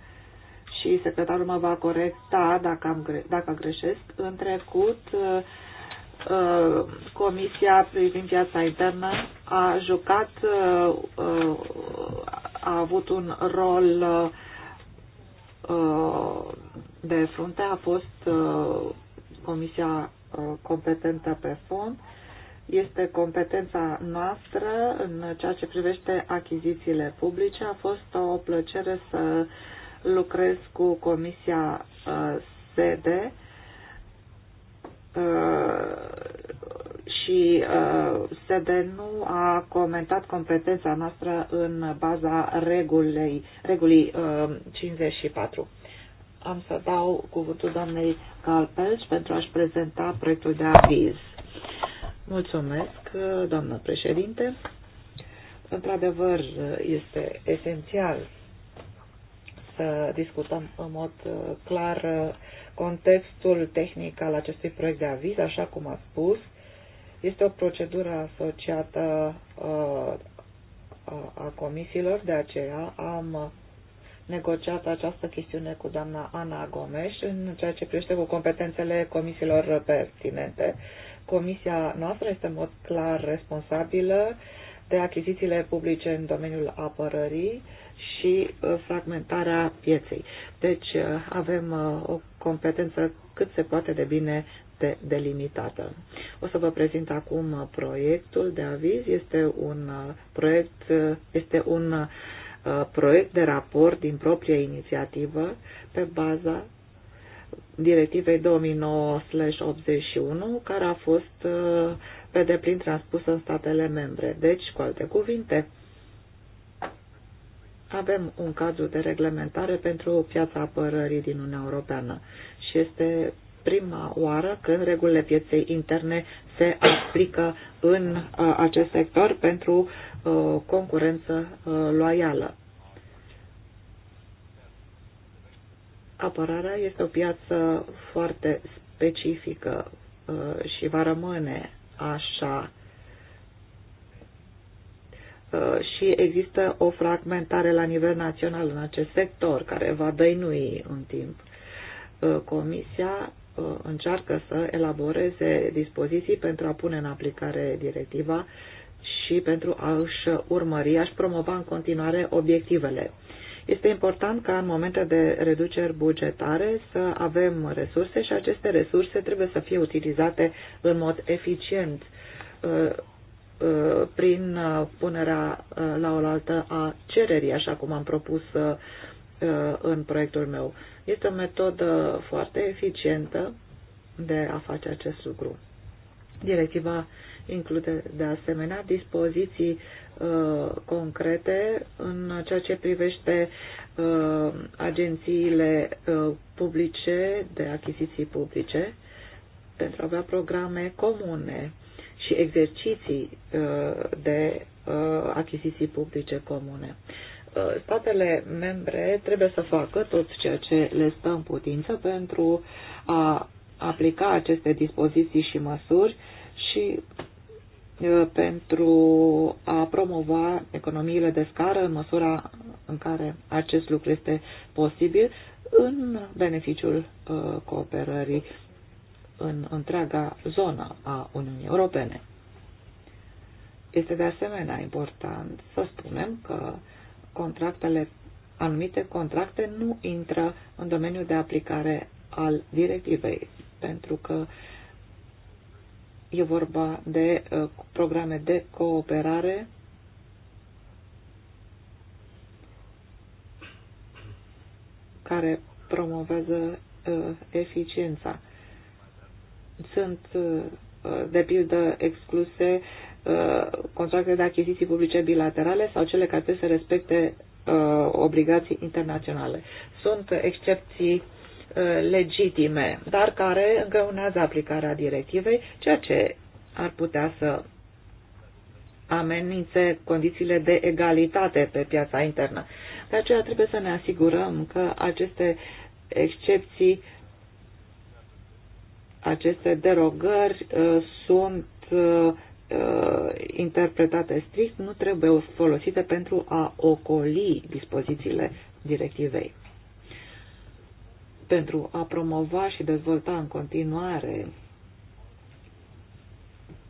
și secretarul mă va corecta dacă, am, dacă greșesc. În trecut, uh, Comisia privind piața internă a jucat, uh, a avut un rol uh, de frunte, a fost Comisia competentă pe fond este competența noastră în ceea ce privește achizițiile publice. A fost o plăcere să lucrez cu Comisia uh, sede uh, și uh, sede nu a comentat competența noastră în baza regulei, regulii 54. Am să dau cuvântul doamnei Calpelci pentru a-și prezenta proiectul de aviz. Mulțumesc, doamnă președinte. Într-adevăr, este esențial să discutăm în mod uh, clar uh, contextul tehnic al acestui proiect de aviz, așa cum a spus. Este o procedură asociată uh, a comisiilor, de aceea am negociat această chestiune cu doamna Ana Gomes în ceea ce privește cu competențele comisiilor pertinente. Uh, Comisia noastră este în mod clar responsabilă de achizițiile publice în domeniul apărării și uh, fragmentarea pieței. Deci uh, avem uh, o competență cât se poate de bine de delimitată. O să vă prezint acum proiectul de aviz. Este un proiect, este un proiect de raport din proprie inițiativă pe baza directivei 2009-81, care a fost uh, pe deplin transpusă în statele membre. Deci, cu alte cuvinte, avem un cadru de reglementare pentru piața apărării din Uniunea Europeană și este prima oară când regulile pieței interne se aplică în uh, acest sector pentru uh, concurență loială. Apărarea este o piață foarte specifică uh, și va rămâne așa. Uh, și există o fragmentare la nivel național în acest sector care va dăinui în timp. Uh, comisia încearcă să elaboreze dispoziții pentru a pune în aplicare directiva și pentru a-și urmări, a-și promova în continuare obiectivele. Este important ca în momente de reduceri bugetare să avem resurse și aceste resurse trebuie să fie utilizate în mod eficient uh, uh, prin uh, punerea la oaltă a cererii, așa cum am propus în proiectul meu. Este o metodă foarte eficientă de a face acest lucru. Directiva include de asemenea dispoziții uh, concrete în ceea ce privește uh, agențiile uh, publice de achiziții publice pentru a avea programe comune și exerciții uh, de uh, achiziții publice comune. Uh, statele membre trebuie să facă tot ceea ce le stă în putință pentru a aplica aceste dispoziții și măsuri și Uh, pentru a promova economiile de scară în măsura în care acest lucru este posibil în beneficiul uh, cooperării în întreaga zonă a Uniunii Europene. Este de asemenea important să spunem că contractele, anumite contracte nu intră în domeniul de aplicare al directivei, pentru că uh, E vorba de uh, programe de cooperare care promovează uh, eficiența. Sunt, uh, de pildă, excluse uh, contracte de achiziții publice bilaterale sau cele care trebuie să respecte uh, obligații internaționale. Sunt excepții uh, Uh, legitime, dar care îngăunează aplicarea directivei, ceea ce ar putea să amenințe condițiile de egalitate pe piața internă. De aceea trebuie să ne asigurăm că aceste excepții, aceste derogări uh, sunt uh, interpretate strict, nu trebuie folosite pentru a ocoli dispozițiile directivei pentru a promova și dezvolta în continuare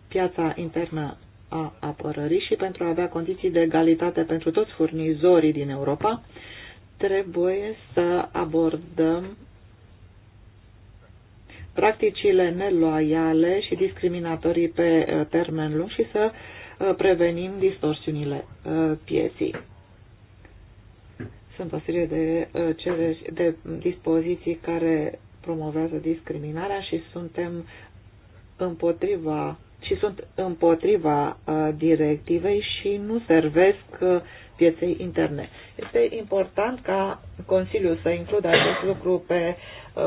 piața internă a apărării și pentru a avea condiții de egalitate pentru toți furnizorii din Europa, trebuie să abordăm practicile neloiale și discriminatorii pe eh, termen lung și să eh, prevenim distorsiunile eh, pieții. Sunt o serie de, uh, cereri, de dispoziții care promovează discriminarea și suntem împotriva și sunt împotriva uh, directivei și nu servesc uh, pieței interne. Este important ca Consiliul să includă acest lucru pe uh,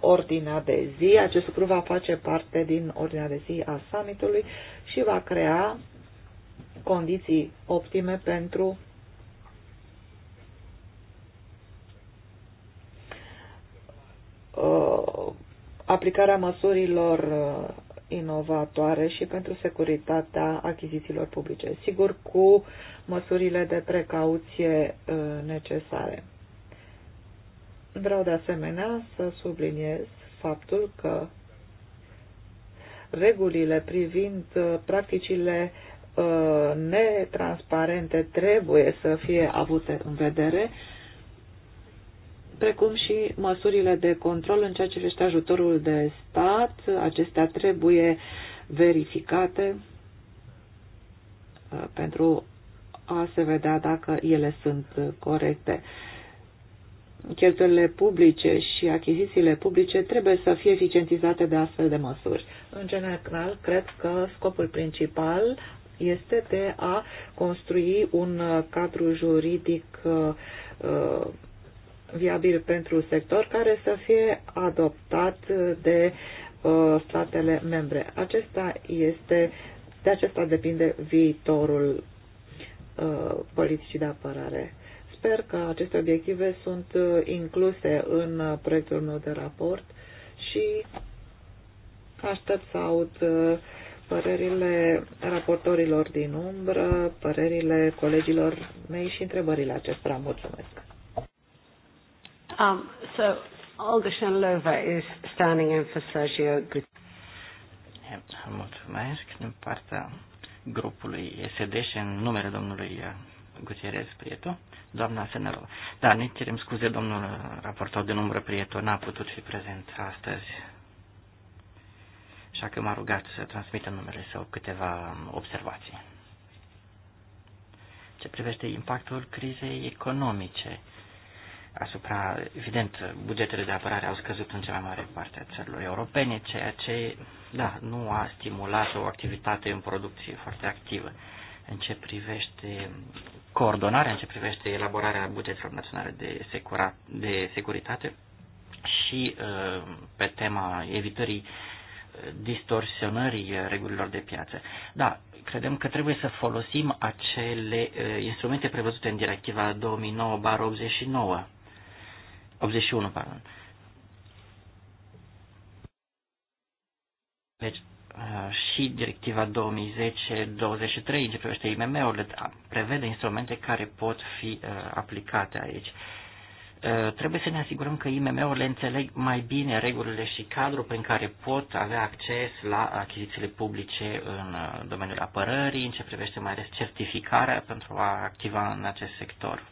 ordinea de zi. Acest lucru va face parte din ordinea de zi a summitului și va crea condiții optime pentru Uh, aplicarea măsurilor uh, inovatoare și pentru securitatea achizițiilor publice, sigur cu măsurile de precauție uh, necesare. Vreau de asemenea să subliniez faptul că regulile privind practicile netransparente trebuie să fie avute în vedere precum și măsurile de control în ceea ce privește ajutorul de stat. Acestea trebuie verificate uh, pentru a se vedea dacă ele sunt corecte. Cheltuielile publice și achizițiile publice trebuie să fie eficientizate de astfel de măsuri. În general, cred că scopul principal este de a construi un uh, cadru juridic uh, viabil pentru sector care să fie adoptat de uh, statele membre. Acesta este, de acesta depinde viitorul uh, politicii de apărare. Sper că aceste obiective sunt uh, incluse în proiectul meu de raport și aștept să aud părerile raportorilor din umbră, părerile colegilor mei și întrebările acestora. Mulțumesc! Um, so, Olga Shanlova is standing in for Sergio Mulțumesc din partea grupului SD și în numele domnului uh, Gutierrez Prieto, doamna Senelova. Da, ne cerem scuze, domnul raportor de număr Prieto n-a putut fi prezent astăzi, așa că m-a rugat să transmită numele său câteva um, observații. Ce privește impactul crizei economice, asupra, evident, bugetele de apărare au scăzut în cea mai mare parte a țărilor europene, ceea ce, da, nu a stimulat o activitate în producție foarte activă. În ce privește coordonarea, în ce privește elaborarea bugetelor naționale de, secura, de securitate și uh, pe tema evitării uh, distorsionării regulilor de piață. Da, credem că trebuie să folosim acele uh, instrumente prevăzute în directiva 2009-89 81, pardon. Deci, uh, și directiva 2010-23 ce privește IMM-urile prevede instrumente care pot fi uh, aplicate aici. Uh, trebuie să ne asigurăm că IMM-urile înțeleg mai bine regulile și cadrul prin care pot avea acces la achizițiile publice în domeniul apărării, în ce privește mai ales certificarea pentru a activa în acest sector.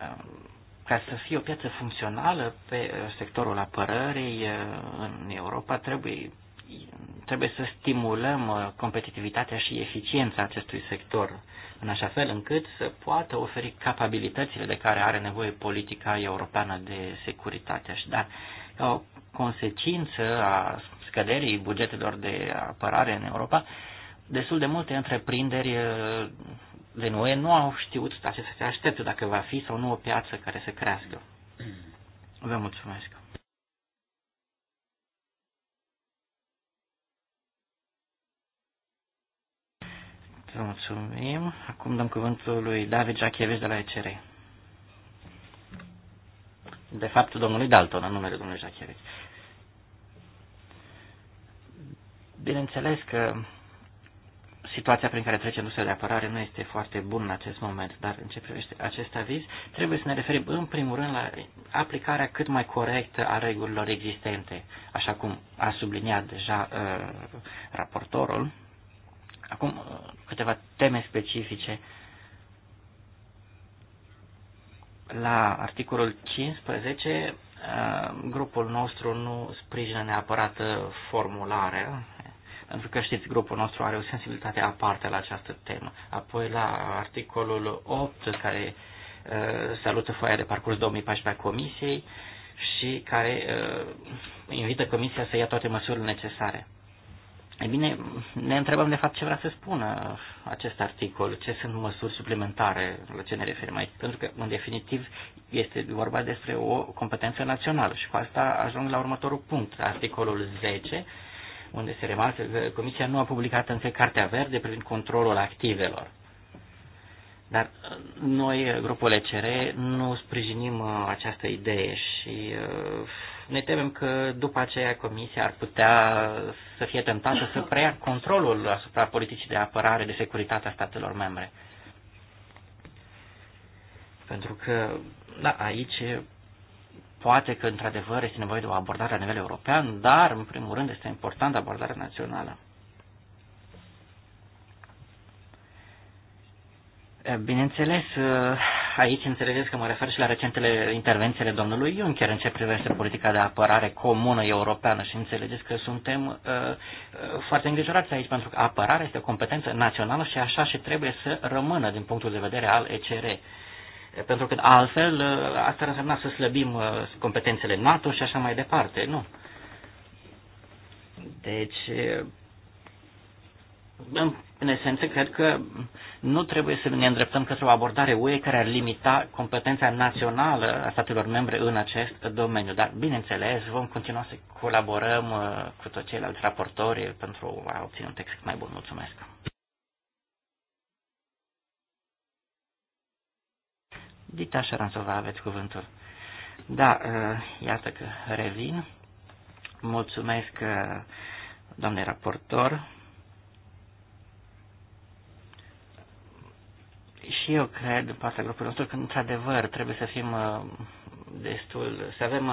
Um, ca să fie o piață funcțională pe uh, sectorul apărării uh, în Europa, trebuie, trebuie să stimulăm uh, competitivitatea și eficiența acestui sector, în așa fel încât să poată oferi capabilitățile de care are nevoie politica europeană de securitate. Și dar, ca o consecință a scăderii bugetelor de apărare în Europa, destul de multe întreprinderi de Noe nu au știut la ce să se aștepte, dacă va fi sau nu o piață care să crească. Vă mulțumesc! Vă mulțumim. Acum dăm cuvântul lui David Jacheves de la ECR. De fapt, domnului Dalton, în numele domnului Jacheves. Bineînțeles că situația prin care trece industria de apărare nu este foarte bună în acest moment, dar în ce privește acest aviz, trebuie să ne referim în primul rând la aplicarea cât mai corectă a regulilor existente, așa cum a subliniat deja uh, raportorul. Acum uh, câteva teme specifice. La articolul 15, uh, grupul nostru nu sprijină neapărat uh, formularea pentru că știți, grupul nostru are o sensibilitate aparte la această temă. Apoi la articolul 8, care uh, salută foaia de parcurs 2014 a Comisiei și care uh, invită Comisia să ia toate măsurile necesare. E bine, ne întrebăm de fapt ce vrea să spună acest articol, ce sunt măsuri suplimentare, la ce ne referim aici, pentru că, în definitiv, este vorba despre o competență națională și cu asta ajung la următorul punct, articolul 10, unde se remarcă că Comisia nu a publicat încă Cartea Verde privind controlul activelor. Dar uh, noi, uh, grupul ECR, nu sprijinim uh, această idee și ne temem că după aceea Comisia ar putea să fie tentată să preia controlul asupra politicii de apărare, de securitate a statelor membre. Pentru că, da, aici Poate că, într-adevăr, este nevoie de o abordare la nivel european, dar, în primul rând, este importantă abordarea națională. Bineînțeles, aici înțelegeți că mă refer și la recentele intervențiile domnului Juncker în ce privește politica de apărare comună europeană și înțelegeți că suntem foarte îngrijorați aici pentru că apărarea este o competență națională și așa și trebuie să rămână din punctul de vedere al ECR pentru că altfel uh, asta ar însemna să slăbim uh, competențele NATO și așa mai departe. Nu. Deci, uh, în esență, cred că nu trebuie să ne îndreptăm către o abordare UE care ar limita competența națională a statelor membre în acest domeniu. Dar, bineînțeles, vom continua să colaborăm cu toți ceilalți raportori pentru a obține un text mai bun. Mulțumesc! Dita Șaransova, aveți cuvântul. Da, iată că revin. Mulțumesc, doamne raportor. Și eu cred, în partea grupului nostru, că într-adevăr trebuie să fim destul, să avem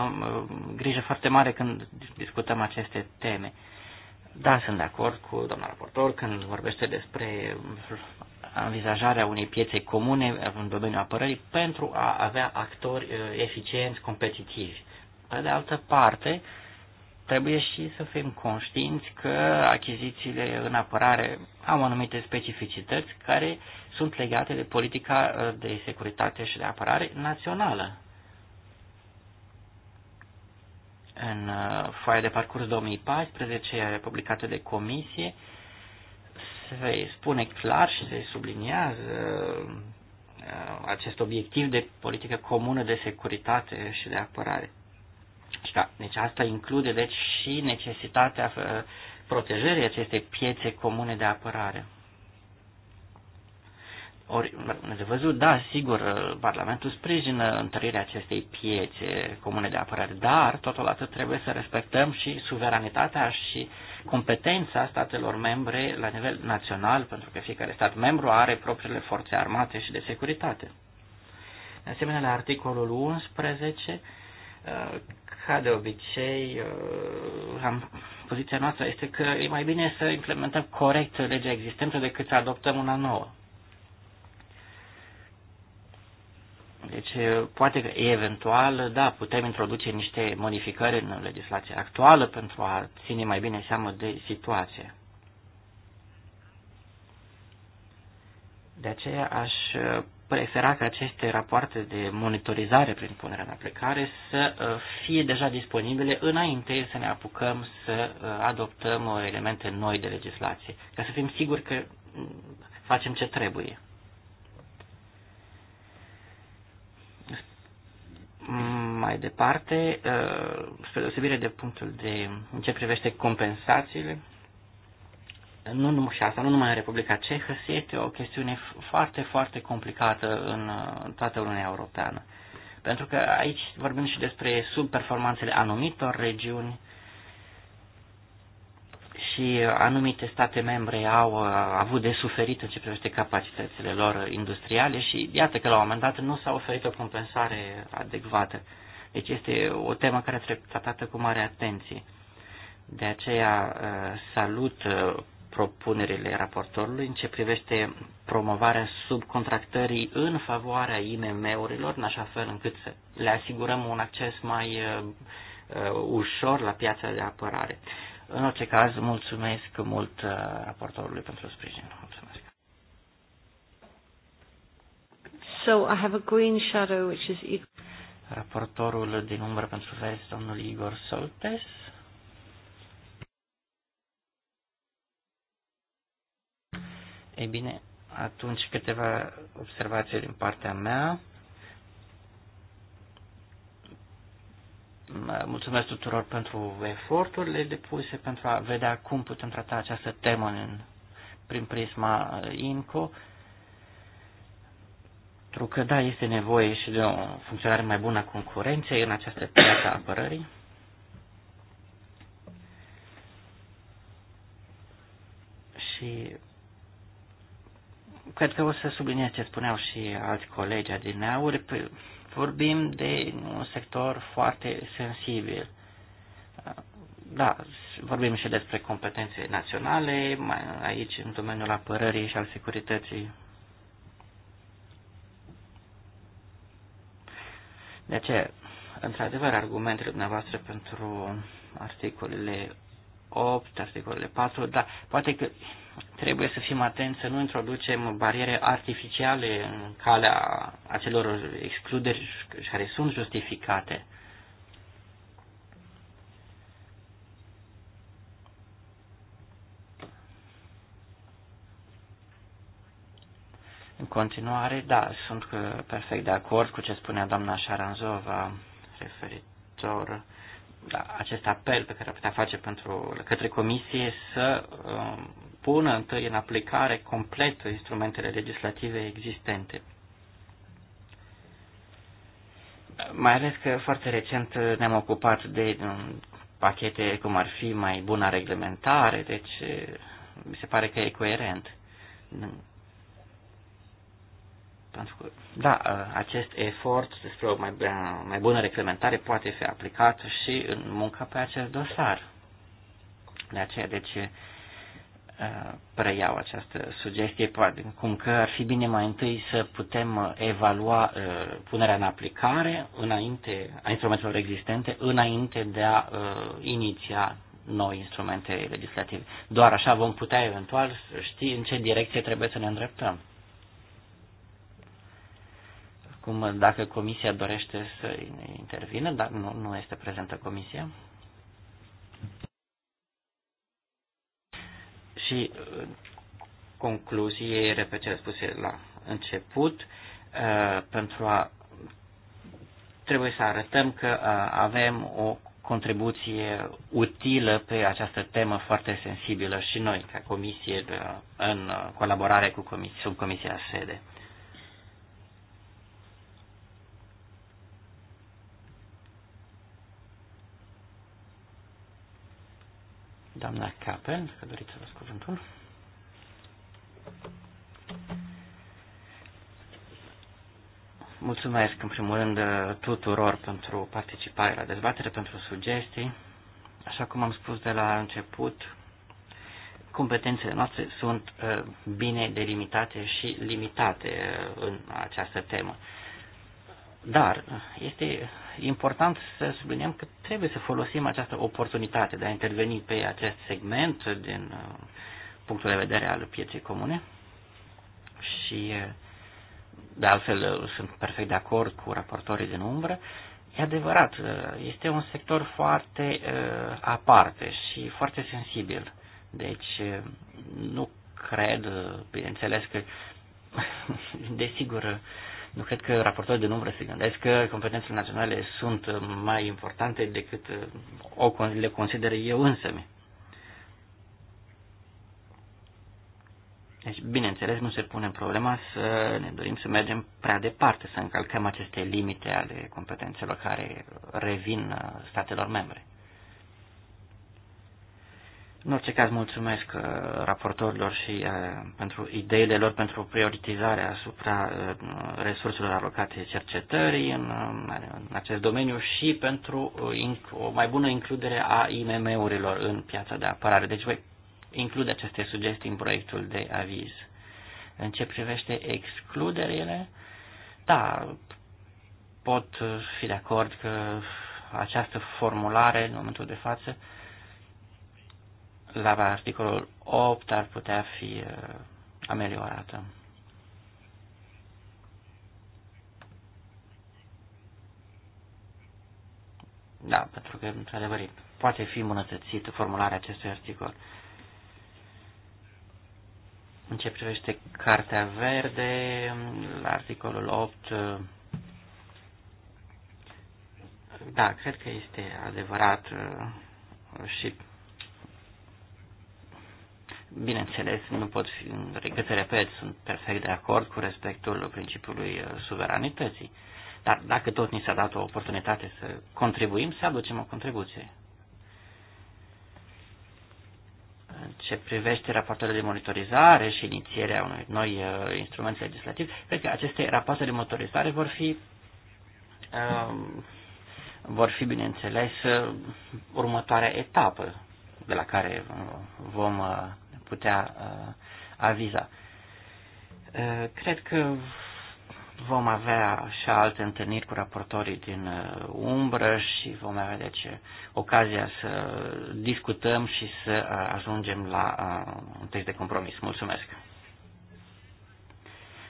grijă foarte mare când discutăm aceste teme. Da, sunt de acord cu doamna raportor când vorbește despre învizajarea unei piețe comune în domeniul apărării pentru a avea actori uh, eficienți, competitivi. Pe de altă parte, trebuie și să fim conștienți că achizițiile în apărare au anumite specificități care sunt legate de politica uh, de securitate și de apărare națională. În uh, foaia de parcurs 2014, publicată de comisie, se spune clar și se subliniază uh, acest obiectiv de politică comună de securitate și de apărare. Și da, deci asta include deci și necesitatea uh, protejării acestei piețe comune de apărare. Ori, văzut, da, sigur, uh, Parlamentul sprijină întărirea acestei piețe comune de apărare, dar totodată trebuie să respectăm și suveranitatea și competența statelor membre la nivel național, pentru că fiecare stat membru are propriile forțe armate și de securitate. De asemenea, la articolul 11, uh, ca de obicei, uh, am, poziția noastră este că e mai bine să implementăm corect legea existentă decât să adoptăm una nouă. Deci, poate că eventual, da, putem introduce niște modificări în legislația actuală pentru a ține mai bine seama de situație. De aceea aș prefera ca aceste rapoarte de monitorizare prin punerea în aplicare să fie deja disponibile înainte să ne apucăm să adoptăm elemente noi de legislație, ca să fim siguri că facem ce trebuie. mai departe, uh, spre deosebire de punctul de în ce privește compensațiile, nu numai și asta, nu numai în Republica Cehă, este o chestiune foarte, foarte complicată în toată Uniunea Europeană. Pentru că aici vorbim și despre subperformanțele anumitor regiuni, și anumite state membre au uh, avut de suferit în ce privește capacitățile lor industriale și iată că la un moment dat nu s-a oferit o compensare adecvată. Deci este o temă care trebuie tratată cu mare atenție. De aceea uh, salut uh, propunerile raportorului în ce privește promovarea subcontractării în favoarea IMM-urilor, în așa fel încât să le asigurăm un acces mai ușor la piața de apărare. În orice caz, mulțumesc mult uh, raportorului pentru sprijin. Mulțumesc. So I have a green shadow which is Raportorul din umbră pentru vest, domnul Igor Soltes. Ei bine, atunci câteva observații din partea mea. Mulțumesc tuturor pentru eforturile depuse pentru a vedea cum putem trata această temă în, prin prisma uh, INCO. Pentru că, da, este nevoie și de o funcționare mai bună a concurenței în această piață a apărării. Și cred că o să subliniez ce spuneau și alți colegi adineauri. Pe Vorbim de un sector foarte sensibil. Da, vorbim și despre competențe naționale, aici în domeniul apărării și al securității. De ce, într-adevăr, argumentele dumneavoastră pentru articolele 8, articolele 4, dar poate că trebuie să fim atenți să nu introducem bariere artificiale în calea acelor excluderi care sunt justificate. În continuare, da, sunt perfect de acord cu ce spunea doamna Șaranzova referitor la da, acest apel pe care ar putea face pentru, către comisie să um, pună întâi în aplicare complet instrumentele legislative existente. Mai ales că foarte recent ne-am ocupat de um, pachete cum ar fi mai bună reglementare, deci uh, mi se pare că e coerent pentru că, da, ă, acest efort despre o mai, mai bună reglementare poate fi aplicat și în munca pe acest dosar. De aceea, deci, ă, preiau această sugestie, poate, cum că ar fi bine mai întâi să putem evalua ă, punerea în aplicare înainte, a instrumentelor existente înainte de a iniția noi instrumente legislative. Doar așa vom putea eventual ști în ce direcție trebuie să ne îndreptăm. Acum, dacă comisia dorește să intervină, dar nu, nu este prezentă comisia. Și concluzie, repet ce spuse la început, uh, pentru a trebuie să arătăm că uh, avem o contribuție utilă pe această temă foarte sensibilă și noi, ca comisie, uh, în colaborare cu sub comisia sede. Doamna Capel, dacă doriți să luați cuvântul. Mulțumesc, în primul rând, tuturor pentru participare la dezbatere, pentru sugestii. Așa cum am spus de la început, competențele noastre sunt uh, bine delimitate și limitate uh, în această temă. Dar este important să subliniem că trebuie să folosim această oportunitate de a interveni pe acest segment din uh, punctul de vedere al pieței comune și uh, de altfel uh, sunt perfect de acord cu raportorii din umbră. E adevărat, este un sector foarte aparte și foarte sensibil. Deci nu cred, bineînțeles că, desigur, nu cred că raportorii de număr se gândesc că competențele naționale sunt mai importante decât uh, o, le consider eu însămi. Deci, bineînțeles, nu se pune problema să ne dorim să mergem prea departe, să încălcăm aceste limite ale competențelor care revin uh, statelor membre. În orice caz, mulțumesc uh, raportorilor și uh, pentru ideile lor pentru prioritizarea asupra uh, resurselor alocate cercetării în, în acest domeniu și pentru o mai bună includere a IMM-urilor în piața de apărare. Deci voi include aceste sugestii în proiectul de aviz. În ce privește excluderile, da, pot fi de acord că această formulare, în momentul de față, la articolul 8 ar putea fi uh, ameliorată. Da, pentru că, într-adevăr, poate fi îmbunătățită formularea acestui articol. În ce privește Cartea Verde, la articolul 8, uh, da, cred că este adevărat uh, și Bineînțeles, nu pot fi, regret adică, repet, sunt perfect de acord cu respectul principiului uh, suveranității. Dar dacă tot ni s-a dat o oportunitate să contribuim, să aducem o contribuție. ce privește rapoartele de monitorizare și inițierea unui noi uh, instrument legislativ, cred că aceste rapoarte de monitorizare vor fi, uh, vor fi bineînțeles, uh, următoarea etapă de la care uh, vom uh, putea uh, aviza. Uh, cred că vom avea și alte întâlniri cu raportorii din uh, umbră și vom avea deci ocazia să discutăm și să uh, ajungem la uh, un text de compromis. Mulțumesc!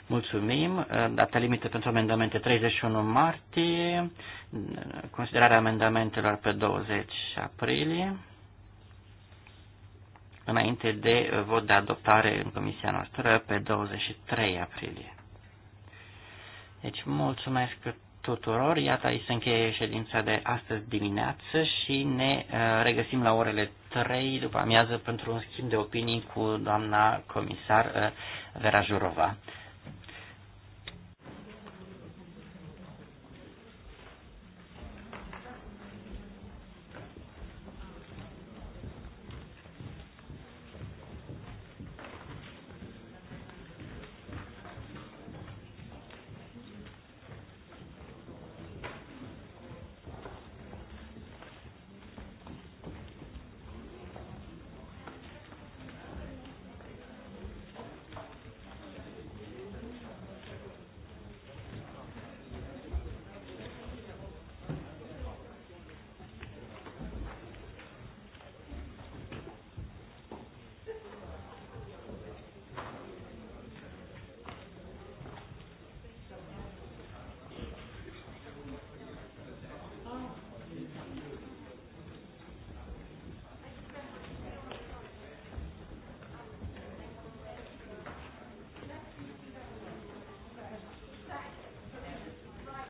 Mulțumim. Uh, data limită pentru amendamente 31 martie, considerarea amendamentelor pe 20 aprilie înainte de vot de adoptare în comisia noastră pe 23 aprilie. Deci mulțumesc tuturor, iată aici se încheie ședința de astăzi dimineață și ne uh, regăsim la orele 3 după amiază pentru un schimb de opinii cu doamna comisar uh, Vera Jurova.